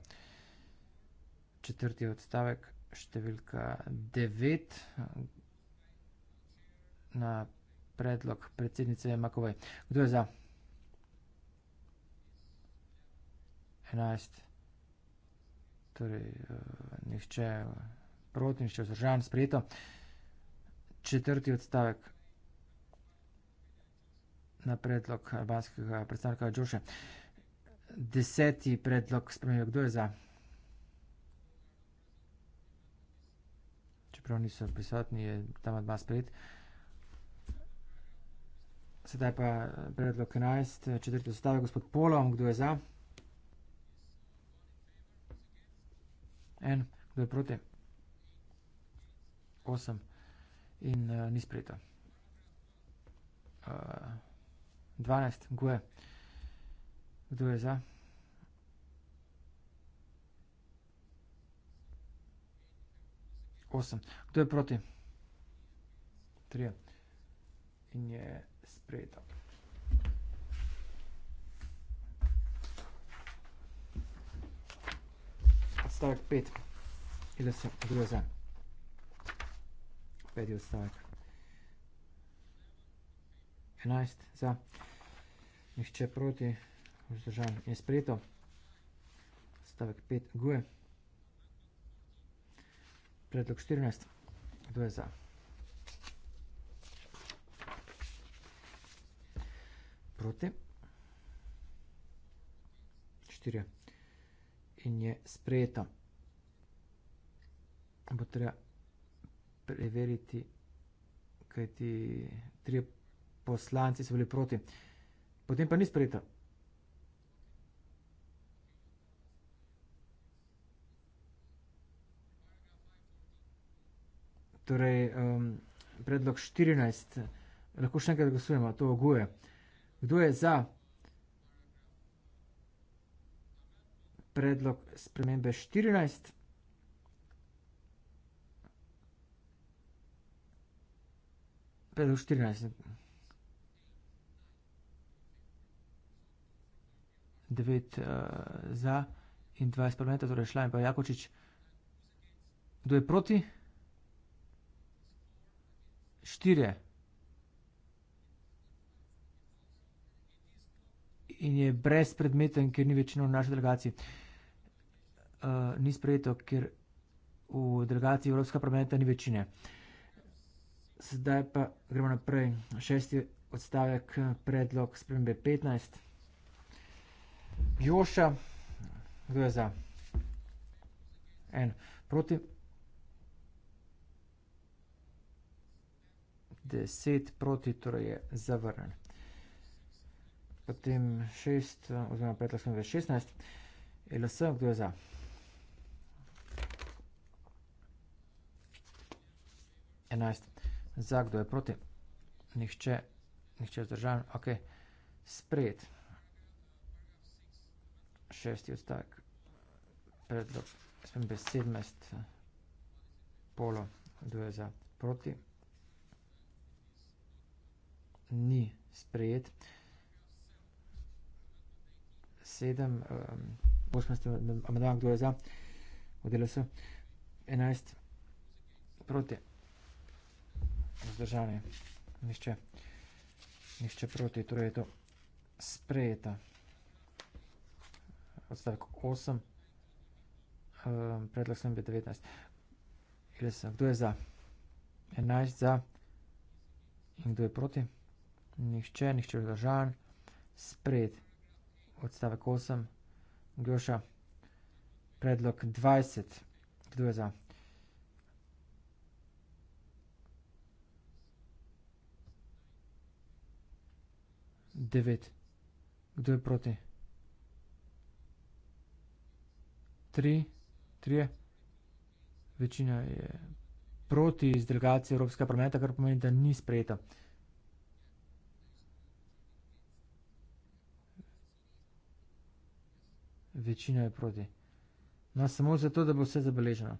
Četrti odstavek, številka 9 na predlog predsednice Makovej. Kdo je za? 11. Torej, eh, nihče proti, nihče vzdržan, sprejeto. Četrti odstavek na predlog albanskega predstavnika Džoše. Deseti predlog spremljajo. Kdo je za? čeprav niso prisotni, je tam dva sprejet. Sedaj pa eh, predlog 11, eh, četrti odstavek, gospod Polom, kdo je za? En, kdo je proti? Osem in uh, ni sprejeto. Uh, 12, gue. Kdo je za? 8. Kdo je proti? 3. In je sprejeta. Odstavek 5. Ile se druze. 5 je odstavek. 11 za. Nihče proti. Vzdržan je sprejeto. Stavek 5. Guje. Predlog 14. Kdo je za? Proti. 4. In je sprejeta. Bo treba preveriti, kaj ti tri poslanci so bili proti. Potem pa ni sprejeta. Torej, um, predlog 14, lahko še enkrat glasujemo, to oguje. Kdo je za predlog spremembe 14? Predlog 14. 9 uh, za in 20 parlamenta, torej Šlajn pa Jakočič. Kdo je proti? štirje. In je brezpredmeten, ker ni večino v naši delegaciji. Uh, ni sprejeto, ker v delegaciji Evropska parlamenta ni večine. Sedaj pa gremo naprej. Šesti odstavek, predlog spremembe 15. Joša, kdo je za? En. Proti 10 proti, torej je zavrnen. Potem 6, oziroma predlog smo več 16. LS, kdo je za? Enajst. Za, kdo je proti? Nihče, nihče zdržan. Ok, sprejet. Šesti odstavek. Predlog, smo bez sedmest. Polo, kdo je za? Proti. Proti ni sprejet. Sedem, um, osmest, amedan, kdo je za, odelo se, enajst, proti, vzdržanje, nišče, nišče proti, torej je to sprejeta. Odstavek osem, um, predlog sem bi 19. Kdo je za? 11 za. In kdo je proti? Nihče, nihče vzdržan, spred odstavek 8, Gjoša, predlog 20, kdo je za? Devet. Kdo je proti? Tri. Trije. Večina je proti iz delegacije Evropskega parlamenta, kar pomeni, da ni sprejeto. večina je proti. No, samo zato, da bo vse zabeleženo.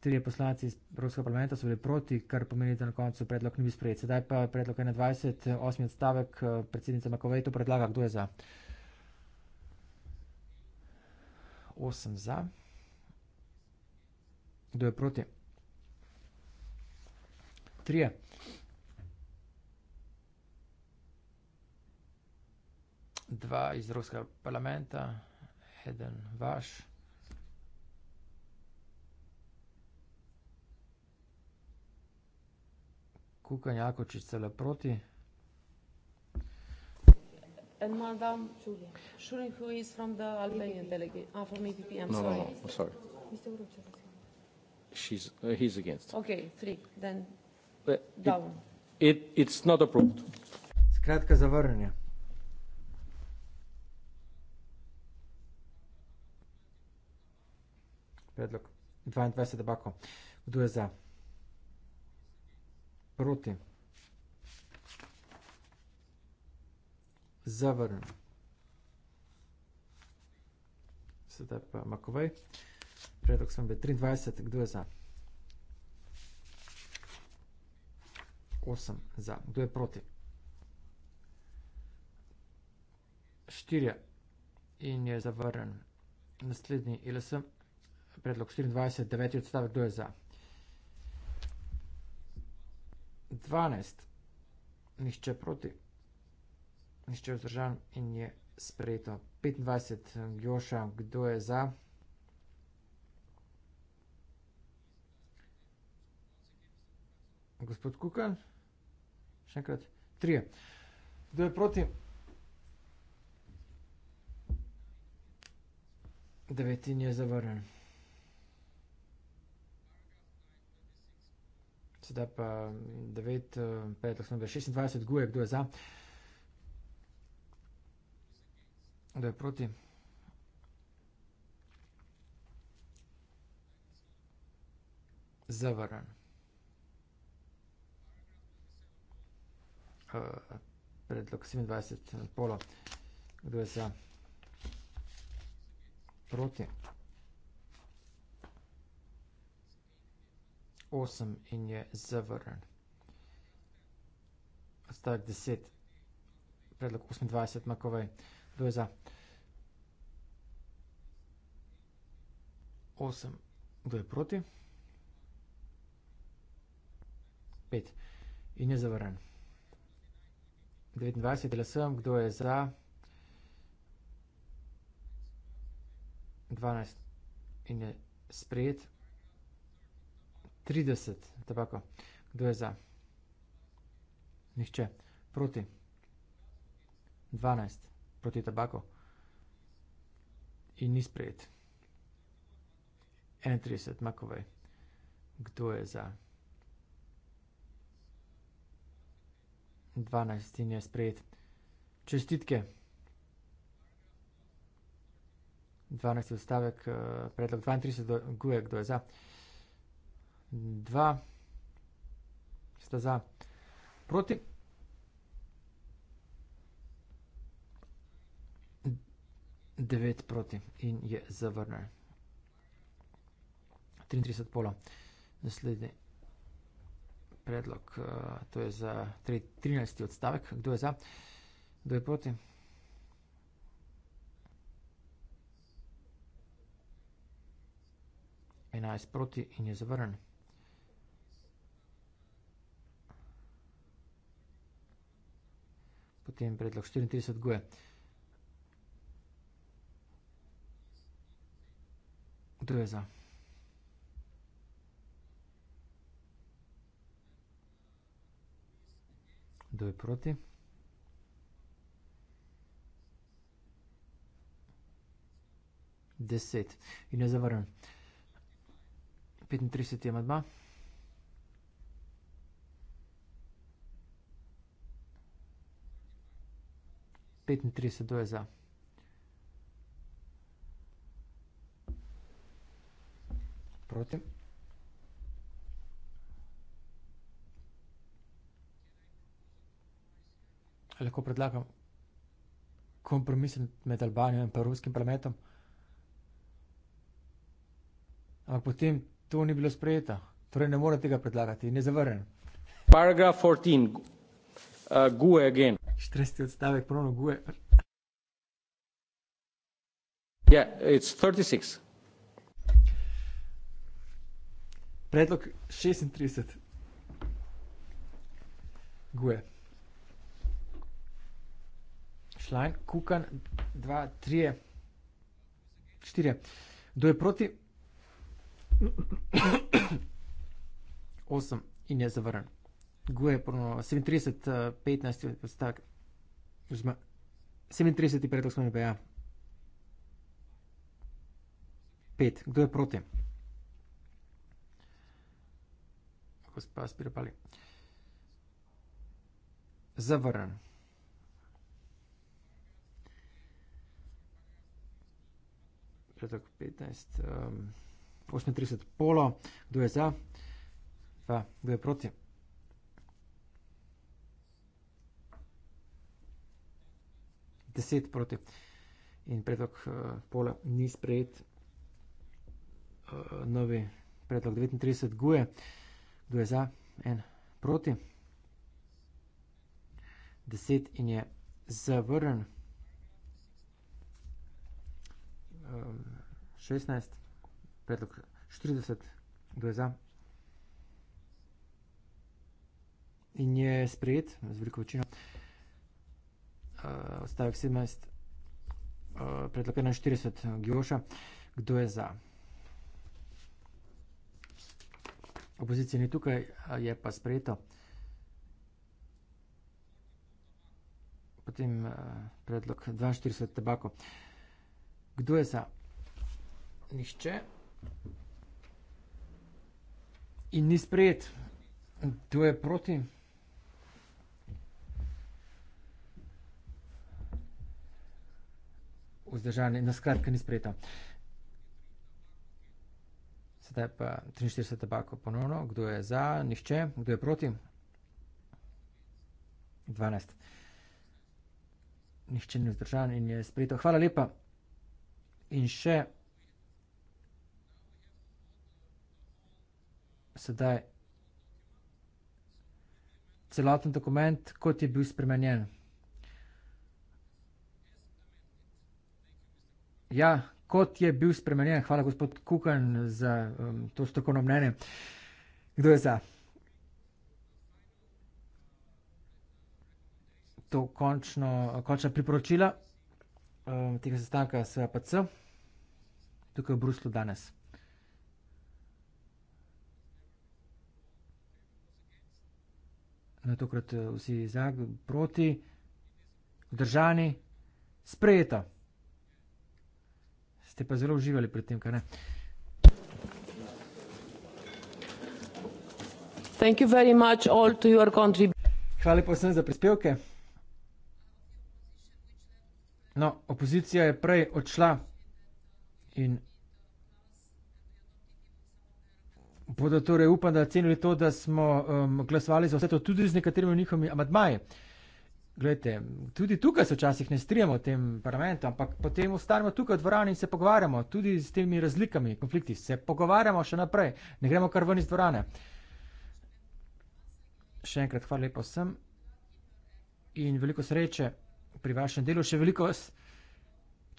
Trije poslanci iz Evropskega parlamenta so bili proti, kar pomeni, da na koncu predlog ni bil sprejet. Sedaj pa je predlog 21, 8 odstavek, eh, predsednica Makovej to predlaga, kdo je za. 8 za. Kdo je proti? 3. Dva iz Evropskega parlamenta eden vaš kukanj Jakočič cele proti. And Madam Shuri, who is from the Albanian delegate, uh, from EPP, I'm no, no, sorry. No, no, no, sorry. Mr. Grubcev is She's, uh, he's against. Okay, three, then But down. It, it, it's not approved. Skratka, zavrnjenje. predlog 22 debako. Kdo je za? Proti. Zavrn. Sedaj pa makovej. Predlog sem bil 23. Kdo je za? 8 za. Kdo je proti? 4 in je zavrnen. Naslednji ILS predlog 24, 9 odstavek, kdo je za? 12, nišče proti, nišče vzdržan in je sprejeto. 25, Joša, kdo je za? 3. Kdo je proti? 9 je zavrnjen. Sedaj pa 9, 5, 26, guje, kdo je za, kdo je proti. Zavrn. Uh, eh, predlog 27, polo, kdo je za, proti. 8 in je zavrnjen. Stavek 10, predlog 28, Makovej, kdo je za? 8, kdo je proti? 5 in je zavrnjen. 29, glasujem, kdo je za? 12 in je sprejet. 30, tako. Kdo je za? Nihče. Proti. 12. Proti tabako. In ni sprejet. 31. Makovej. Kdo je za? 12. In je sprejet. Čestitke. 12. Odstavek. Eh, predlog 32. Guje. Kdo je za? dva sta za. Proti. Devet proti in je zavrnjen. 33 pola. Naslednji predlog, eh, to je za 13. odstavek. Kdo je za? Kdo je proti? Enajst proti in je zavrnjen. potem predlog 34 guje. Kdo je za? Kdo je proti? Deset. In je zavrn. 35 je madba. 35. 35 do je za. Proti. Lahko predlagam kompromis med Albanijo in Evropskim parlamentom. Ampak potem to ni bilo sprejeto. Torej ne morete ga predlagati in je zavrnjen. Paragraf 14. Uh, Gue again. 40 odstavek pravno guje. Ja, it's 36. Predlog 36. Guje. Šlajn, kukan, dva, trije, štirje. Do je proti? Osem in je zavrn. Guje je porno 37, 15 odstavek. Oziroma, 37 pred osmimi pa je. Ja. Pet, kdo je proti? Ko pa spira pali. Zavrn. Petok 15, um, 38 polo, kdo je za, pa kdo je proti. 10 proti. In predlog uh, Pola ni sprejet, uh, novi predlog 39, Gue, kdo je za, en proti. 10 in je zavrnjen. Um, ehm, 16, predlog 40, kdo je za. In je sprejet z veliko večino. Uh, odstavek 17, eh, predlog 41, eh, Gjoša. Kdo je za? Opozicija ni tukaj, je pa sprejeto. Potem eh, predlog 42, tabako. Kdo je za? Nihče. In ni sprejet. Kdo je proti? vzdržane, na no, skratka ni sprejeta. Sedaj pa 43 tabako ponovno. Kdo je za? Nihče. Kdo je proti? 12. Nihče ni vzdržan in je sprejeto. Hvala lepa. In še sedaj celoten dokument, kot je bil spremenjen. Ja, kot je bil spremenjen, hvala gospod Kukan za um, to strokovno mnenje. Kdo je za? To končno, končna priporočila um, tega sestanka s APC, tukaj v Bruslu danes. Na no, tokrat uh, vsi za, proti, vzdržani, sprejeto ste pa zelo uživali pri tem, kaj ne. Hvala lepa vsem za prispevke. No, opozicija je prej odšla in bodo torej upam, da cenili to, da smo um, glasovali za vse to tudi z nekaterimi njihovimi amadmaji. Glede, tudi tukaj se včasih ne strijamo v tem parlamentu, ampak potem ostanemo tukaj v dvorani in se pogovarjamo tudi s temi razlikami, konflikti, se pogovarjamo še naprej, ne gremo kar ven iz dvorane. Še enkrat hvala lepo vsem in veliko sreče pri vašem delu, še veliko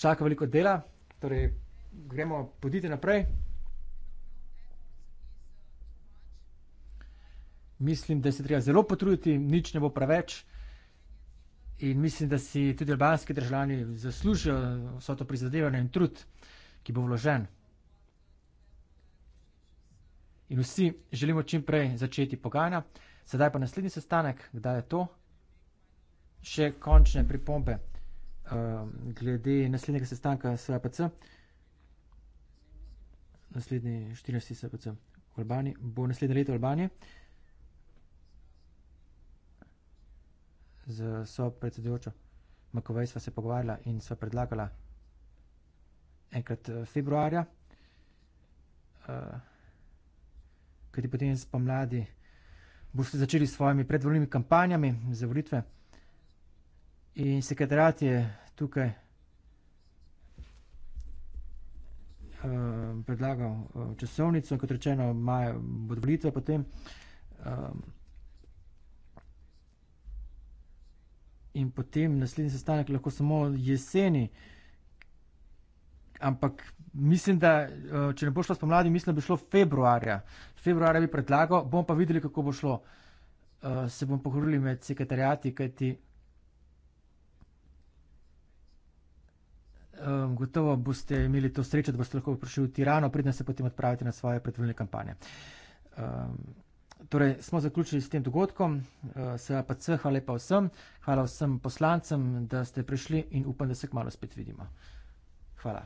čaka veliko dela, torej gremo podite naprej. Mislim, da se treba zelo potruditi, nič ne bo preveč. In mislim, da si tudi albanski državljani zaslužijo vso to prizadevanje in trud, ki bo vložen. In vsi želimo čim prej začeti pogajanja. Sedaj pa naslednji sestanek, kdaj je to? Še končne pripombe uh, glede naslednjega sestanka SVPC. Naslednji 14. SVPC v Albaniji bo naslednje leto v Albaniji. z so predsedujočo Makovej sva se pogovarjala in sva predlagala enkrat eh, februarja, uh, eh, kajti potem spomladi boste začeli s svojimi predvolnimi kampanjami za volitve in sekretarat je tukaj uh, predlagal uh, časovnico in kot rečeno, maja bodo volitve potem. Uh, in potem naslednji sestanek lahko samo jeseni. Ampak mislim, da eh, če ne bo šlo spomladi, mislim, da bi šlo februarja. Februarja bi predlagal, bom pa videl, kako bo šlo. Uh, se bom pogovoril med sekretarijati, kajti um, gotovo boste imeli to srečo, da boste lahko prišli v Tirano, predtem se potem odpravite na svoje predvoljne kampanje. Um, Torej, smo zaključili s tem dogodkom, eh, se pa vse hvala lepa vsem, hvala vsem poslancem, da ste prišli in upam, da se k malo spet vidimo. Hvala.